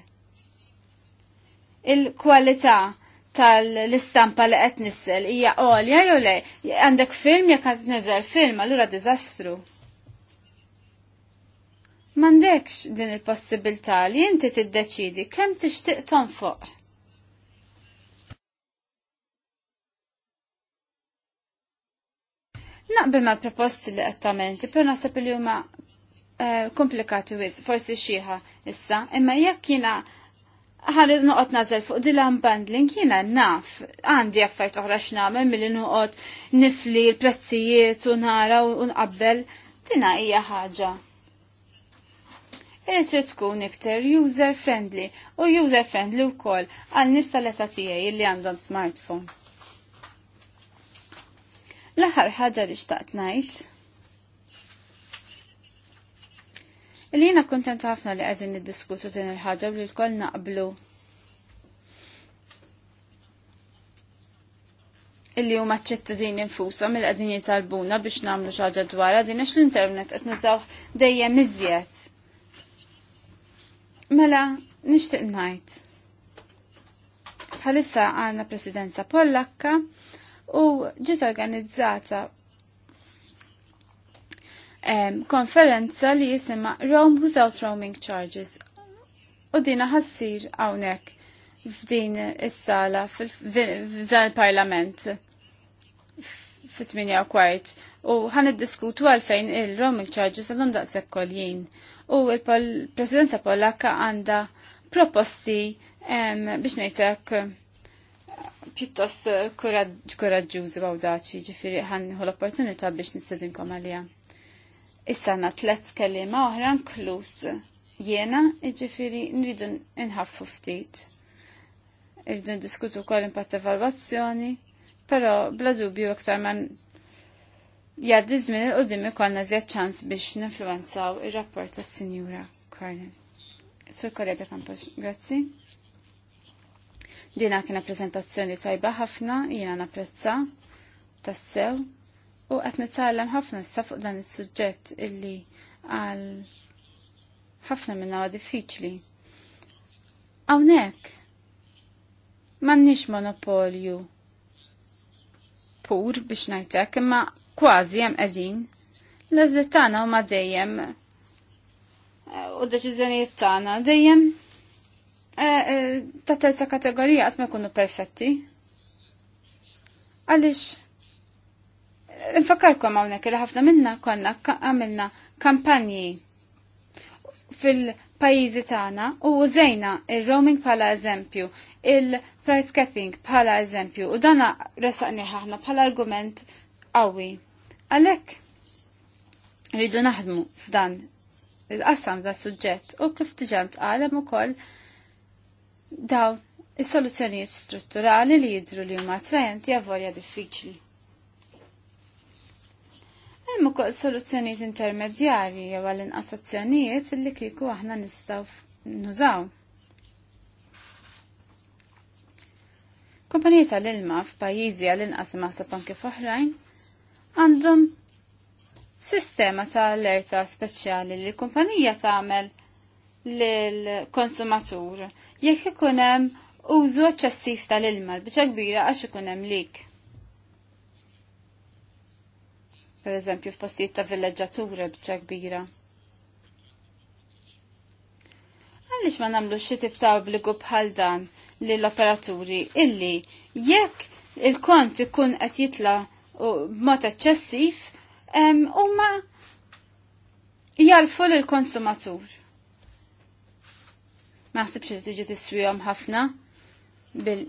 Il-kwalità tal-istampa li qed nissel hija għolja jew le għandek film jekk qed niżel film allura diżastru. Mandekx din il-possibilità li inti tiddeċidi kemm tixtieq tonfoq. Naqbel ma' proposti li għattamenti, per nasab li huma eh, komplikati wis, forsi xieħa issa, imma jekk jina ħarid noqgħod nażel fuq dil unbundling jina naf għandi affarijiet oħra x'nagħmel milli nuqot nifli l-prezzijiet u nara u nqabbel tina hija ħaġa li trid tkun iktar user friendly u user friendly wkoll għal nista l-età tiegħi li għandhom smartphone. L-aħħar ħaġa li xtaqt ngħid. Li jiena kuntent ħafna li qegħdin niddiskutu din il-ħaġa li l-koll naqblu illi huma ċittadini infushom il qegħdin jitalbuna biex nagħmlu xi ħaġa dwarha din għax l-internet qed nużaw dejjem iżjed. Mela, nixtieq ngħid. Bħalissa għandna presidenza Pollakka u ġiet organizzata um, konferenza li jisima Rome Without Roaming Charges. U dina ħassir għawnek f'din is-sala f'din il-parlament fit u kwart u ħan id-diskutu għalfejn il-roaming charges għallum daqseb koljien. U il-presidenza Polakka għanda proposti biex nejtek pjuttost koraġġużi għawdaċi ġifiri ħan l-opportunita biex nistedinkom għalija. Issa għanna tlet kellima oħra nklus jena ġifiri nridu nħaffu ftit. Irridu diskutu kol impatt evalwazzjoni, pero bla dubju aktar man Jaddi żmien il-qudiem ikollna żjed ċans biex ninfluwenzaw ir-rapport tas-Sinjura Kornin. Sur de Campos, grazzi. Dina kiena prezentazzjoni tajba ħafna, jiena napprezza tassew u qed nitgħallem ħafna s fuq dan is-suġġett illi għal ħafna minna huwa diffiċli. Hawnhekk m'għandniex monopolju pur biex ngħidlek, imma kważi hemm qegħdin. L-għażliet tagħna huma dejjem eh, u d-deċiżjonijiet tagħna dejjem eh, eh, ta' terza kategorija qatt ma jkunu perfetti. Għaliex nfakkarkom hawnhekk li ħafna minna konna għamilna kampanji fil-pajizi tagħna u użejna il-roaming bħala eżempju, il-price capping bħala eżempju u dana resaqni ħaħna bħala argument qawwi. Għalhekk rridu naħdmu f'dan il-qassam da' suġġett u kif diġà u ukoll daw is-soluzzjonijiet strutturali li jidhru li huma attrajenti għavolja diffiċli. Hemm ukoll soluzzjonijiet intermedjarji jew għall-inqas inqasazzjonijiet li kieku aħna nistgħu nużaw. Kumpanija tal-ilma f'pajjiżi għal inqas ma' kif oħrajn għandhom sistema ta' allerta speċjali li l-kumpanija tagħmel lill-konsumatur jekk ikun hemm użu eċċessiv tal-ilma l-biċa kbira għax ikun hemm lik. Per eżempju f'postijiet ta' villeġġatura biċa kbira. Għaliex ma nagħmlu xi tip ta' obbligu bħal dan lill-operaturi illi jekk il-kont ikun qed jitla' u b'mod eċċessiv huma jarfu l-konsumatur. Ma ħsibx li tiġi tiswihom ħafna bil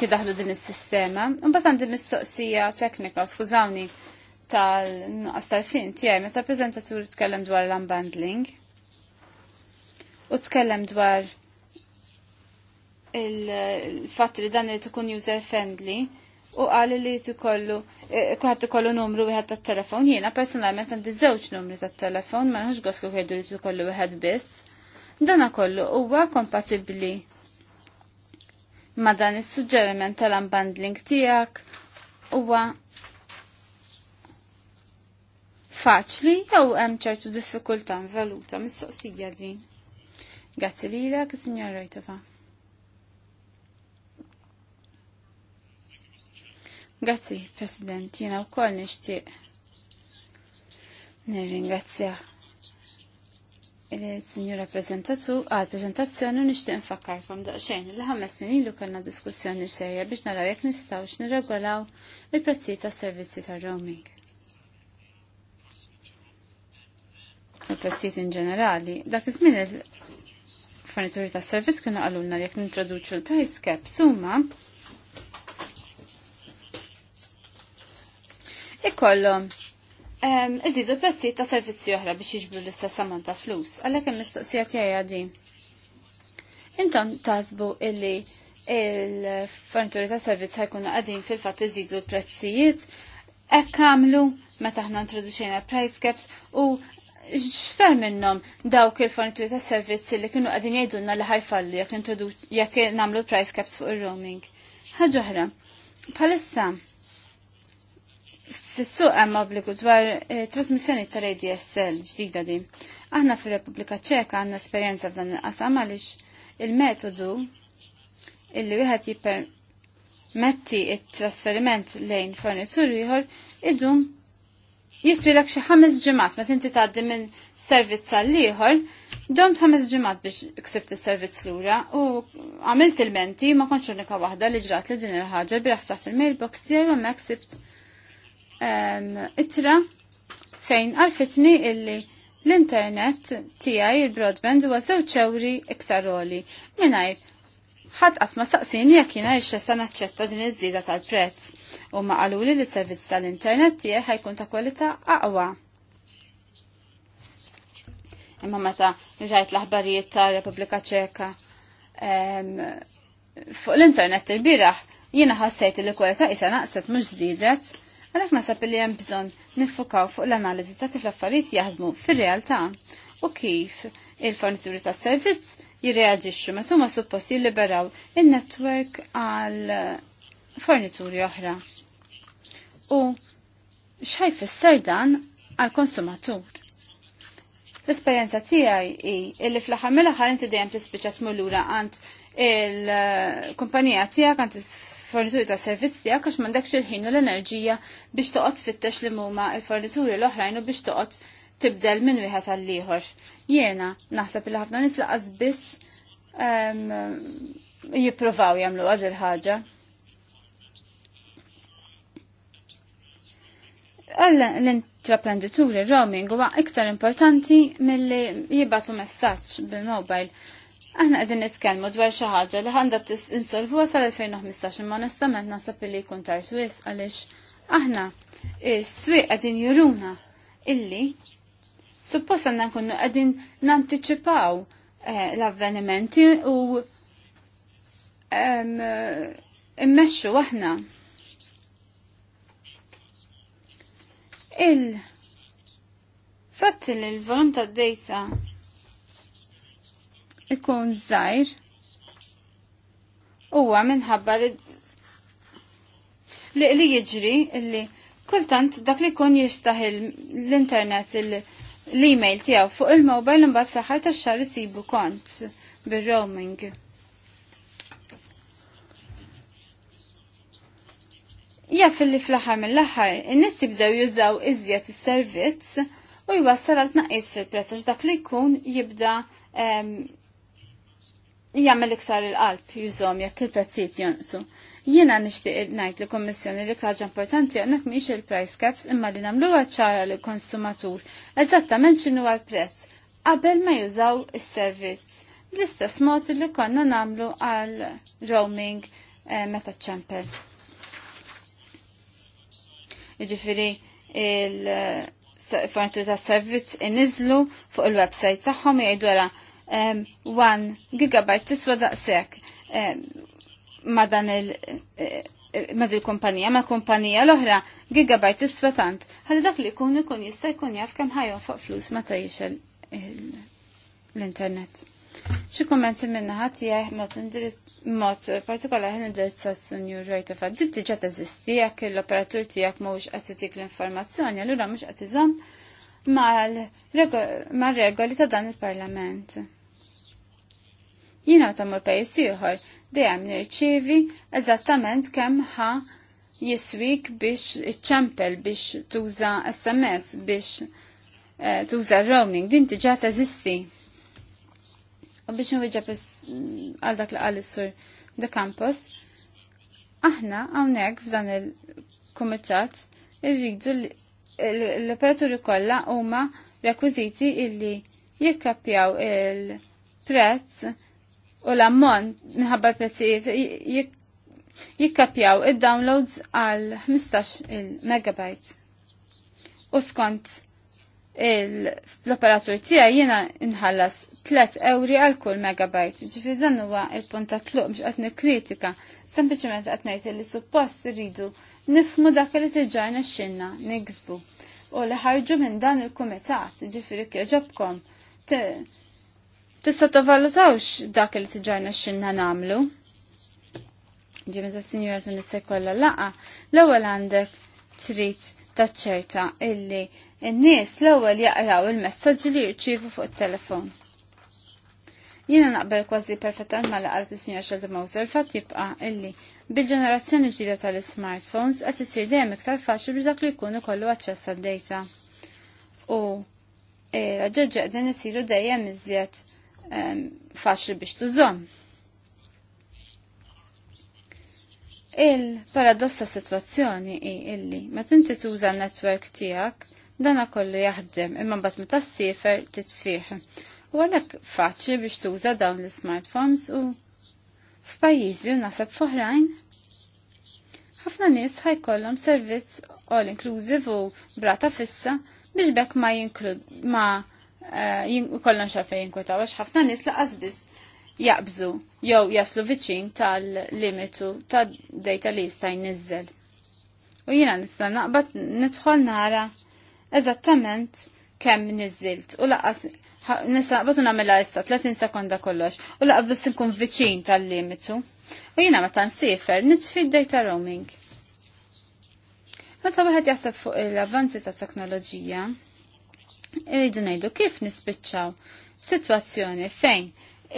kidaħlu din is-sistema. Imbagħad għandi mistoqsija teknika, skużawni tal-nuqqas tal-fin tiegħi meta preżentatur tkellem dwar l-unbundling u tkellem dwar il-fatt li dan irid ikun user friendly u għalli li tikollu, e, kuħat tukollu numru wieħed tat telefon jiena personalment għandi żewġ numri tat telefon ma nħax għosku għeddu li tukollu wieħed biss. Dana kollu huwa kompatibbli ma dan is-suġġeriment tal-unbundling tiegħek huwa faċli jew hemm ċertu diffikultà involuta mistoqsija din. Grazzi lilek, Signor Rojtova. Grazzi, President, jena u koll nishtiq. Nirringrazzja il signor Rappresentatu għal prezentazzjoni nishtiq nfakkarkom daqxejn li ħames snin ilu kellna diskussjoni serja biex naraw jekk nistgħux nirregolaw il-prezzi tas-servizzi tar-roaming. Il-prezzijiet in ġenerali, dak iż-żmien il-fornituri tas-servizz kienu qalulna jekk nintroduċu l-price cap summa. ikollhom ehm, iżidu prezzijiet ta' servizzi oħra biex jiġbru l-istess ammont ta' flus. Għalhekk hemm mistoqsija tiegħi din. Intom tasbu illi il-fornituri ta' servizz ħajkunu għadin fil-fatt iżidu l-prezzijiet hekk għamlu meta aħna introduċejna price caps u x'sar minnhom dawk il-fornituri ta' servizzi li kienu qegħdin jgħidulna li ħajfallu jekk jekk nagħmlu price caps fuq ir-roaming. Ħaġa oħra. Palissa, Fis-suq hemm obbligu dwar eh, trasmissjoni tal-ADSL ġdida din. Aħna fir-Repubblika Ċeka għandna esperjenza f'dan il-qasam għaliex il-metodu illi wieħed jippermetti il trasferiment lejn fornitur ieħor idum jiswilek xi ħames ġimgħat meta inti tgħaddi minn servizz għal ieħor Domt ħames ġimgħat biex ksibt is-servizz lura u għamilt il-menti ma kontx unika waħda li ġrat li din il-ħaġa biraħ taħt il-mailbox tiegħi u hemmhekk sibt itra fejn għalfitni illi l-internet tiegħi il-broadband huwa żewġ ċewri iksaroli mingħajr ħadd qatt ma staqsini jekk jiena ixxa naċċetta din iż-żieda tal-prezz u ma qaluli li s-servizz tal-internet tiegħi ħajkun ta' kwalità aqwa. Imma meta rajt l-aħbarijiet ta' Repubblika Ċeka fuq l-internet il-biraħ jiena ħassejt li kwalità isa naqset mhux żdiedet Għalhekk nasab li hemm bżonn nifukaw fuq l-analiżi ta' kif l-affarijiet jaħdmu fir-realtà u kif il-fornituri tas-servizz jirreaġixxu meta huma suppost jilliberaw in-netwerk għal fornituri oħra. U x'ħajfisser dan għal konsumatur. L-esperjenza tiegħi hi illi fl-aħħar mill-aħħar inti dejjem tispiċċa tmur lura għand il-kumpanija tiegħek għand fornituri ta' servizz tiegħek għax m'għandekx il-ħin u l-enerġija biex toqgħod fittex li huma l-fornituri l-oħrajn u biex toqgħod tibdel minn wieħed għal ieħor. Jiena naħseb li ħafna nies laqas biss ehm, jippruvaw jagħmlu għad il-ħaġa. L-intraprenditur il-roaming huwa iktar importanti milli jibbatu messaġġ bil-mobile Aħna qegħdin nitkellmu dwar xi ħaġa li ħandha insolvuha sal-2015 imma onestament naħseb li jkun tard wis għaliex aħna is-swieq qegħdin juruna illi suppost għandna nkunu qegħdin nantiċipaw eh, l-avvenimenti u immexxu aħna. Il fatt li l-volum dejta ikun żgħir huwa minħabba li li jiġri illi kultant dak li kun jiftaħ l-internet l-email tiegħu fuq il-mobile imbagħad fl-aħħar tax-xahar isibu kont bir-roaming. Jaff li fl-aħħar mill-aħħar in-nies jibdew jużaw iżjed is-servizz u jwassal għal tnaqis fil-prezz dak li jkun jibda jagħmel iktar il-qalb jużom jekk il-prezzijiet jonqsu. Jiena nixtieq ngħid li kummissjoni li ħaġa importanti għandek mhix il-price caps imma li nagħmluha ċara lil konsumatur eżattament x'inhu l-prezz qabel ma jużaw is-servizz bl-istess mod li konna nagħmlu għal roaming eh, meta ċempel. Jiġifieri il-fornitur eh, tas servizz iniżlu fuq il-website tagħhom jgħidu 1 gigabyte tiswa daqsek ma dan il- eh, ma dil kumpanija ma kumpanija l-oħra gigabyte tiswa tant. Ħalli dak li jkun ikun jista' jkun jaf kemm ħajjon fuq flus meta jixel l-internet. Xi kummenti minna ħadd jgħid mod mod partikolari ħin indirizza s-Sunjur Rajta fa' dik diġà teżisti jekk l-operatur tiegħek mhuwiex qed itik l-informazzjoni, allura mhux qed iżomm mal-regoli ta' dan il-Parlament. Jina ta' mur pajis ieħor dejjem nirċievi eżattament kemm ħa jiswik biex iċċempel biex tuża SMS biex eh, tuża roaming din tiġa teżisti. U biex nwiġġab mm, għal dak li qal is-sur de campus, aħna hawnhekk f'dan il-kumitat irridu l-operaturi kollha huma rekwiżiti illi jikkappjaw il-prezz u l-ammont minħabba prezzijiet jikkapjaw id-downloads għal 15 il-megabyte. U skont l-operatur tiegħi jiena inħallas 3 euri għal kull megabyte. Ġifir dan huwa il-punt ta' tluq biex qed nikkritika, sempliċement qed ngħid li suppost irridu nifmu dak li tiġajna xinna niksbu. U li ħarġu minn dan il-kumitat, ġifir jekk tissottavalutawx dak li tiġarna xinna namlu. Ġimmi s sinjura Tunisse kolla laqa, l-ewwel għandek trid taċċerta illi n-nies l-ewwel jaqraw il-messaġġi li jirċievu fuq it-telefon. Jiena naqbel kważi perfettament ma laqalt t sinjura xalda mawzer, fat jibqa' illi bil-ġenerazzjoni ġdida tal-smartphones qed isir dejjem iktar faċli biex dak li jkunu kollu aċċess għad-data. U l-ġeġġeq eh, din isiru dejjem iżjed faċli biex tużom. il paradossa situazzjoni i illi ma tinti tuża n-netwerk tiegħek dana kollu jaħdem imma mbagħad meta tassifer titfiħ. U għalhekk faċli biex tuża dawn l-smartphones u f'pajjiżi u nasab f'oħrajn ħafna nies ħajkollhom servizz all inclusive u brata fissa biex bekk ma jinklu ma' Eh, kollon xarfej jinkwetaw għax ħafna nis laqas biss jaqbżu jew jaslu viċin tal-limitu tad-data li jista' jniżżel. U jiena nista' naqbad nidħol nara eżattament kemm niżilt u laqas nista' naqbad u nagħmilha issa 30 sekonda kollox u laqas biss inkun viċin tal-limitu. U jiena meta nsifer nitfi data roaming. Meta wieħed jaħseb fuq l-avvanzi ta' teknoloġija, Irridu ngħidu kif nispiċċaw sitwazzjoni fejn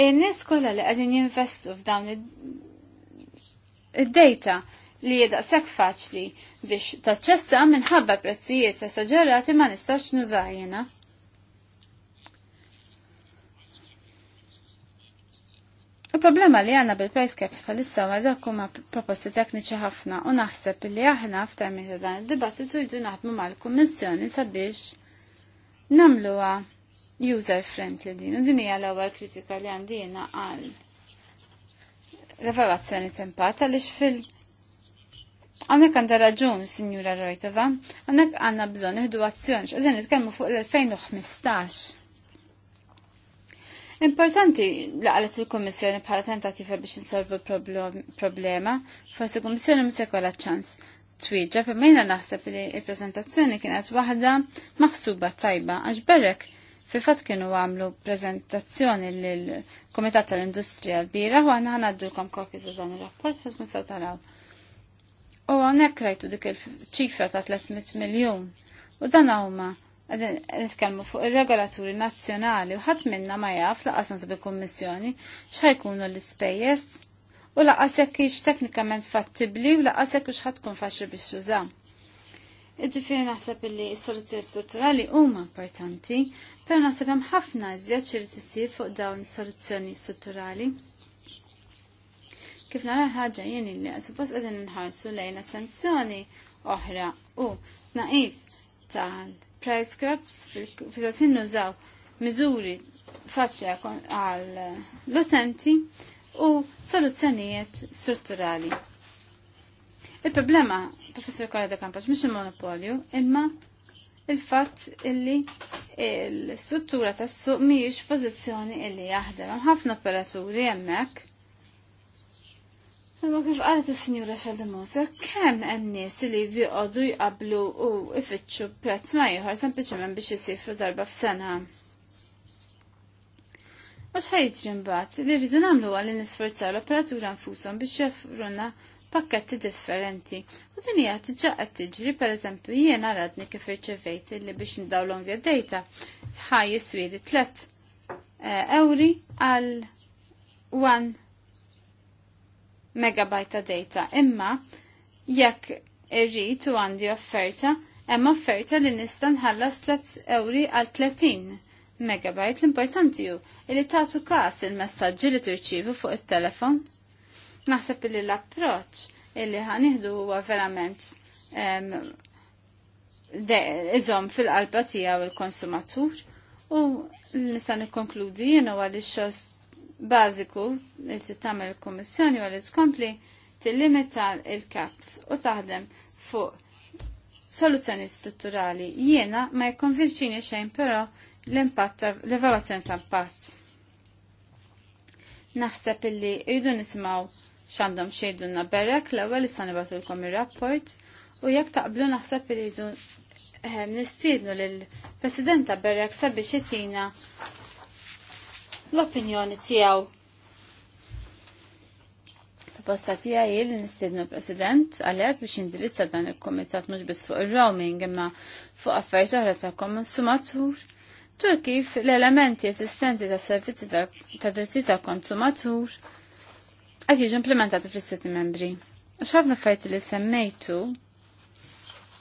in-nies kollha li qegħdin jinvestu f'dawn id-data li jedaqsek faċli biex taċċessa minħabba prezzijiet esagerati ma nistax nużajjena. Il-problema li għanna bil-price caps bħalissa ma dak huma proposti tekniċi ħafna u naħseb li aħna f'termin ta' dan id-dibattitu jdu naħdmu mal-Kummissjoni sabiex namluwa user friendly din. U din hija l-ewwel kritika li għandi jiena għal l tempata għaliex fil- Għannek għanda raġun, Signora Rojtova, għandek għanna bżon iħdu azzjoni, xħedin nitkellmu fuq l-2015. Importanti li għalet il-Kommissjoni bħala tentativa biex insolvu problema, forsi il-Kommissjoni msekola ċans twieġa pemmejna naħseb li il-prezentazzjoni kienet waħda maħsuba tajba għax berek fi fat kienu għamlu prezentazzjoni l-Komitat tal-Industrija l-Bira u għana għanaddulkom kopi ta' dan il-rapport għaz nisaw taraw. U għonek rajtu dik il-ċifra ta' 300 miljon u dan għawma nitkellmu fuq il-regolaturi nazzjonali u ħadd minna ma jaf laqas nasib il-Kummissjoni x'ħajkunu l-ispejjeż u laqasek kienx teknikament fattibli u laqasek kux ħatkun faċli biex tuża. Iġifiri naħseb li s-soluzzjoni strutturali huma importanti, però naħseb hemm ħafna iżjed xi isir fuq dawn is-soluzzjoni strutturali. Kif nara ħaġa jien li suppost qegħdin nħarsu lejn sanzjoni oħra u naqis tal-price caps fil-tasin nużaw miżuri faċli għal l-utenti u soluzzjonijiet strutturali. Il-problema, professor Kola de Kampaċ, mux il-monopolju, imma il-fatt illi l-struttura tas suq miex pozizjoni illi jaħdem. ħafna operaturi jemmek. Imma kif qalet il-Sinjura Xaldemosa, kemm hemm nies li jridu jqogħdu jqablu u ifittxu prezz ma ieħor sempliċement biex jisifru darba f'sena. Għax ħajt ġimbat li rridu namlu għal nisforza l-operatura nfushom biex jaffruna pakketti differenti. U din hija tiġa qed tiġri pereżempju jiena radni kif irċevejt li biex ndawlhom via data ħaj jiswieli tlet euri eh, għal 1 megabyte ta' data. Imma jekk irrid u għandi offerta, hemm offerta li nista' nħallas 3 euri għal 30 megabajt l-importanti ju li tagħtu każ il-messaġġi li turċivu fuq it-telefon. Naħseb li l-approċċ illi ħaniħdu huwa verament iżom fil-qalba tiegħu il-konsumatur u nista' nikkonkludi jien huwa li x-xogħol bażiku li tagħmel il-Kummissjoni għal li tkompli tillimita il-caps u taħdem fuq soluzzjoni strutturali. Jiena ma jikkonvinċini xejn però l-impatt, l-evaluazzjoni ta' impatt. Naħseb illi irridu nismaw x'għandhom xejdunna berek l-ewwel issa nibatulkom ir-rapport u jekk taqblu naħseb illi irridu ehm, nistiednu lill-President ta' berek sabiex jitina l-opinjoni tiegħu proposta tiegħi li nistiednu l-President għalhekk biex indirizza dan il-Kumitat mhux biss fuq ir roaming imma fuq affarijiet oħra ta' Sumatur tul kif l-elementi esistenti ta' servizzi ta' dritti ta' konsumatur qed jiġu implementati fl stati membri. Għax ħafna fajt li semmejtu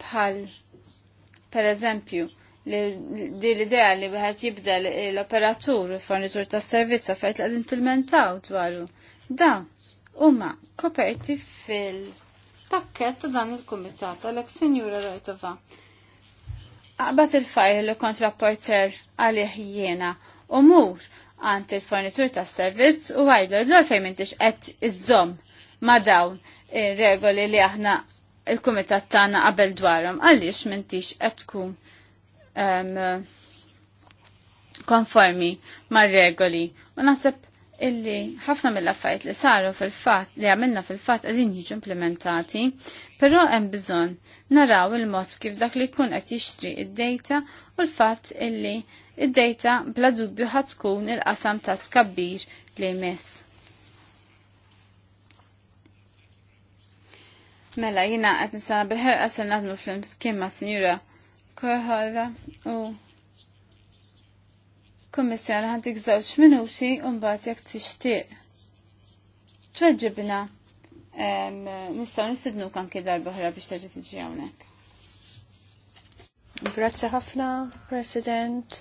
bħal per eżempju di l-idea li bħed jibdel l-operatur il-fornitur ta' servizz fajt li għadin tilmentaw dwaru. Da, huma koperti fil-pakket ta' dan il-kumitat għalek Sinjura Rojtova. Right Aqbat il-fajl li kont rapporter għalih jiena u mur għant il-fornitur tas servizz u għajlu l-għalfej mintix qed iż zom ma dawn regoli li aħna il-kumitat tagħna qabel dwarhom għaliex m'intix qed tkun ehm, konformi mar-regoli. U naħseb illi ħafna mill affajt li saru fil-fatt li għamilna fil-fatt qegħdin jiġu implementati, però hemm bżonn naraw il-mod kif dak li jkun qed jixtri id-data u l-fatt illi id-data bla dubju ħad tkun il-qasam ta' tkabbir li jmiss. Mela, jina għed nisana bil-ħerqa s-sanadnu fl-imskimma, Signora Korħalva, u Kommissjoni ħantik żewġ minuti u mbagħad jekk tixtieq. Tweġibna nistgħu nistidnu kanki darba oħra biex terġa' tiġi hawnhekk. Grazzi ħafna, President.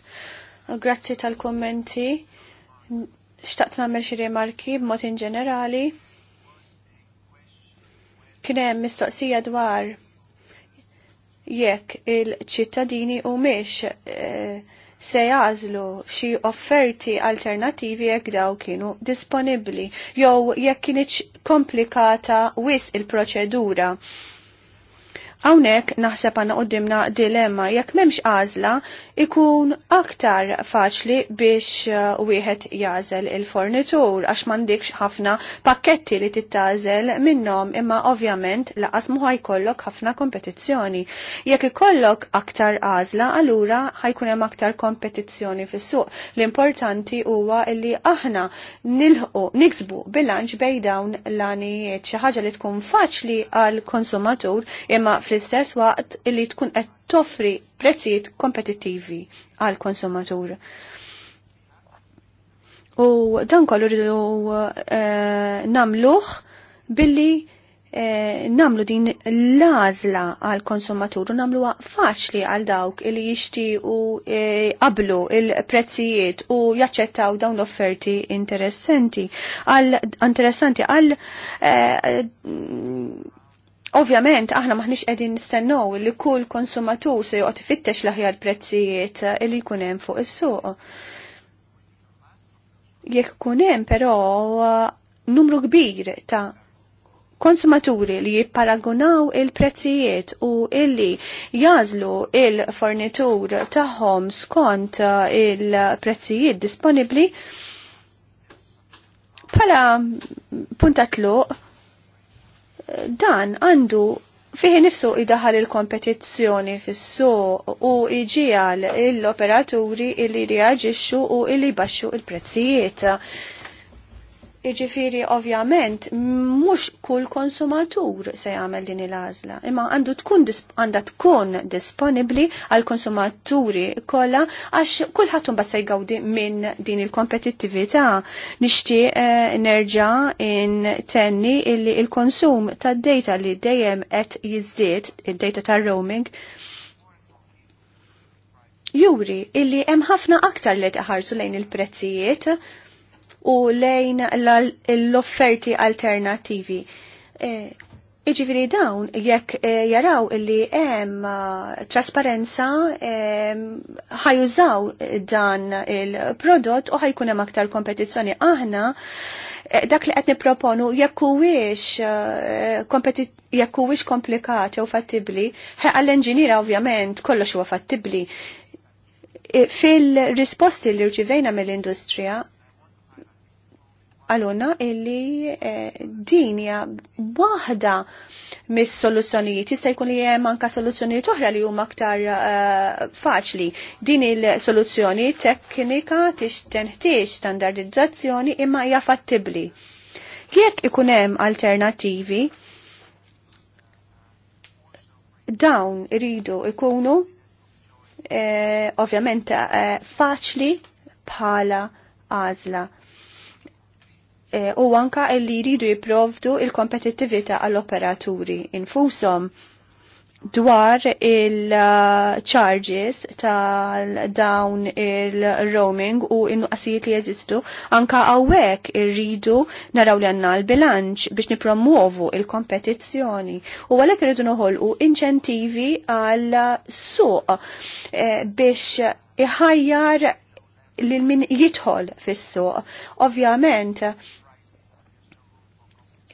Grazzi tal-kommenti. Xtaqt nagħmel xi rimarki b'mod in ġenerali. Kien hemm mistoqsija dwar jekk il-ċittadini u mhix eh, se jażlu xi offerti alternativi jekk daw kienu disponibbli jew jekk kienx komplikata wis il-proċedura. Hawnhekk naħseb għanna qudiemna dilemma jekk m'hemmx għażla ikun aktar faċli biex uh, wieħed jażel il-fornitur għax m'għandikx ħafna pakketti li tittażel minnhom imma ovvjament laqas mu ħajkollok ħafna kompetizzjoni. Jekk ikollok aktar għażla allura ħajkun hemm aktar kompetizzjoni fis-suq. L-importanti huwa li aħna nilħu niksbu bilanċ bejn dawn l-għanijiet xi ħaġa li tkun faċli għal konsumatur imma fl-istess waqt illi tkun qed toffri prezzijiet kompetittivi għal konsumatur. U dan kollu rridu eh, namluħ billi eh, namlu din l għażla għal konsumatur u namlu faċli għal dawk illi jixti u eh, qablu il-prezzijiet u jaċċettaw dawn l-offerti interessanti għal interessanti għal eh, Ovvjament, aħna maħniex qegħdin nistennew li kull konsumatur se joqgħod ifittex l-aħjar prezzijiet li jkun hemm fuq is-suq. Jekk kun hemm però numru kbir ta' konsumaturi li jipparagunaw il-prezzijiet u illi jażlu il-fornitur tagħhom skont uh, il-prezzijiet disponibbli bħala punta tluq dan għandu fiħi nifsu idaħal il-kompetizzjoni fis-suq u iġijal l-operaturi illi reaġixxu u illi baxxu il-prezzijiet. il prezzijiet Iġifiri ovvjament mhux kull konsumatur se jagħmel din il-għażla, imma għandu tkun għandha tkun disponibbli għal konsumaturi kollha għax kulħadd imbagħad se jgawdi minn din il-kompetittività. Nixtieq eh, nerġa' intenni illi il-konsum tad-data li dejjem qed jiżdied id-data tar-roaming juri illi hemm ħafna aktar li taħarsu lejn il-prezzijiet u lejn l-offerti alternativi. E, iġifiri dawn, jekk e, jaraw li hemm uh, trasparenza e, ħajużaw dan il-prodott u ħajkun hemm aktar kompetizzjoni. Aħna dak li qed nipproponu jekk huwiex huwiex komplikati u fattibbli, l inġiniera ovvjament kollox huwa fattibbli. Fil-risposti li rċivejna mill-industrija, għaluna illi eh, dinja waħda mis soluzzjonijiet jista' jkun li hemm anke soluzzjonijiet oħra li huma aktar eh, faċli. Din il-soluzzjoni teknika tixtenħtiex standardizzazzjoni imma hija fattibbli. Jekk ikun hemm alternattivi dawn iridu ikunu eh, ovvjament faċli bħala għażla Eh, u anka li jridu jiprovdu il-kompetittività għall-operaturi infushom dwar il-charges tal-dawn il-roaming u in qasijiet li jeżistu, anka għawek irridu naraw li għanna l-bilanċ biex nipromuovu il-kompetizzjoni. U għalek irridu noħolqu inċentivi għal-suq eh, biex iħajjar lil min jidħol fis-suq. Ovvjament,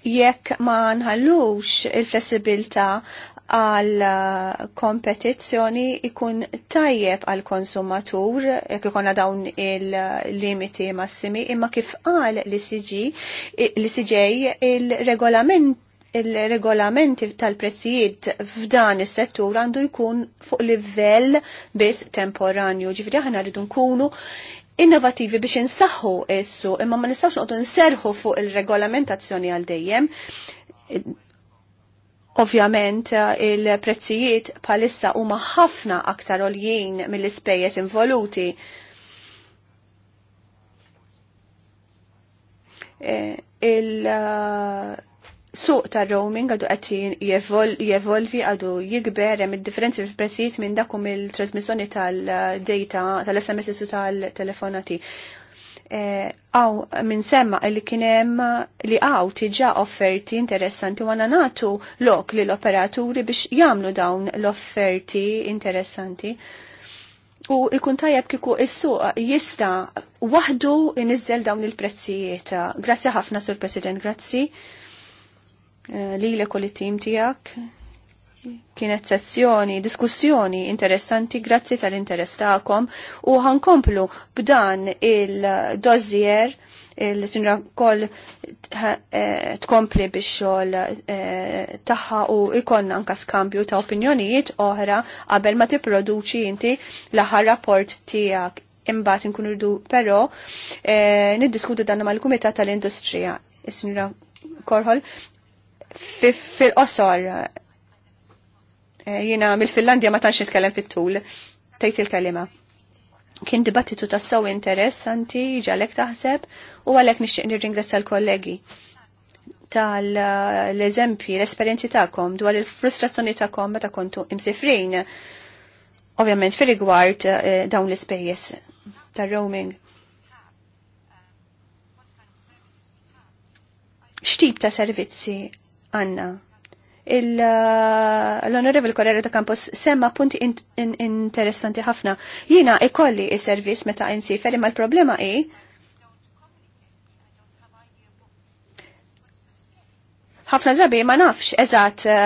jekk ma nħallux il-flessibilta għal uh, kompetizzjoni ikun tajjeb għal konsumatur jekk ikonna dawn il-limiti massimi imma kif qal li siġi siġej il-regolament il-regolamenti tal-prezzijiet f'dan is-settur għandu jkun fuq livell biss temporanju. Ġifieri aħna rridu nkunu innovativi biex insaħħu issu, imma ma nistawx noqdu nserħu fuq il-regolamentazzjoni għal dejjem. Ovvjament il-prezzijiet palissa huma ħafna aktar oljien mill-ispejjeż involuti. Eh, il- suq ta' roaming għadu għattin jevolvi għadu jikber hemm differenzi fil-prezzijiet minn dakum il-trasmissjoni tal-data tal-SMS u tal-telefonati. Eh, għaw minn semma li kienem li għaw tiġa offerti interessanti għana natu lok li l-operaturi biex jamlu dawn l-offerti interessanti. U ikun tajab kiku is-suq jista wahdu inizzel dawn il-prezzijiet. Grazzi ħafna, Sur President, grazzi li l li tim tijak kienet sezzjoni, diskussjoni interessanti grazzi tal-interess ta'kom u ħankomplu b'dan il-dozzier il-sinra kol eh, tkompli biex xol eh, taħħa u ikonna anka skambju ta' opinjonijiet oħra qabel ma tipproduċi inti l-aħħar rapport tijak imbat nkunu rdu pero eh, niddiskutu dan mal-Kumitat tal-Industrija. Is-sinra Korħol, fil-qosor eh, jina mill finlandia ma tantx kellem fit-tul tgħid il kellima Kien dibattitu tassaw interessanti ġalek taħseb u għalhekk nixtieq nirringrazzja l-kollegi tal-eżempji, l-esperjenzi tagħkom dwar il-frustrazzjoni tagħkom meta kontu imsifrin. Ovvjament fir-rigward eh, dawn l-ispejjeż tar-roaming. X'tip ta' servizzi għanna. Uh, L-Onorevol Correra da Campos semma punti interessanti ħafna. Jina ikolli il-servis meta insifer imma l-problema i ħafna drabi ma nafx eżat uh,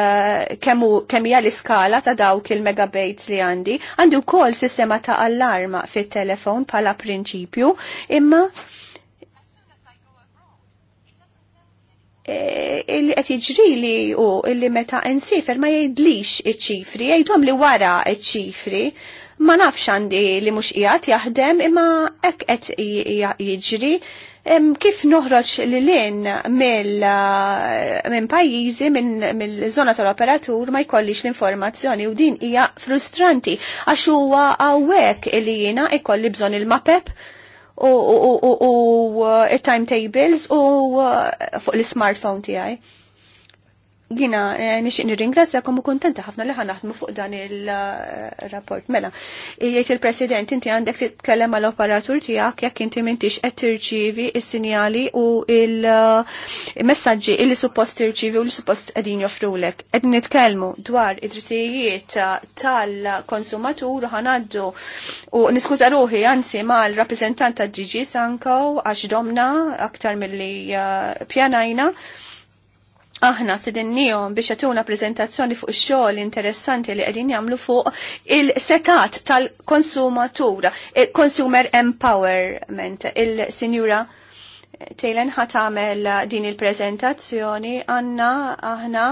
kemm hija l-iskala ta' dawk il-megabytes li għandi. Għandi wkoll sistema ta' allarma fit-telefon bħala prinċipju, imma E, illi qed jiġri li u illi meta insifer ma jgħidlix iċ-ċifri, jgħidhom li wara iċ-ċifri, ma nafx għandi li mhux qiegħed jaħdem imma hekk qed jiġri kif noħroġ li lin minn pajjiżi, minn zona tal-operatur ma jkollix l-informazzjoni u din hija frustranti għax huwa hawnhekk li jiena ikolli bżonn il-mapep u timetables u uh, uh, fuq l-smartphone tiegħi. Gina, eh, nixin nirringrazzjakom u kontenta ħafna li naħdmu fuq dan il-rapport. Mela, jgħid il-President, inti għandek titkellem għal operatur tiegħek jekk inti m'intix qed tirċivi s-sinjali u il-messaġġi li suppost tirċivi u li suppost qegħdin joffrulek. Qed nitkellmu dwar id-drittijiet tal-konsumatur ħanaddu u niskuża ruħi anzi mal-rappreżentant tad-DG Sanko għax domna aktar milli eh, pjanajna. Aħna sidennijom biex jatuna prezentazzjoni fuq xogħol interessanti li qegħdin jagħmlu fuq il-setat tal-konsumatura, eh, consumer empowerment, il-sinjura Tejlen ħat għamel din il-prezentazzjoni għanna aħna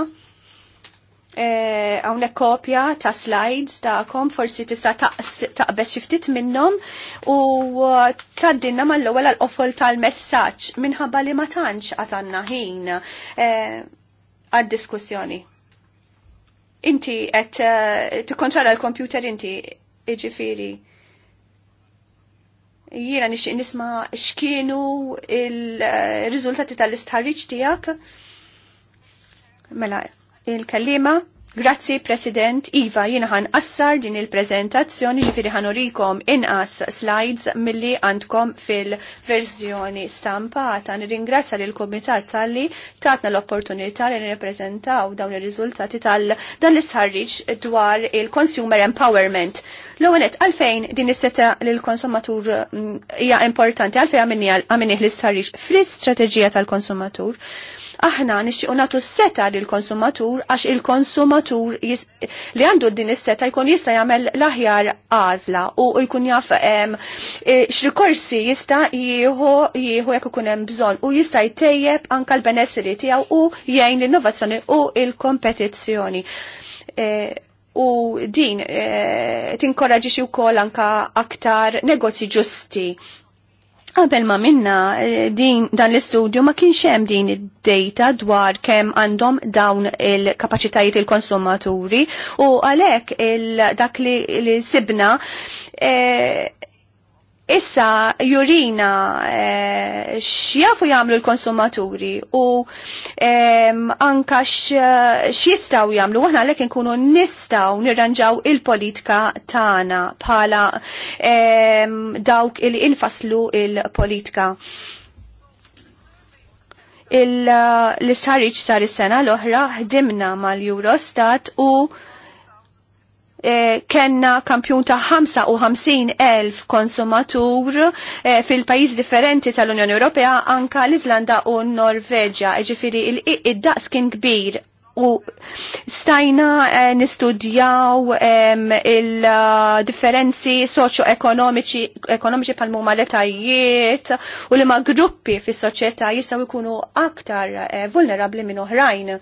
għawnek eh, kopja ta' slides ta'kom, forsi tista' taqbes xiftit minnom u taddinna mal l-ewwel għal-qofol tal-messaġġ minħabba li ma tantx għatanna ħin. Eh, għad-diskussjoni. Inti qed uh, eh, tikkontrolla l-kompjuter inti iġifiri. Jiena nixtieq nisma' x'kienu il-riżultati tal-istħarriġ tiegħek. Mela, il-kellima Grazzi President Iva, jien ħan assar din il-prezentazzjoni ġifiri ħan urikom inqas slides milli għandkom fil-verżjoni stampata. Nirringrazzja l komitat tal-li tatna l-opportunità li reprezentaw dawn ir-riżultati tal-dan l-isħarriġ dwar il-consumer empowerment. L-ewwel għalfejn din is-seta lill-konsumatur mm, hija importanti għalfejn għamini l-isħarriġ fl-istrateġija tal-konsumatur. Aħna nixtiequ nagħtu seta lill konsumatur għax il-konsumatur li għandu din is-seta jkun jista' jagħmel l-aħjar għażla u jkun jaf e, x'rikorsi jista' jieħu jieħu jekk ikun hemm bżonn u jista' jtejjeb anke l benessiri tiegħu u jgħin l-innovazzjoni u l-kompetizzjoni e, u din e, tinkoraġi xi wkoll anka aktar negozji ġusti Qabel ma minna eh, din dan l-istudju ma kienx hemm din id-data dwar kemm għandhom dawn il-kapaċitajiet il-konsumaturi u għalhekk dak li, li sibna eh, issa jurina eh, x'jafu jagħmlu l-konsumaturi u anka xjistaw x'jistgħu jagħmlu aħna għalhekk inkunu nistgħu nirranġaw il-politika tagħna bħala dawk il infaslu il-politika. Il politika il l sar is-sena l-oħra ħdimna mal-Eurostat u E, kenna kampjun ta' 55.000 konsumatur eh, fil-pajis differenti tal-Unjoni Ewropea anka l izlanda u Norveġja. ġifiri il-daqs kien kbir u stajna eh, nistudjaw il-differenzi ah, soċo-ekonomiċi pal-mumma u li ma' gruppi fis soċjetà jistaw ikunu aktar vulnerabli minn oħrajn.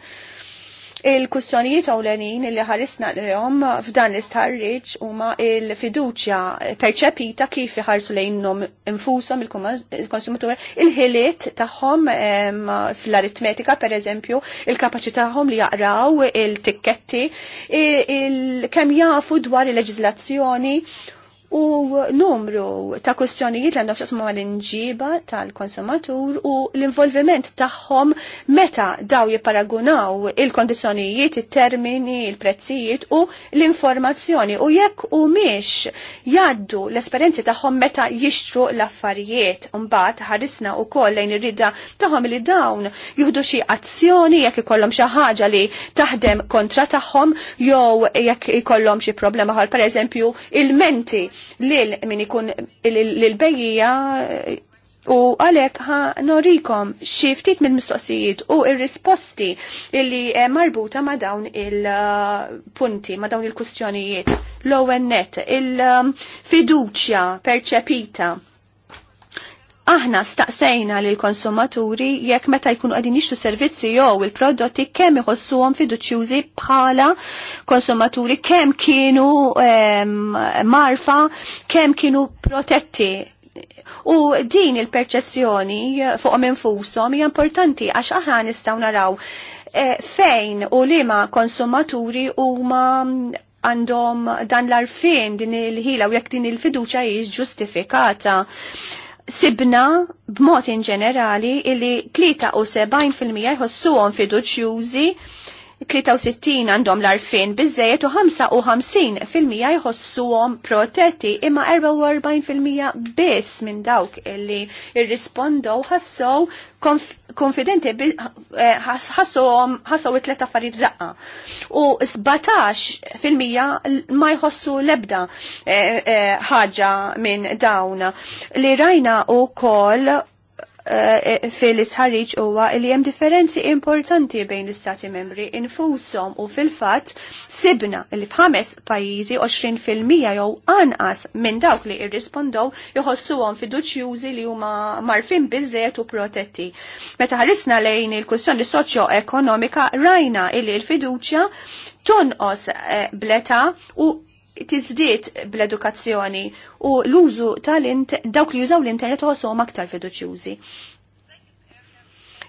Il-kustjonijiet ewlenin li ħarisna l-jom f'dan l-istarriċ huma il-fiduċja perċepita kif iħarsu lejnhom infushom il-konsumatur, il-ħiliet tagħhom fl-aritmetika pereżempju, il-kapaċitahom li jaqraw il-tikketti, il kemm jafu dwar il leġizlazzjoni u numru ta' kustjonijiet li għandhom xasmu għal-inġiba tal-konsumatur u l-involviment tagħhom meta daw jiparagunaw il-kondizjonijiet, il-termini, il-prezzijiet u l-informazzjoni u jekk u miex jaddu l-esperienzi tagħhom meta jixtru l-affarijiet. Mbagħad ħarisna wkoll lejn ir-rida tagħhom li dawn jieħdu xi azzjoni jekk ikollhom xi ħaġa li taħdem kontra tagħhom jew jekk ikollhom xi problema ħol pereżempju il-menti li il min ikun l-bejja u għalek ħa norikom xiftit mill-mistoqsijiet u il-risposti illi marbuta ma dawn il-punti, uh, ma dawn il-kustjonijiet, l-ONET, il-fiduċja um, perċepita Aħna staqsejna lil konsumaturi jekk meta jkunu qegħdin jixtru servizzi jew il-prodotti kemm iħossuhom fiduċjużi bħala konsumaturi kemm kienu ehm, marfa, kemm kienu protetti U din il-perċezzjoni fuq minn hija importanti għax aħna nistgħu naraw e, fejn u liema konsumaturi huma għandhom dan l-arfin din il-ħila u jekk din il-fiduċa hijiex ġustifikata sibna b'mod in ġenerali illi 73% jħossuhom fiduċjużi 63 għandhom l-arfin bizzejet u 55% jħossuhom protetti imma 44% fil-mija biss minn dawk li irrispondow ħassow konfidenti eh, ħassow it-tlet affarijiet daqqa. U 17% fil-mija ma jħossu lebda eh, eh, ħaġa minn dawn li rajna u koll Eh, eh, fil-isħarriġ huwa li hemm differenzi importanti bejn l-istati membri infushom u fil-fatt sibna li f'ħames pajjiżi 20% jew anqas minn dawk li irrispondow joħossuhom fiduċjużi li huma marfin biżżejjed u protetti. Meta ħarisna lejn il-kwistjoni soċjo-ekonomika rajna li l-fiduċja tonqos eh, bleta u tizdiet bl-edukazzjoni u l-użu tal-int dawk li jużaw l-internet għosom aktar fiduċjużi.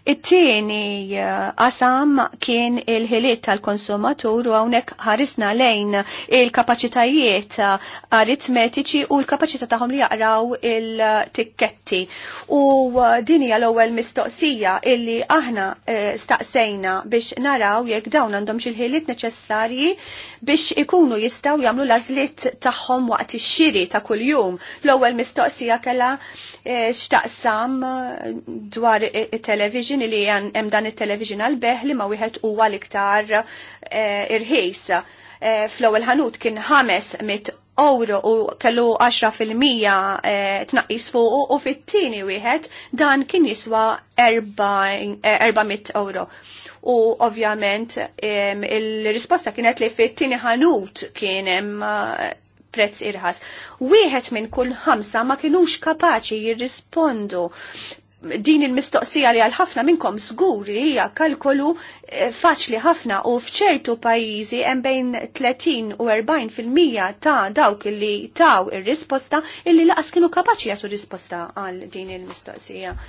It-tieni eh, qasam kien il-ħiliet tal-konsumatur u hawnhekk ħarisna lejn il-kapaċitajiet eh, aritmetiċi u l-kapaċità tagħhom li jaqraw il-tikketti. U eh, din hija l-ewwel mistoqsija illi aħna staqsejna biex naraw jekk dawn għandhom il-ħiliet neċessarji biex ikunu jistgħu jagħmlu l-għażliet tagħhom waqt ix-xiri ta' kuljum. L-ewwel mistoqsija kellha x'taqsam dwar it-television raġuni li hemm dan it-television għal beħ li ma wieħed huwa l-iktar eh, irħis. Eh, fl-ewwel ħanut kien ħames mit euro u kellu 10% eh, tnaqqis fuq u fit-tieni wieħed dan kien jiswa 400 euro. U ovvjament il-risposta kienet li fit-tieni ħanut kien hemm prezz irħas. Wieħed minn kull ħamsa ma kinux kapaċi jirrispondu din il-mistoqsija li għal-ħafna minnkom zguri hija kalkolu eh, faċli ħafna u fċertu pajjiżi hemm bejn 30 u 40 fil-mija ta' dawk li taw ir-risposta illi laqas kienu kapaċi jagħtu risposta għal din il-mistoqsija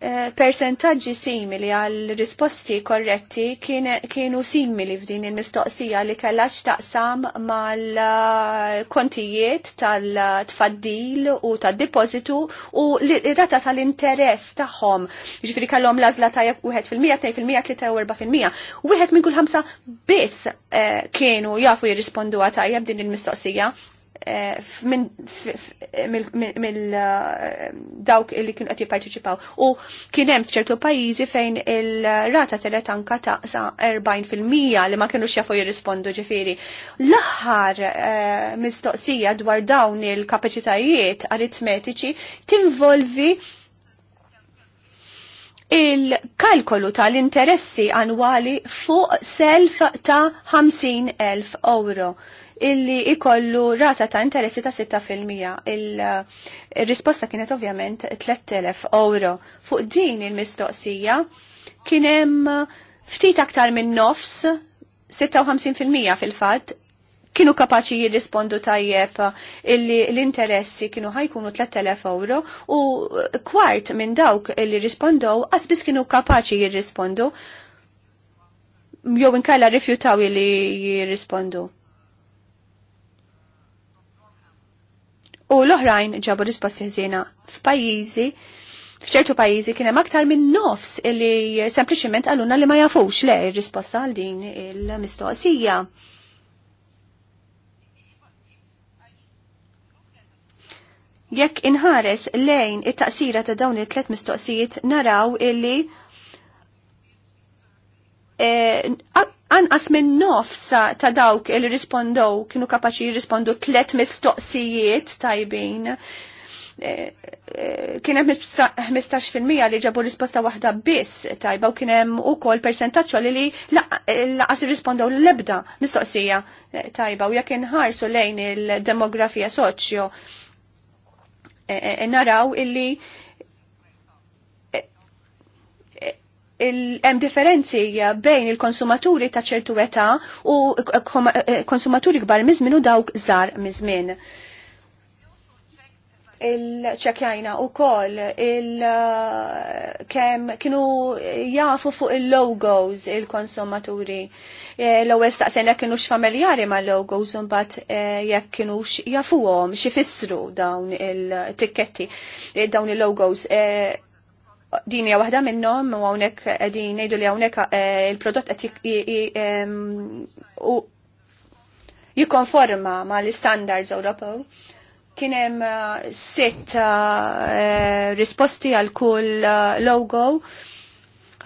percentaġġi simili għal risposti korretti kienu simili f'din il-mistoqsija li kellha x'taqsam mal-kontijiet tal-tfaddil u tad depositu u l-rata tal-interess tagħhom. Ġifieri kellhom lażla ta' wieħed fil-mija, tnejn fil fil-mija. Wieħed minn kull ħamsa biss eh, kienu jafu jirrispondu għataj din il-mistoqsija. Eh, eh, mill eh, dawk li kienu qed jipparteċipaw. U kien hemm f'ċertu pajjiżi fejn il-rata telet anka taqsa 40% li ma kienux jafu jirrispondu ġifieri. L-aħħar mistoqsija dwar dawn il-kapaċitajiet aritmetiċi tinvolvi il-kalkolu tal-interessi annwali fuq self ta' 50.000 euro illi ikollu rata ta' interessi ta' 6%. Il-risposta eh, kienet ovvjament 3000 euro. Fuq din il-mistoqsija kienem ftit aktar minn nofs 56% fil-fat kienu kapaċi jirrispondu tajjeb illi l-interessi kienu ħajkunu 3000 euro u kwart minn dawk illi rispondow għasbis kienu kapaċi jirrispondu jew inkella rifjutaw illi jirrispondu. u l-oħrajn ġabu risposti ħżiena f'pajjiżi f'ċertu pajjiżi kien hemm aktar minn nofs li sempliċiment għaluna li ma jafux le risposta għal din il-mistoqsija. Jekk inħares lejn it-taqsira ta' dawn it-tlet mistoqsijiet naraw illi eh, anqas minn nofs ta' dawk li rispondow kienu kapaċi jirrispondu tlet mistoqsijiet tajbin. Eh, eh, kien hemm 15% li ġabu risposta waħda biss tajba u kien hemm ukoll persentaċċju li li laqas irrispondew l-ebda mistoqsija eh, tajba u jekk inħarsu lejn il-demografija soċjo naraw illi hemm differenzi bejn il-konsumaturi ta' ċertu età u eh, konsumaturi kbar mizmin u dawk żar mizmin. Il-ċekjajna u koll il-kem eh, kienu jafu fuq il-logos il-konsumaturi. Eh, l-ewwel staqsen kienu x familjari ma' logos mbagħad jekk għom, jafuhom fissru dawn il-tikketti dawn il-logos din hija waħda minnhom u hawnhekk qegħdin ngħidu li hawnhekk eh, il-prodott qed jikkonforma ma l-istandards Ewropew. Kien hemm eh, sitt eh, risposti għal kull logo.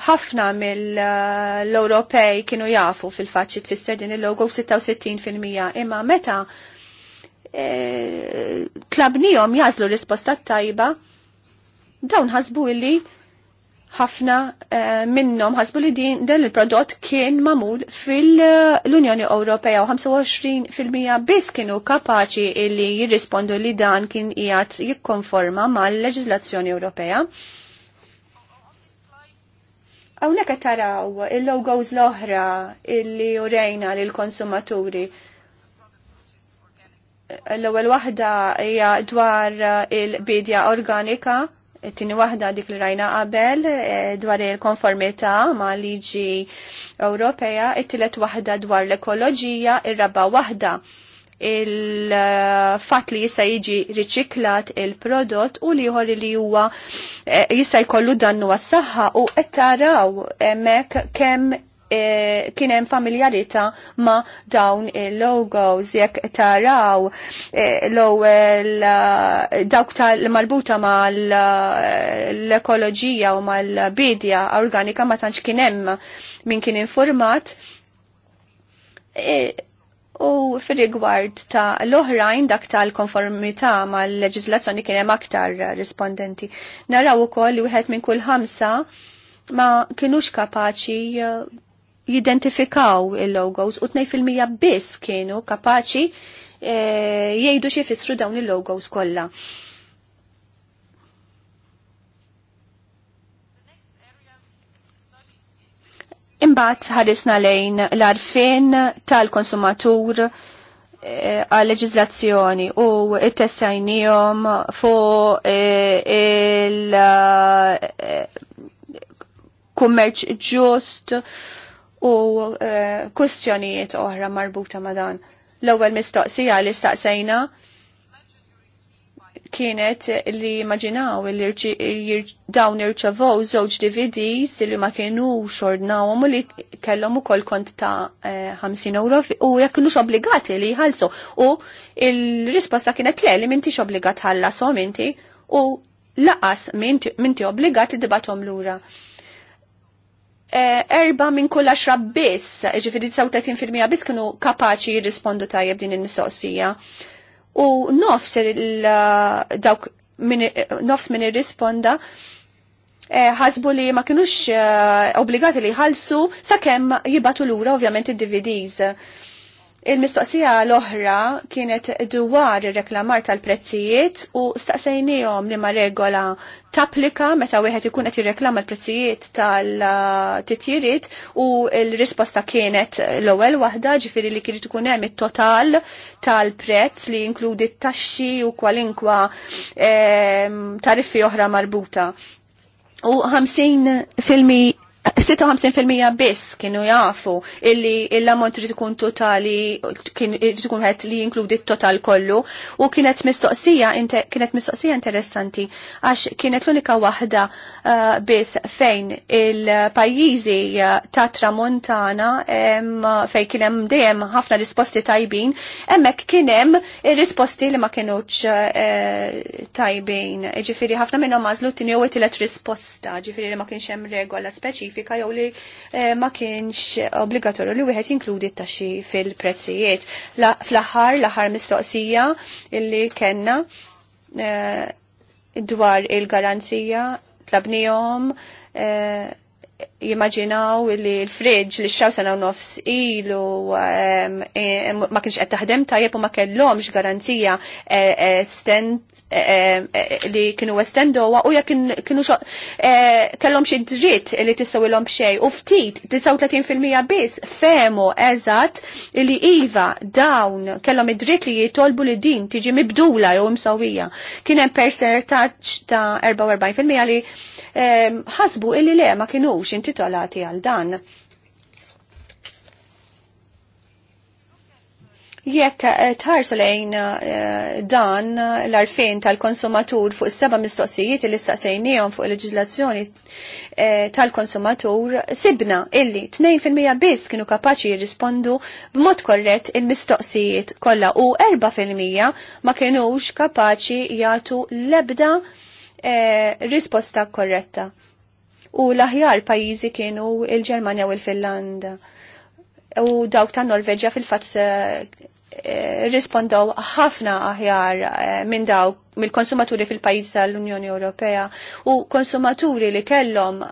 Ħafna mill-Ewropej kienu jafu fil-faċċi tfisser din il-logo 66% imma meta tlabnihom jażlu risposta tajba dawn ħasbu illi ħafna eh, minnom ħasbu li din dan il-prodott kien mamul fil-Unjoni Ewropea u 25% biss kienu kapaċi illi jirrispondu li dan kien jgħat jikkonforma mal leġizlazzjoni Ewropea. Hawnhekk qed taraw il-logos l-oħra illi urejna l konsumaturi l-ewwel waħda hija dwar il-bidja organika tini wahda dik li rajna qabel eh, dwar il-konformità ma liġi Ewropea, it-tilet wahda dwar l-ekoloġija, ir-raba wahda il-fat li jista' jiġi riċiklat il-prodott u liħor li huwa eh, jista' jkollu dannu għas-saħħa u qed taraw hemmhekk kemm Kien kienem familjarità ma dawn il-logos e, jekk taraw e, l-ewwel e, dawk tal-marbuta ma l-ekoloġija u mal-bidja organika ma tantx kien hemm min kien informat u fir-rigward ta' l-oħrajn dak tal-konformità mal-leġiżlazzjoni kien hemm aktar rispondenti. Naraw ukoll li wieħed minn kull ħamsa ma kienux kapaċi jidentifikaw il-logos u 2% biss kienu kapaċi e, jgħidu xie fissru dawn il-logos kollha. Imbagħad ħarisna lejn l-arfin tal-konsumatur eh, għal leġizlazzjoni u it-tessajnijom fuq eh, il-kummerċ ġust u e, kustjonijiet oħra marbuta ma' dan. L-ewwel mistoqsija li staqsejna kienet li maġinaw li dawn irċevow żewġ DVDs li ma kienux ordnawhom u li kellhom ukoll kont ta' 50 e, euro u jekk kienux obbligati li jħallsu. U il-risposta kienet le li m'intix obbligat ħallasom inti u laqas minti obbligat li dibatom lura. Eh, erba minn kull għaxra biss, ġifiri 39% biss kienu kapaċi jirrispondu tajjeb din il nistoqsija U nofs eh, dawk nofs minn irrisponda eh, ħasbu li ma kienux obbligati li jħallsu sakemm jibatu lura ovvjament id-DVDs Il-mistoqsija l-oħra kienet dwar ir-reklamar tal-prezzijiet u staqsejnijom li ma regola tapplika meta wieħed ikun qed jirreklama l-prezzijiet tal-titjiriet u l-risposta kienet l-ewwel waħda ġifieri li kien ikun hemm it-total tal-prezz li jinkludi t-taxxi u kwalinkwa ehm, tariffi oħra marbuta. U 50% 56% biss kienu jafu illi l-ammont li tkun totali tkun qed li jinkludi t-total kollu u kienet mistoqsija kienet mistoqsija interessanti għax kienet l-unika waħda eh, biss fejn il-pajjiżi eh, ta' tramontana fejn kien hemm dejjem ħafna risposti tajbin hemmhekk kien hemm risposti li ma kienuċ eh, tajbin. ġifiri ħafna minnhom għażlu tinjew it għet risposta, ġifiri li ma kienx hemm regola speċifika notifika jew li eh, ma kienx obbligatorju li wieħed jinkludi t-taxxi fil-prezzijiet. Fl-aħħar, l-aħħar mistoqsija illi kellna eh, dwar il-garanzija tlabnihom. Eh, jimmaġinaw li l-fridġ li xaw sena u nofs ilu ma kienx qed taħdem tajjeb u ma kellhomx garanzija e, e, e, li kienu estendowa u jekk kienu kellhom xi dritt li ilhom b'xejn u ftit 39% biss femu eżatt li iva dawn kellhom id-dritt li jitolbu li din tiġi mibdula jew imsawija. Kien hemm percentaġġ ta' 44% li ħasbu illi le ma kienux inti intitolati għal dan. Jekk eh, tħarsu lejn eh, dan eh, l-arfin tal-konsumatur fuq is-seba' mistoqsijiet li staqsejnijom fuq il leġizlazzjoni tal-konsumatur, sibna illi 2% biss kienu kapaċi jirrispondu b'mod korrett il-mistoqsijiet kollha u 4% ma kienux kapaċi jagħtu l-ebda risposta korretta u l-aħjar pajjiżi kienu il-Ġermanja u l-Finlanda. U dawk ta' Norveġja fil-fatt eh, eh, rispondaw ħafna aħjar eh, minn daw mill-konsumaturi fil pajiz tal-Unjoni Ewropea u konsumaturi li kellhom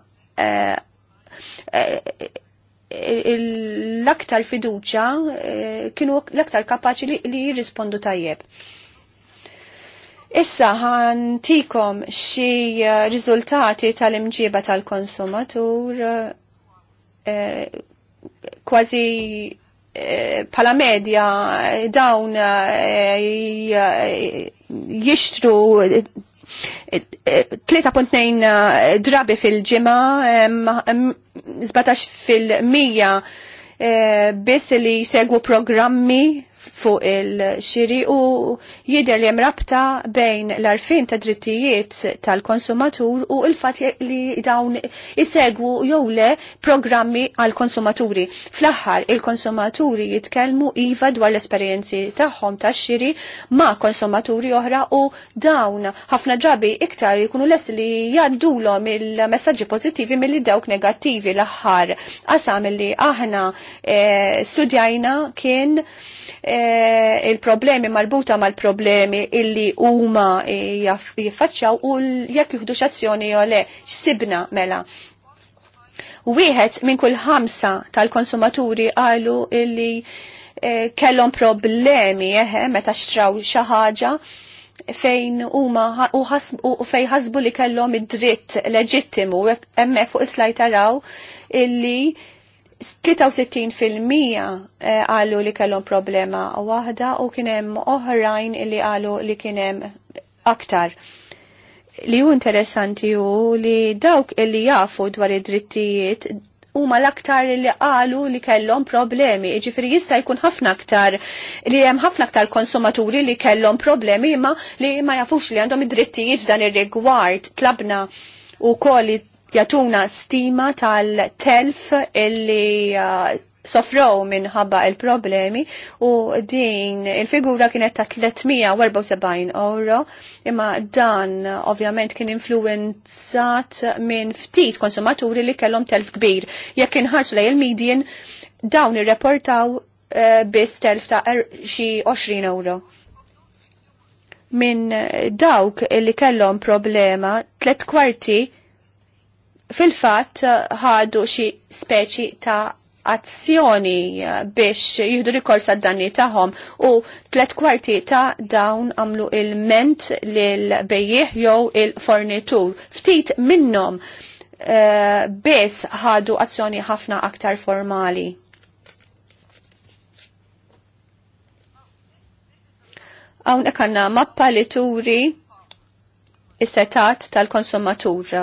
l-aktar fiduċa kienu l-aktar kapaċi li jirrispondu tajjeb. Issa ħantikom xi eh, riżultati tal-imġiba tal-konsumatur eh, eh, kważi pala medja dawn jixtru 3.2 drabi fil-ġima, 17 fil mija biss li segwu programmi fuq il-xiri u jider li rabta bejn l-arfin ta' drittijiet tal-konsumatur u il-fat li dawn isegwu jew le programmi għal-konsumaturi. Fl-aħħar il-konsumaturi jitkellmu iva dwar l-esperjenzi tagħhom tax-xiri ma' konsumaturi oħra u dawn ħafna ġabi iktar jkunu les li jaddulhom il-messaġġi pożittivi mill-li dawk negattivi l-aħħar. Qasam li aħna e, studjajna kien e, Eh, il-problemi marbuta mal-problemi illi huma jaffaċċaw u jekk jieħdu x'azzjoni jew le x'sibna mela. Wieħed minn kull ħamsa tal-konsumaturi qalu illi eh, kellhom problemi eħe meta xtraw xi ħaġa fejn huma u fejn ħasbu li kellhom id-dritt leġittimu hemmhekk fuq is-slajd taraw illi 63% għallu li kellhom problema waħda u kien hemm oħrajn li għallu li kien hemm aktar. Li hu interessanti hu li dawk li jafu dwar id-drittijiet huma l-aktar li qalu li kellhom problemi. Ġifieri jista' jkun ħafna aktar li hemm ħafna aktar konsumaturi li kellhom problemi imma li ma jafux li għandhom id-drittijiet f'dan ir-rigward tlabna u koll jatuna stima tal-telf illi uh, sofrow minħabba il-problemi u din il-figura kienet ta' 374 euro imma dan ovvjament kien influenzat minn ftit konsumaturi li kellhom telf kbir. Jekk inħarġ lej il-medien dawn irreportaw reportaw eh, biss telf ta' er-, xi 20 euro minn dawk li kellhom problema tlet kwarti fil-fatt eh, ħadu xi speċi ta' azzjoni eh, biex jihdu rikors għad-danni tagħhom u tlet kwarti ta' dawn għamlu il-ment l-bejjeħ jew il-fornitur. Ftit minnhom uh, biss ħadu azzjoni ħafna aktar formali. Hawnhekk għandna mappa li turi is-setat tal-konsumatur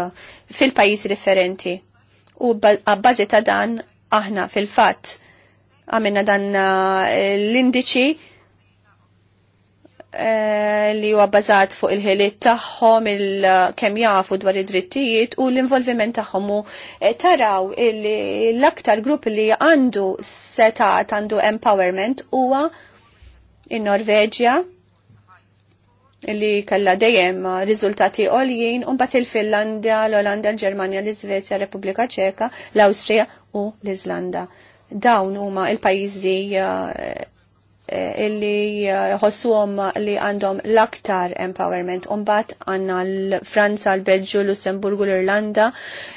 fil-pajjiżi differenti. U għabbażi ta' dan aħna fil-fatt għamilna dan eh, l-indiċi eh, li huwa bbażat fuq il-ħiliet tagħhom il-kemm jafu dwar id-drittijiet u l-involviment tagħhom u eh, taraw l-aktar grupp li għandu setat għandu empowerment huwa in-Norveġja, li kalla dejjem riżultati għoljien un bat il-Finlandja, l-Olanda, l-Germania, l-Izvezja, Repubblika Ċeka, l-Austria u l-Izlanda. Dawn huma il-pajjiżi eh, eh, illi eh, ħossuhom li għandhom l-aktar empowerment. Umbat għanna l-Franza, l-Belġu, l-Lussemburgu, l-Irlanda,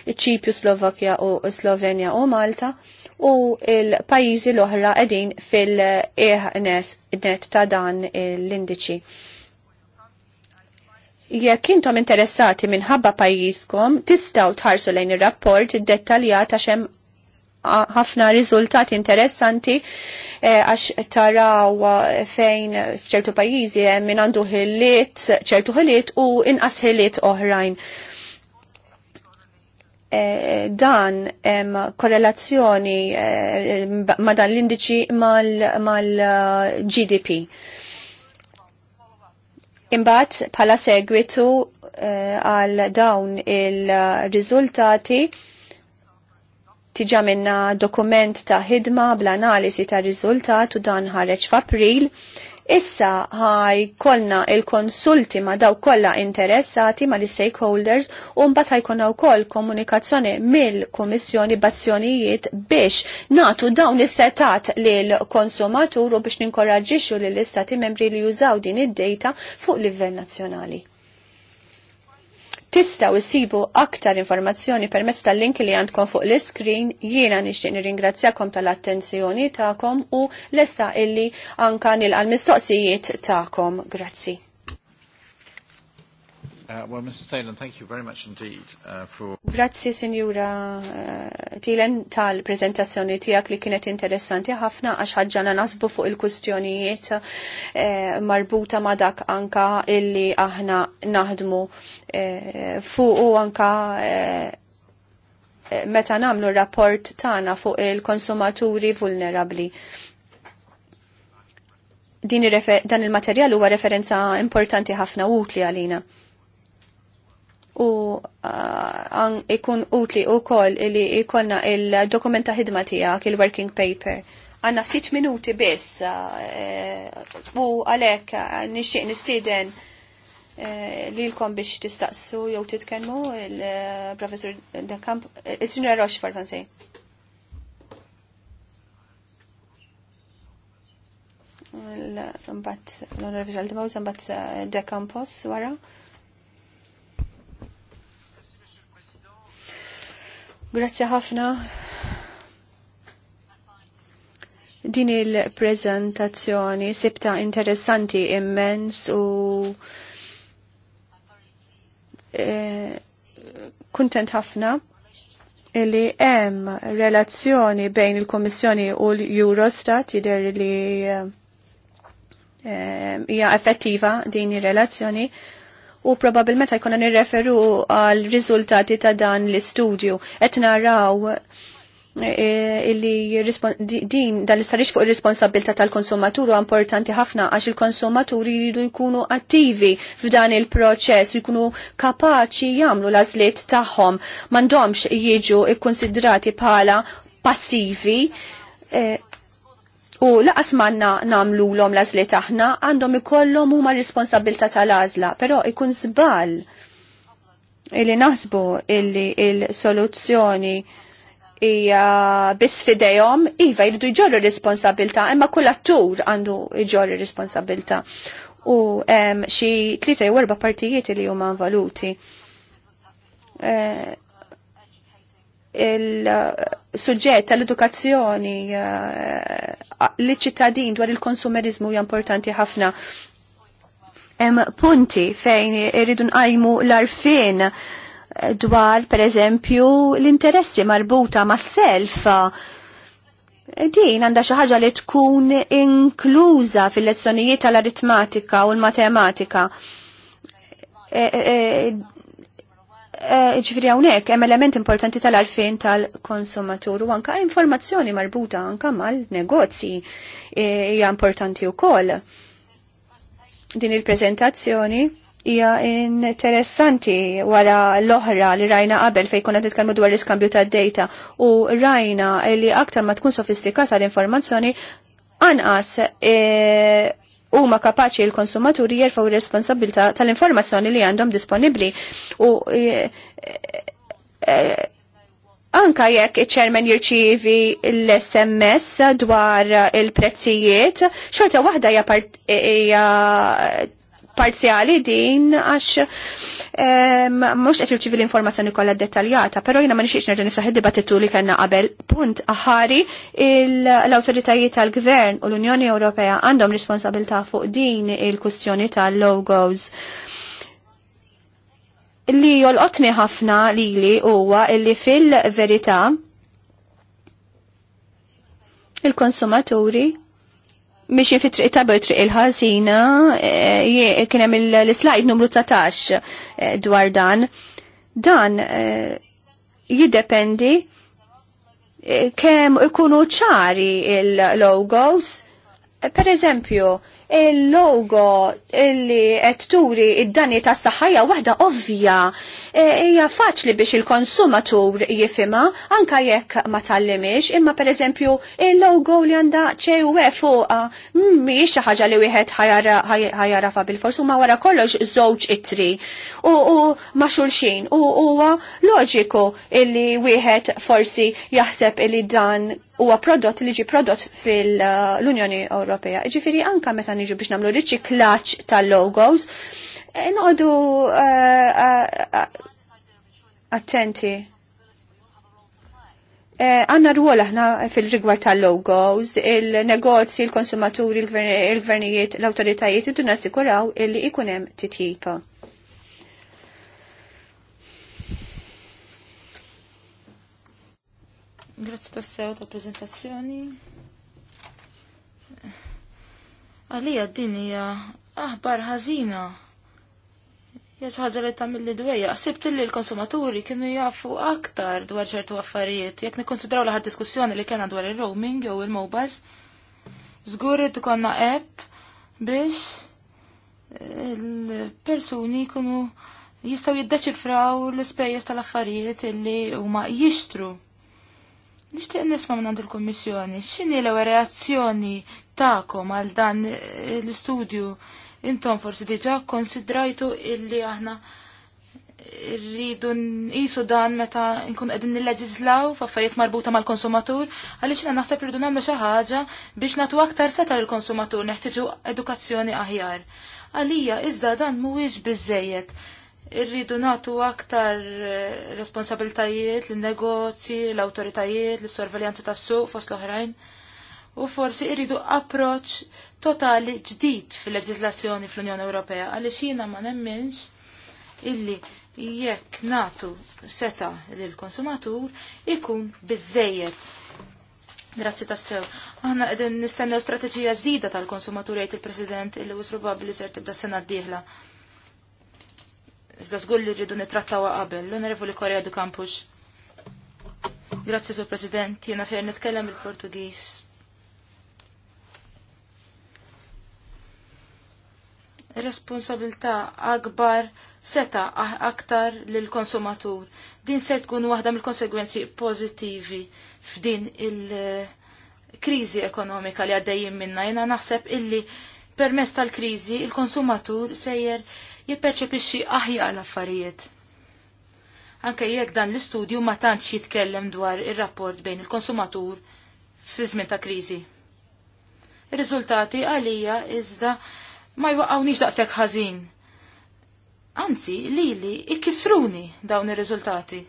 ċipju, Slovakja u Slovenja u Malta u il-pajjiżi l-oħra qegħdin fil-eħnes net ta' dan l-indiċi jekk intom interessati minħabba pajjiżkom, tistgħu tħarsu lejn ir-rapport id-dettaljat għax hemm ħafna riżultati interessanti eh, għax taraw eh, fejn f'ċertu pajjiżi hemm min għandu ħiliet, ċertu ħiliet u inqas ħiliet oħrajn. Eh, dan hemm korrelazzjoni ma dan l-indiċi mal-GDP. mal gdp Imbagħad bħala segwitu eh, għal dawn il-riżultati tiġa minna dokument ta' ħidma bl-analisi ta' rizultat u dan ħareġ f'April. april Issa ħaj kolna il-konsulti ma daw kolla interessati ma l-stakeholders un bat ħajkonna u koll komunikazzjoni mill-Komissjoni bazzjonijiet biex natu dawn is-setat l-konsumatur u biex ninkoraġġixxu l-istati membri li jużaw din id-data fuq livell nazzjonali tistaw issibu aktar informazzjoni permezz tal-link li għandkom fuq l-screen. Jiena nixtieq nirringrazzjakom tal-attenzjoni tagħkom u lesta illi anka nilqa' l-mistoqsijiet tagħkom. Grazzi. Uh, well, Mrs. Thelen, thank you very much indeed uh, for... Grazzi, Signora uh, Thielen, tal-prezentazzjoni tijak li kienet interessanti ħafna għax ħagġana nasbu fuq il-kustjonijiet uh, marbuta ma dak anka illi aħna naħdmu uh, fuq u anka eh, meta namlu rapport tana fuq il-konsumaturi vulnerabli din dan il-materjal huwa referenza importanti ħafna utli għalina u uh, ikun utli u kol li ikonna il-dokumenta ħidma tijak, il-working paper. Għanna ftit minuti biss uh, u għalek uh, nixtieq l lilkom biex tistaqsu jew titkellmu il-professor da kamp, il-Sinjora Rochefort għansej. Mbatt l-Onorevole Ġaldimawza, mbatt da kampos wara. Grazie ħafna. Din il-prezentazzjoni sibta interessanti immens u eh, kuntent ħafna li hemm relazzjoni bejn il-Kommissjoni u l-Eurostat jidher li eh, eh, hija effettiva din ir-relazzjoni u probabilment ħajkonna nirreferu għal riżultati ta' dan l-istudju. Qed naraw e, e, illi din dan l-istarix fuq ir-responsabilta tal-konsumatur u importanti ħafna għax il-konsumaturi jridu jkunu attivi f'dan il-proċess, jkunu kapaċi jagħmlu l-għażliet tagħhom. M'għandhomx jiġu ikkonsidrati bħala passivi. E, u laqas manna namlu l-om lażli taħna għandhom ikollhom huma responsabilta tal-għażla, però ikun zbal illi naħsbu illi il-soluzzjoni hija biss fidejhom, iva jridu iġorri responsabilta, imma kull attur għandu iġorri responsabilta. U xi tlita jew erba' partijiet li huma valuti. Eh, il sujġet tal-edukazzjoni eh, li ċittadin dwar il-konsumerizmu hija importanti ħafna. Hemm punti fejn iridu nqajmu l-arfin dwar pereżempju l-interessi marbuta mas-self din għandha xi ħaġa li tkun inkluża fil-lezzjonijiet tal-aritmatika u l-matematika. E, e, Eh, ġifri għawnek, hemm element importanti tal-arfin tal-konsumatur u anka informazzjoni marbuta anka mal-negozji e, hija importanti wkoll. Din il-prezentazzjoni hija interessanti wara l-oħra li rajna qabel fejn konna titkellmu dwar l-iskambju tad-data u rajna li aktar ma tkun sofistikata l-informazzjoni anqas e, huma kapaċi l-konsumaturi jerfaw ir-responsabilità tal-informazzjoni li għandhom disponibbli u e, e, e, anka jekk iċ-ċermen jirċivi l-SMS dwar il-prezzijiet, xorta waħda hija parzjali din għax mhux qed jirċivi l-informazzjoni kollha dettaljata, però jiena ma nixtieqx nerġa' niftaħ dibattitu li kellna qabel. Punt aħari l-awtoritajiet tal-Gvern u l-Unjoni Ewropea għandhom responsabilità fuq din il kustjoni tal-logos li jolqotni ħafna lili huwa li fil-verità il-konsumaturi fi triq tabu triq il-ħazina, e, kienem l-slajd numru 19 e, dwar dan. Dan e, jiddependi kem ikunu ċari il-logos. Per eżempju, il-logo illi qed turi id-dani tas saħħajja waħda ovvja e, hija faċli biex il-konsumatur jifima anka jekk ma tallimix imma pereżempju il-logo li għandha CUE fuqa mhijiex xi ħaġa li wieħed ħajarafa bil-fors huma wara kollox żewġ itri u ma xulxin u huwa loġiku illi wieħed forsi jaħseb illi dan huwa prodott li ġi prodott fil-Unjoni Ewropea. Ġifiri anka meta niġu biex namlu riċiklaġġ tal-logos, eh, noqdu eh, eh, attenti. Għanna rwol aħna fil-rigward tal-logos, il-negozji, il-konsumaturi, il-gvernijiet, l-autoritajiet, id sikuraw il-li ikunem titjipa. Grazzi tas-sew ta' prezentazzjoni. Għalija din hija aħbar ħażina. Ja ħaġa li tagħmel li dwejja. Sibt li l-konsumaturi kienu jafu aktar dwar ċertu affarijiet. Jekk nikkonsidraw l-aħħar diskussjoni li kena dwar il-roaming jew il-mobiles, żgur tkunna app biex il-persuni eh, kunu jistgħu jiddeċifraw l-ispejjeż tal-affarijiet li huma jixtru. Nishtiq nisma minn il-Kommissjoni, x'inhi l reazzjoni tagħkom għal dan l-istudju intom forsi diġà konsidrajtu illi aħna rridu nqisu dan meta nkun qegħdin nilleġislaw f'affarijiet marbuta mal-konsumatur, għaliex xina naħseb rridu nagħmlu xi ħaġa biex nagħtu aktar seta' lill-konsumatur neħtieġu edukazzjoni aħjar. Għalija iżda dan mhuwiex biżejjed irridu natu aktar eh, responsabiltajiet l-negozji, l-autoritajiet, l-sorveljanza tas suq fost l-oħrajn. U forsi irridu approċ totali ġdid fil-leġislazzjoni fl-Unjoni Ewropea, għaliex jiena ma nemminx illi jekk natu seta lill-konsumatur ikun biżejjed. Grazzi tas-sew. Aħna qegħdin nistennew strateġija ġdida tal-konsumatur jgħid il-President illi wis probabbli ser tibda sena d-dieħla. Iżda żgur li rridu nittrattawha qabel. L-Onorevoli Korea du Campus. Grazzi, Sur President. Jiena ser nitkellem il-Portugiż. responsabilità akbar seta aktar lil konsumatur Din ser tkun waħda mill-konsegwenzi pozitivi f'din il-kriżi ekonomika li għaddejjim minna. Jena naħseb illi permess tal-kriżi il-konsumatur sejjer jipperċepixxi aħjaq l-affarijiet. Anke jekk dan l-istudju ma tantx jitkellem dwar ir-rapport bejn il-konsumatur fi żmien ta' kriżi. Ir-riżultati għalija iżda ma jwaqgħunix daqshekk ħażin. Anzi, lili ikisruni dawn ir-riżultati.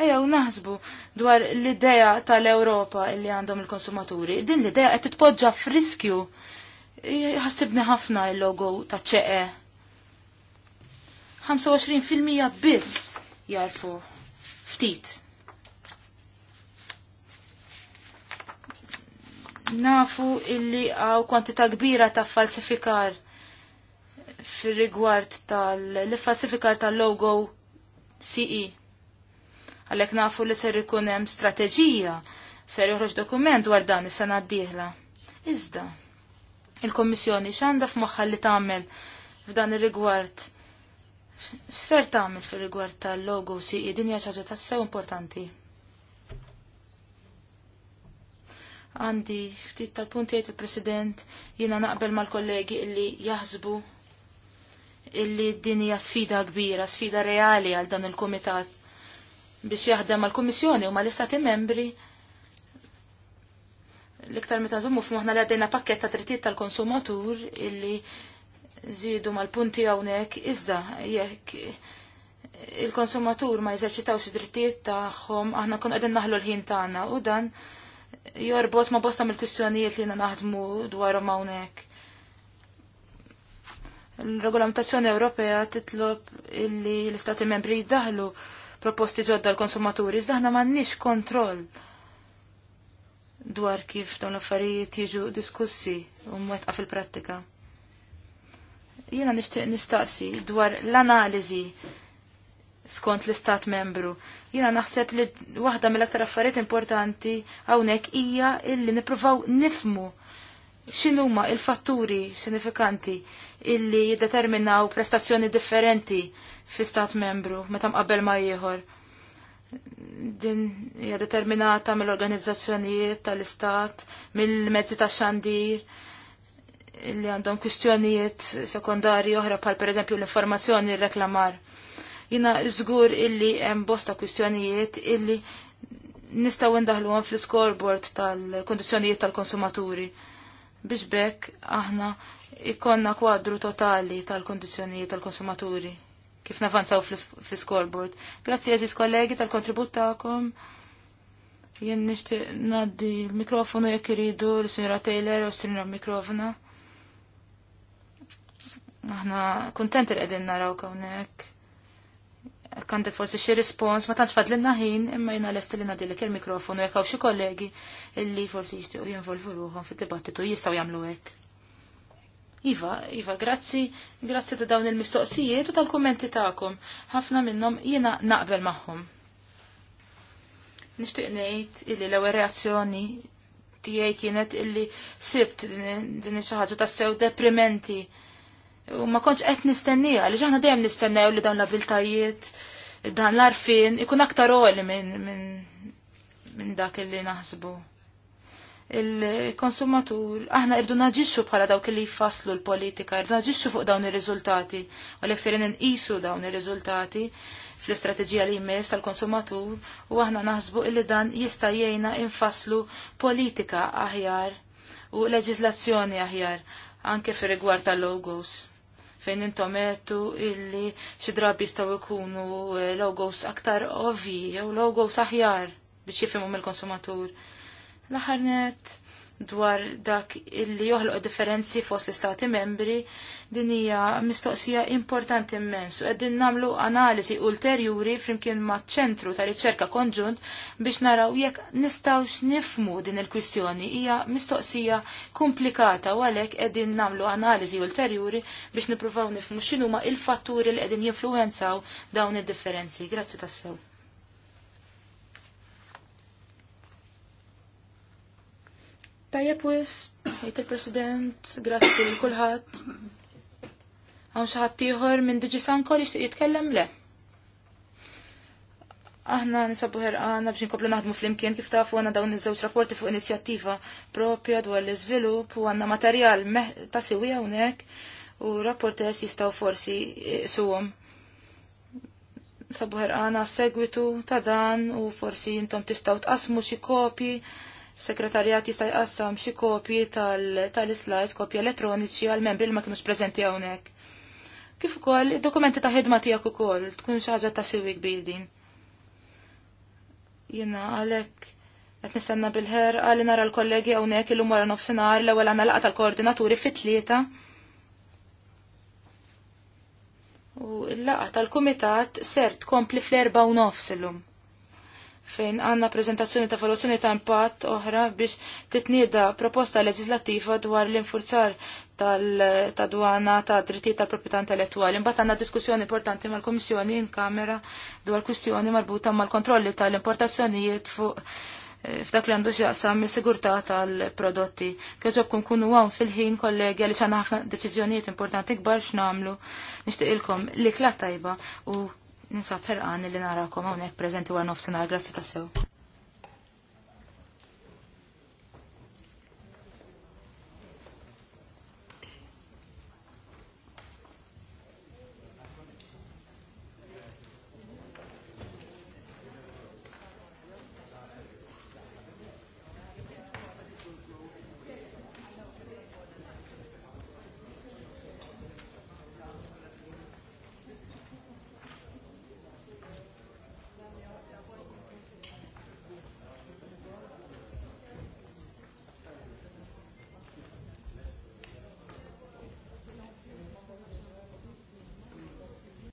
Ejja, u naħsbu dwar l-idea tal-Europa illi għandhom il-konsumaturi. Din l-idea qed titpoġġa f'riskju. Ħassibni ħafna il-logo ta' ċeqe 25% biss jarfu ftit. Nafu illi għaw kwantità kbira ta' falsifikar fir rigward tal-falsifikar tal-logo CE. Għalek nafu li ser ikun hemm strateġija ser joħroġ dokument dwar dan is-sena d-dieħla. Iżda, il-Kommissjoni x'għandha f'moħħa li tagħmel f'dan ir-rigward Ser tagħmel fir-rigward tal-logo si din hija ċaġa tassew importanti. Għandi ftit tal-punti jgħid il-President jiena naqbel mal-kollegi illi jaħsbu illi din hija sfida kbira, sfida reali għal dan il-Kumitat biex jaħdem mal-Kummissjoni u mal-Istati membri l-iktar meta fmuħna l li għaddejna pakket ta' trittijiet tal-konsumatur illi zidu mal-punti hawnhekk iżda jekk il-konsumatur ma jeżerċitawx id-drittijiet tagħhom aħna kon qegħdin naħlu l-ħin tagħna u dan jorbot ma bosta mill-kwistjonijiet li naħdmu dwarhom hawnhekk. Il-regolamentazzjoni Ewropea titlob illi l-Istati membri jiddaħlu proposti ġodda l-konsumaturi, iżda aħna m'għandniex kontroll dwar kif dawn l-affarijiet jiġu diskussi u mwetqa fil-prattika. Jiena nixtieq nistaqsi dwar l-analiżi skont l-istat membru. Jiena naħseb li waħda mill-aktar affarijiet importanti hawnhekk hija illi nippruvaw nifmu x'inhuma il-fatturi sinifikanti illi jiddeterminaw prestazzjoni differenti fi stat membru meta mqabbel ma ieħor. Din hija determinata mill-organizzazzjonijiet tal-istat, mill-mezzi tax-xandir, li għandhom kwistjonijiet sekondari oħra bħal per eżempju l-informazzjoni reklamar. Jina żgur illi hemm bosta kwistjonijiet illi nistgħu ndaħluhom fl-scoreboard tal kondizjonijiet tal-konsumaturi. Biex bekk aħna ikonna kwadru totali tal kondizjonijiet tal-konsumaturi kif navanzaw fl-scoreboard. Grazzi għaziz kollegi tal-kontribut ta'kom. Jien nixtieq ngħaddi l-mikrofonu jekk iridu l-Sinjora Taylor u s-Sinjora Mikrofona. Aħna kuntenti li qegħdin naraw hawnhekk. Għandek forsi xi rispons, ma tantx fadlinna ħin, imma jiena lest li nadilek il-mikrofonu jekk hawn xi kollegi illi forsi jixtiequ jinvolvu ruhom fid-dibattitu jistgħu jagħmlu hekk. Iva, Iva, grazzi, grazzi ta' dawn il-mistoqsijiet u tal-kummenti tagħkom. Ħafna minnhom jiena naqbel magħhom. Nixtieq ngħid illi l-ewwel reazzjoni tiegħi kienet illi sibt din xi ħaġa tassew deprimenti U ma konċ qed nistennija, li ġaħna dejjem nistennew li dawn l-abiltajiet, dan l-arfin, ikun aktar għoli minn min, min dak li naħsbu. Il-konsumatur, aħna irdu naġixxu bħala dawk li jfasslu l-politika, irdu naġixxu fuq dawn ir-riżultati, għalhekk serin inqisu dawn ir-riżultati fl-istrateġija li jmiss tal-konsumatur u aħna naħsbu illi dan jista' jgħinna infasslu politika aħjar u leġizlazzjoni aħjar anke fir rigward tal-logos fejn intom għettu illi xi drabi jistgħu jkunu eh, logos aktar ovvi jew logos aħjar biex jifhmu mill-konsumatur. L-aħħar dwar dak illi joħloq differenzi fost l-istati membri, din hija mistoqsija importanti immens u qegħdin nagħmlu analiżi ulterjuri flimkien maċ ċentru ta' riċerka konġunt biex naraw jekk nistgħux nifmu din il-kwistjoni hija mistoqsija komplikata u għalhekk qegħdin nagħmlu analiżi ulterjuri biex nippruvaw nifmu x'inhuma il-fatturi li qegħdin jinfluwenzaw dawn id-differenzi. Grazzi tassew. Tajjeb wis, jgħid il-President, grazzi l kulħadd. Hawn xi ħadd ieħor minn Diġi Sankor jixtieq jitkellem le. Aħna nisabu ħerqana biex nkomplu naħdmu fl-imkien kif tafu għana dawn iż-żewġ rapporti fuq inizjattiva propja dwar l-iżvilupp u għanna materjal ta' siwi hawnhekk u rapporters jistgħu forsi suhom. Sabu ħerqana segwitu ta' dan u forsi intom tistgħu tqasmu xi kopji Sekretarjat jista' jqassam xi kopji tal-slides, kopji elettroniċi għal membri li ma kinux preżenti hawnhekk. Kif ukoll id-dokumenti ta' ħidma tiegħek ukoll tkun xi ħaġa ta' siwi kbir din. Jiena għalhekk qed nistenna bil ħer li nara l-kollegi hawnhekk illum wara nofsinhar l-ewwel għandna laqgħa tal-koordinaturi fit-tlieta. U l-laqgħa tal-kumitat ser tkompli fl-erba' u nofs illum fejn għanna prezentazzjoni ta' soluzzjoni ta' impatt oħra biex titnieda proposta leġislattiva dwar l-infurzar ta' dwana ta' drittijiet tal-proprjetà intellettuali. Imbagħad għandna diskussjoni importanti mal-Kummissjoni in kamera dwar kwistjoni marbuta mal-kontrolli tal-importazzjonijiet fuq eh, f'dak li għandu x'jaqsam mis-sigurtà tal-prodotti. Kieġobkom kunu hawn fil-ħin kollegi li għandna ħafna deċiżjonijiet importanti kbar x'namlu. nishtiqilkom li kla tajba u Ninsab ħerqan li narakom hawnhekk preżenti wara nofsinhar, grazzi tassew.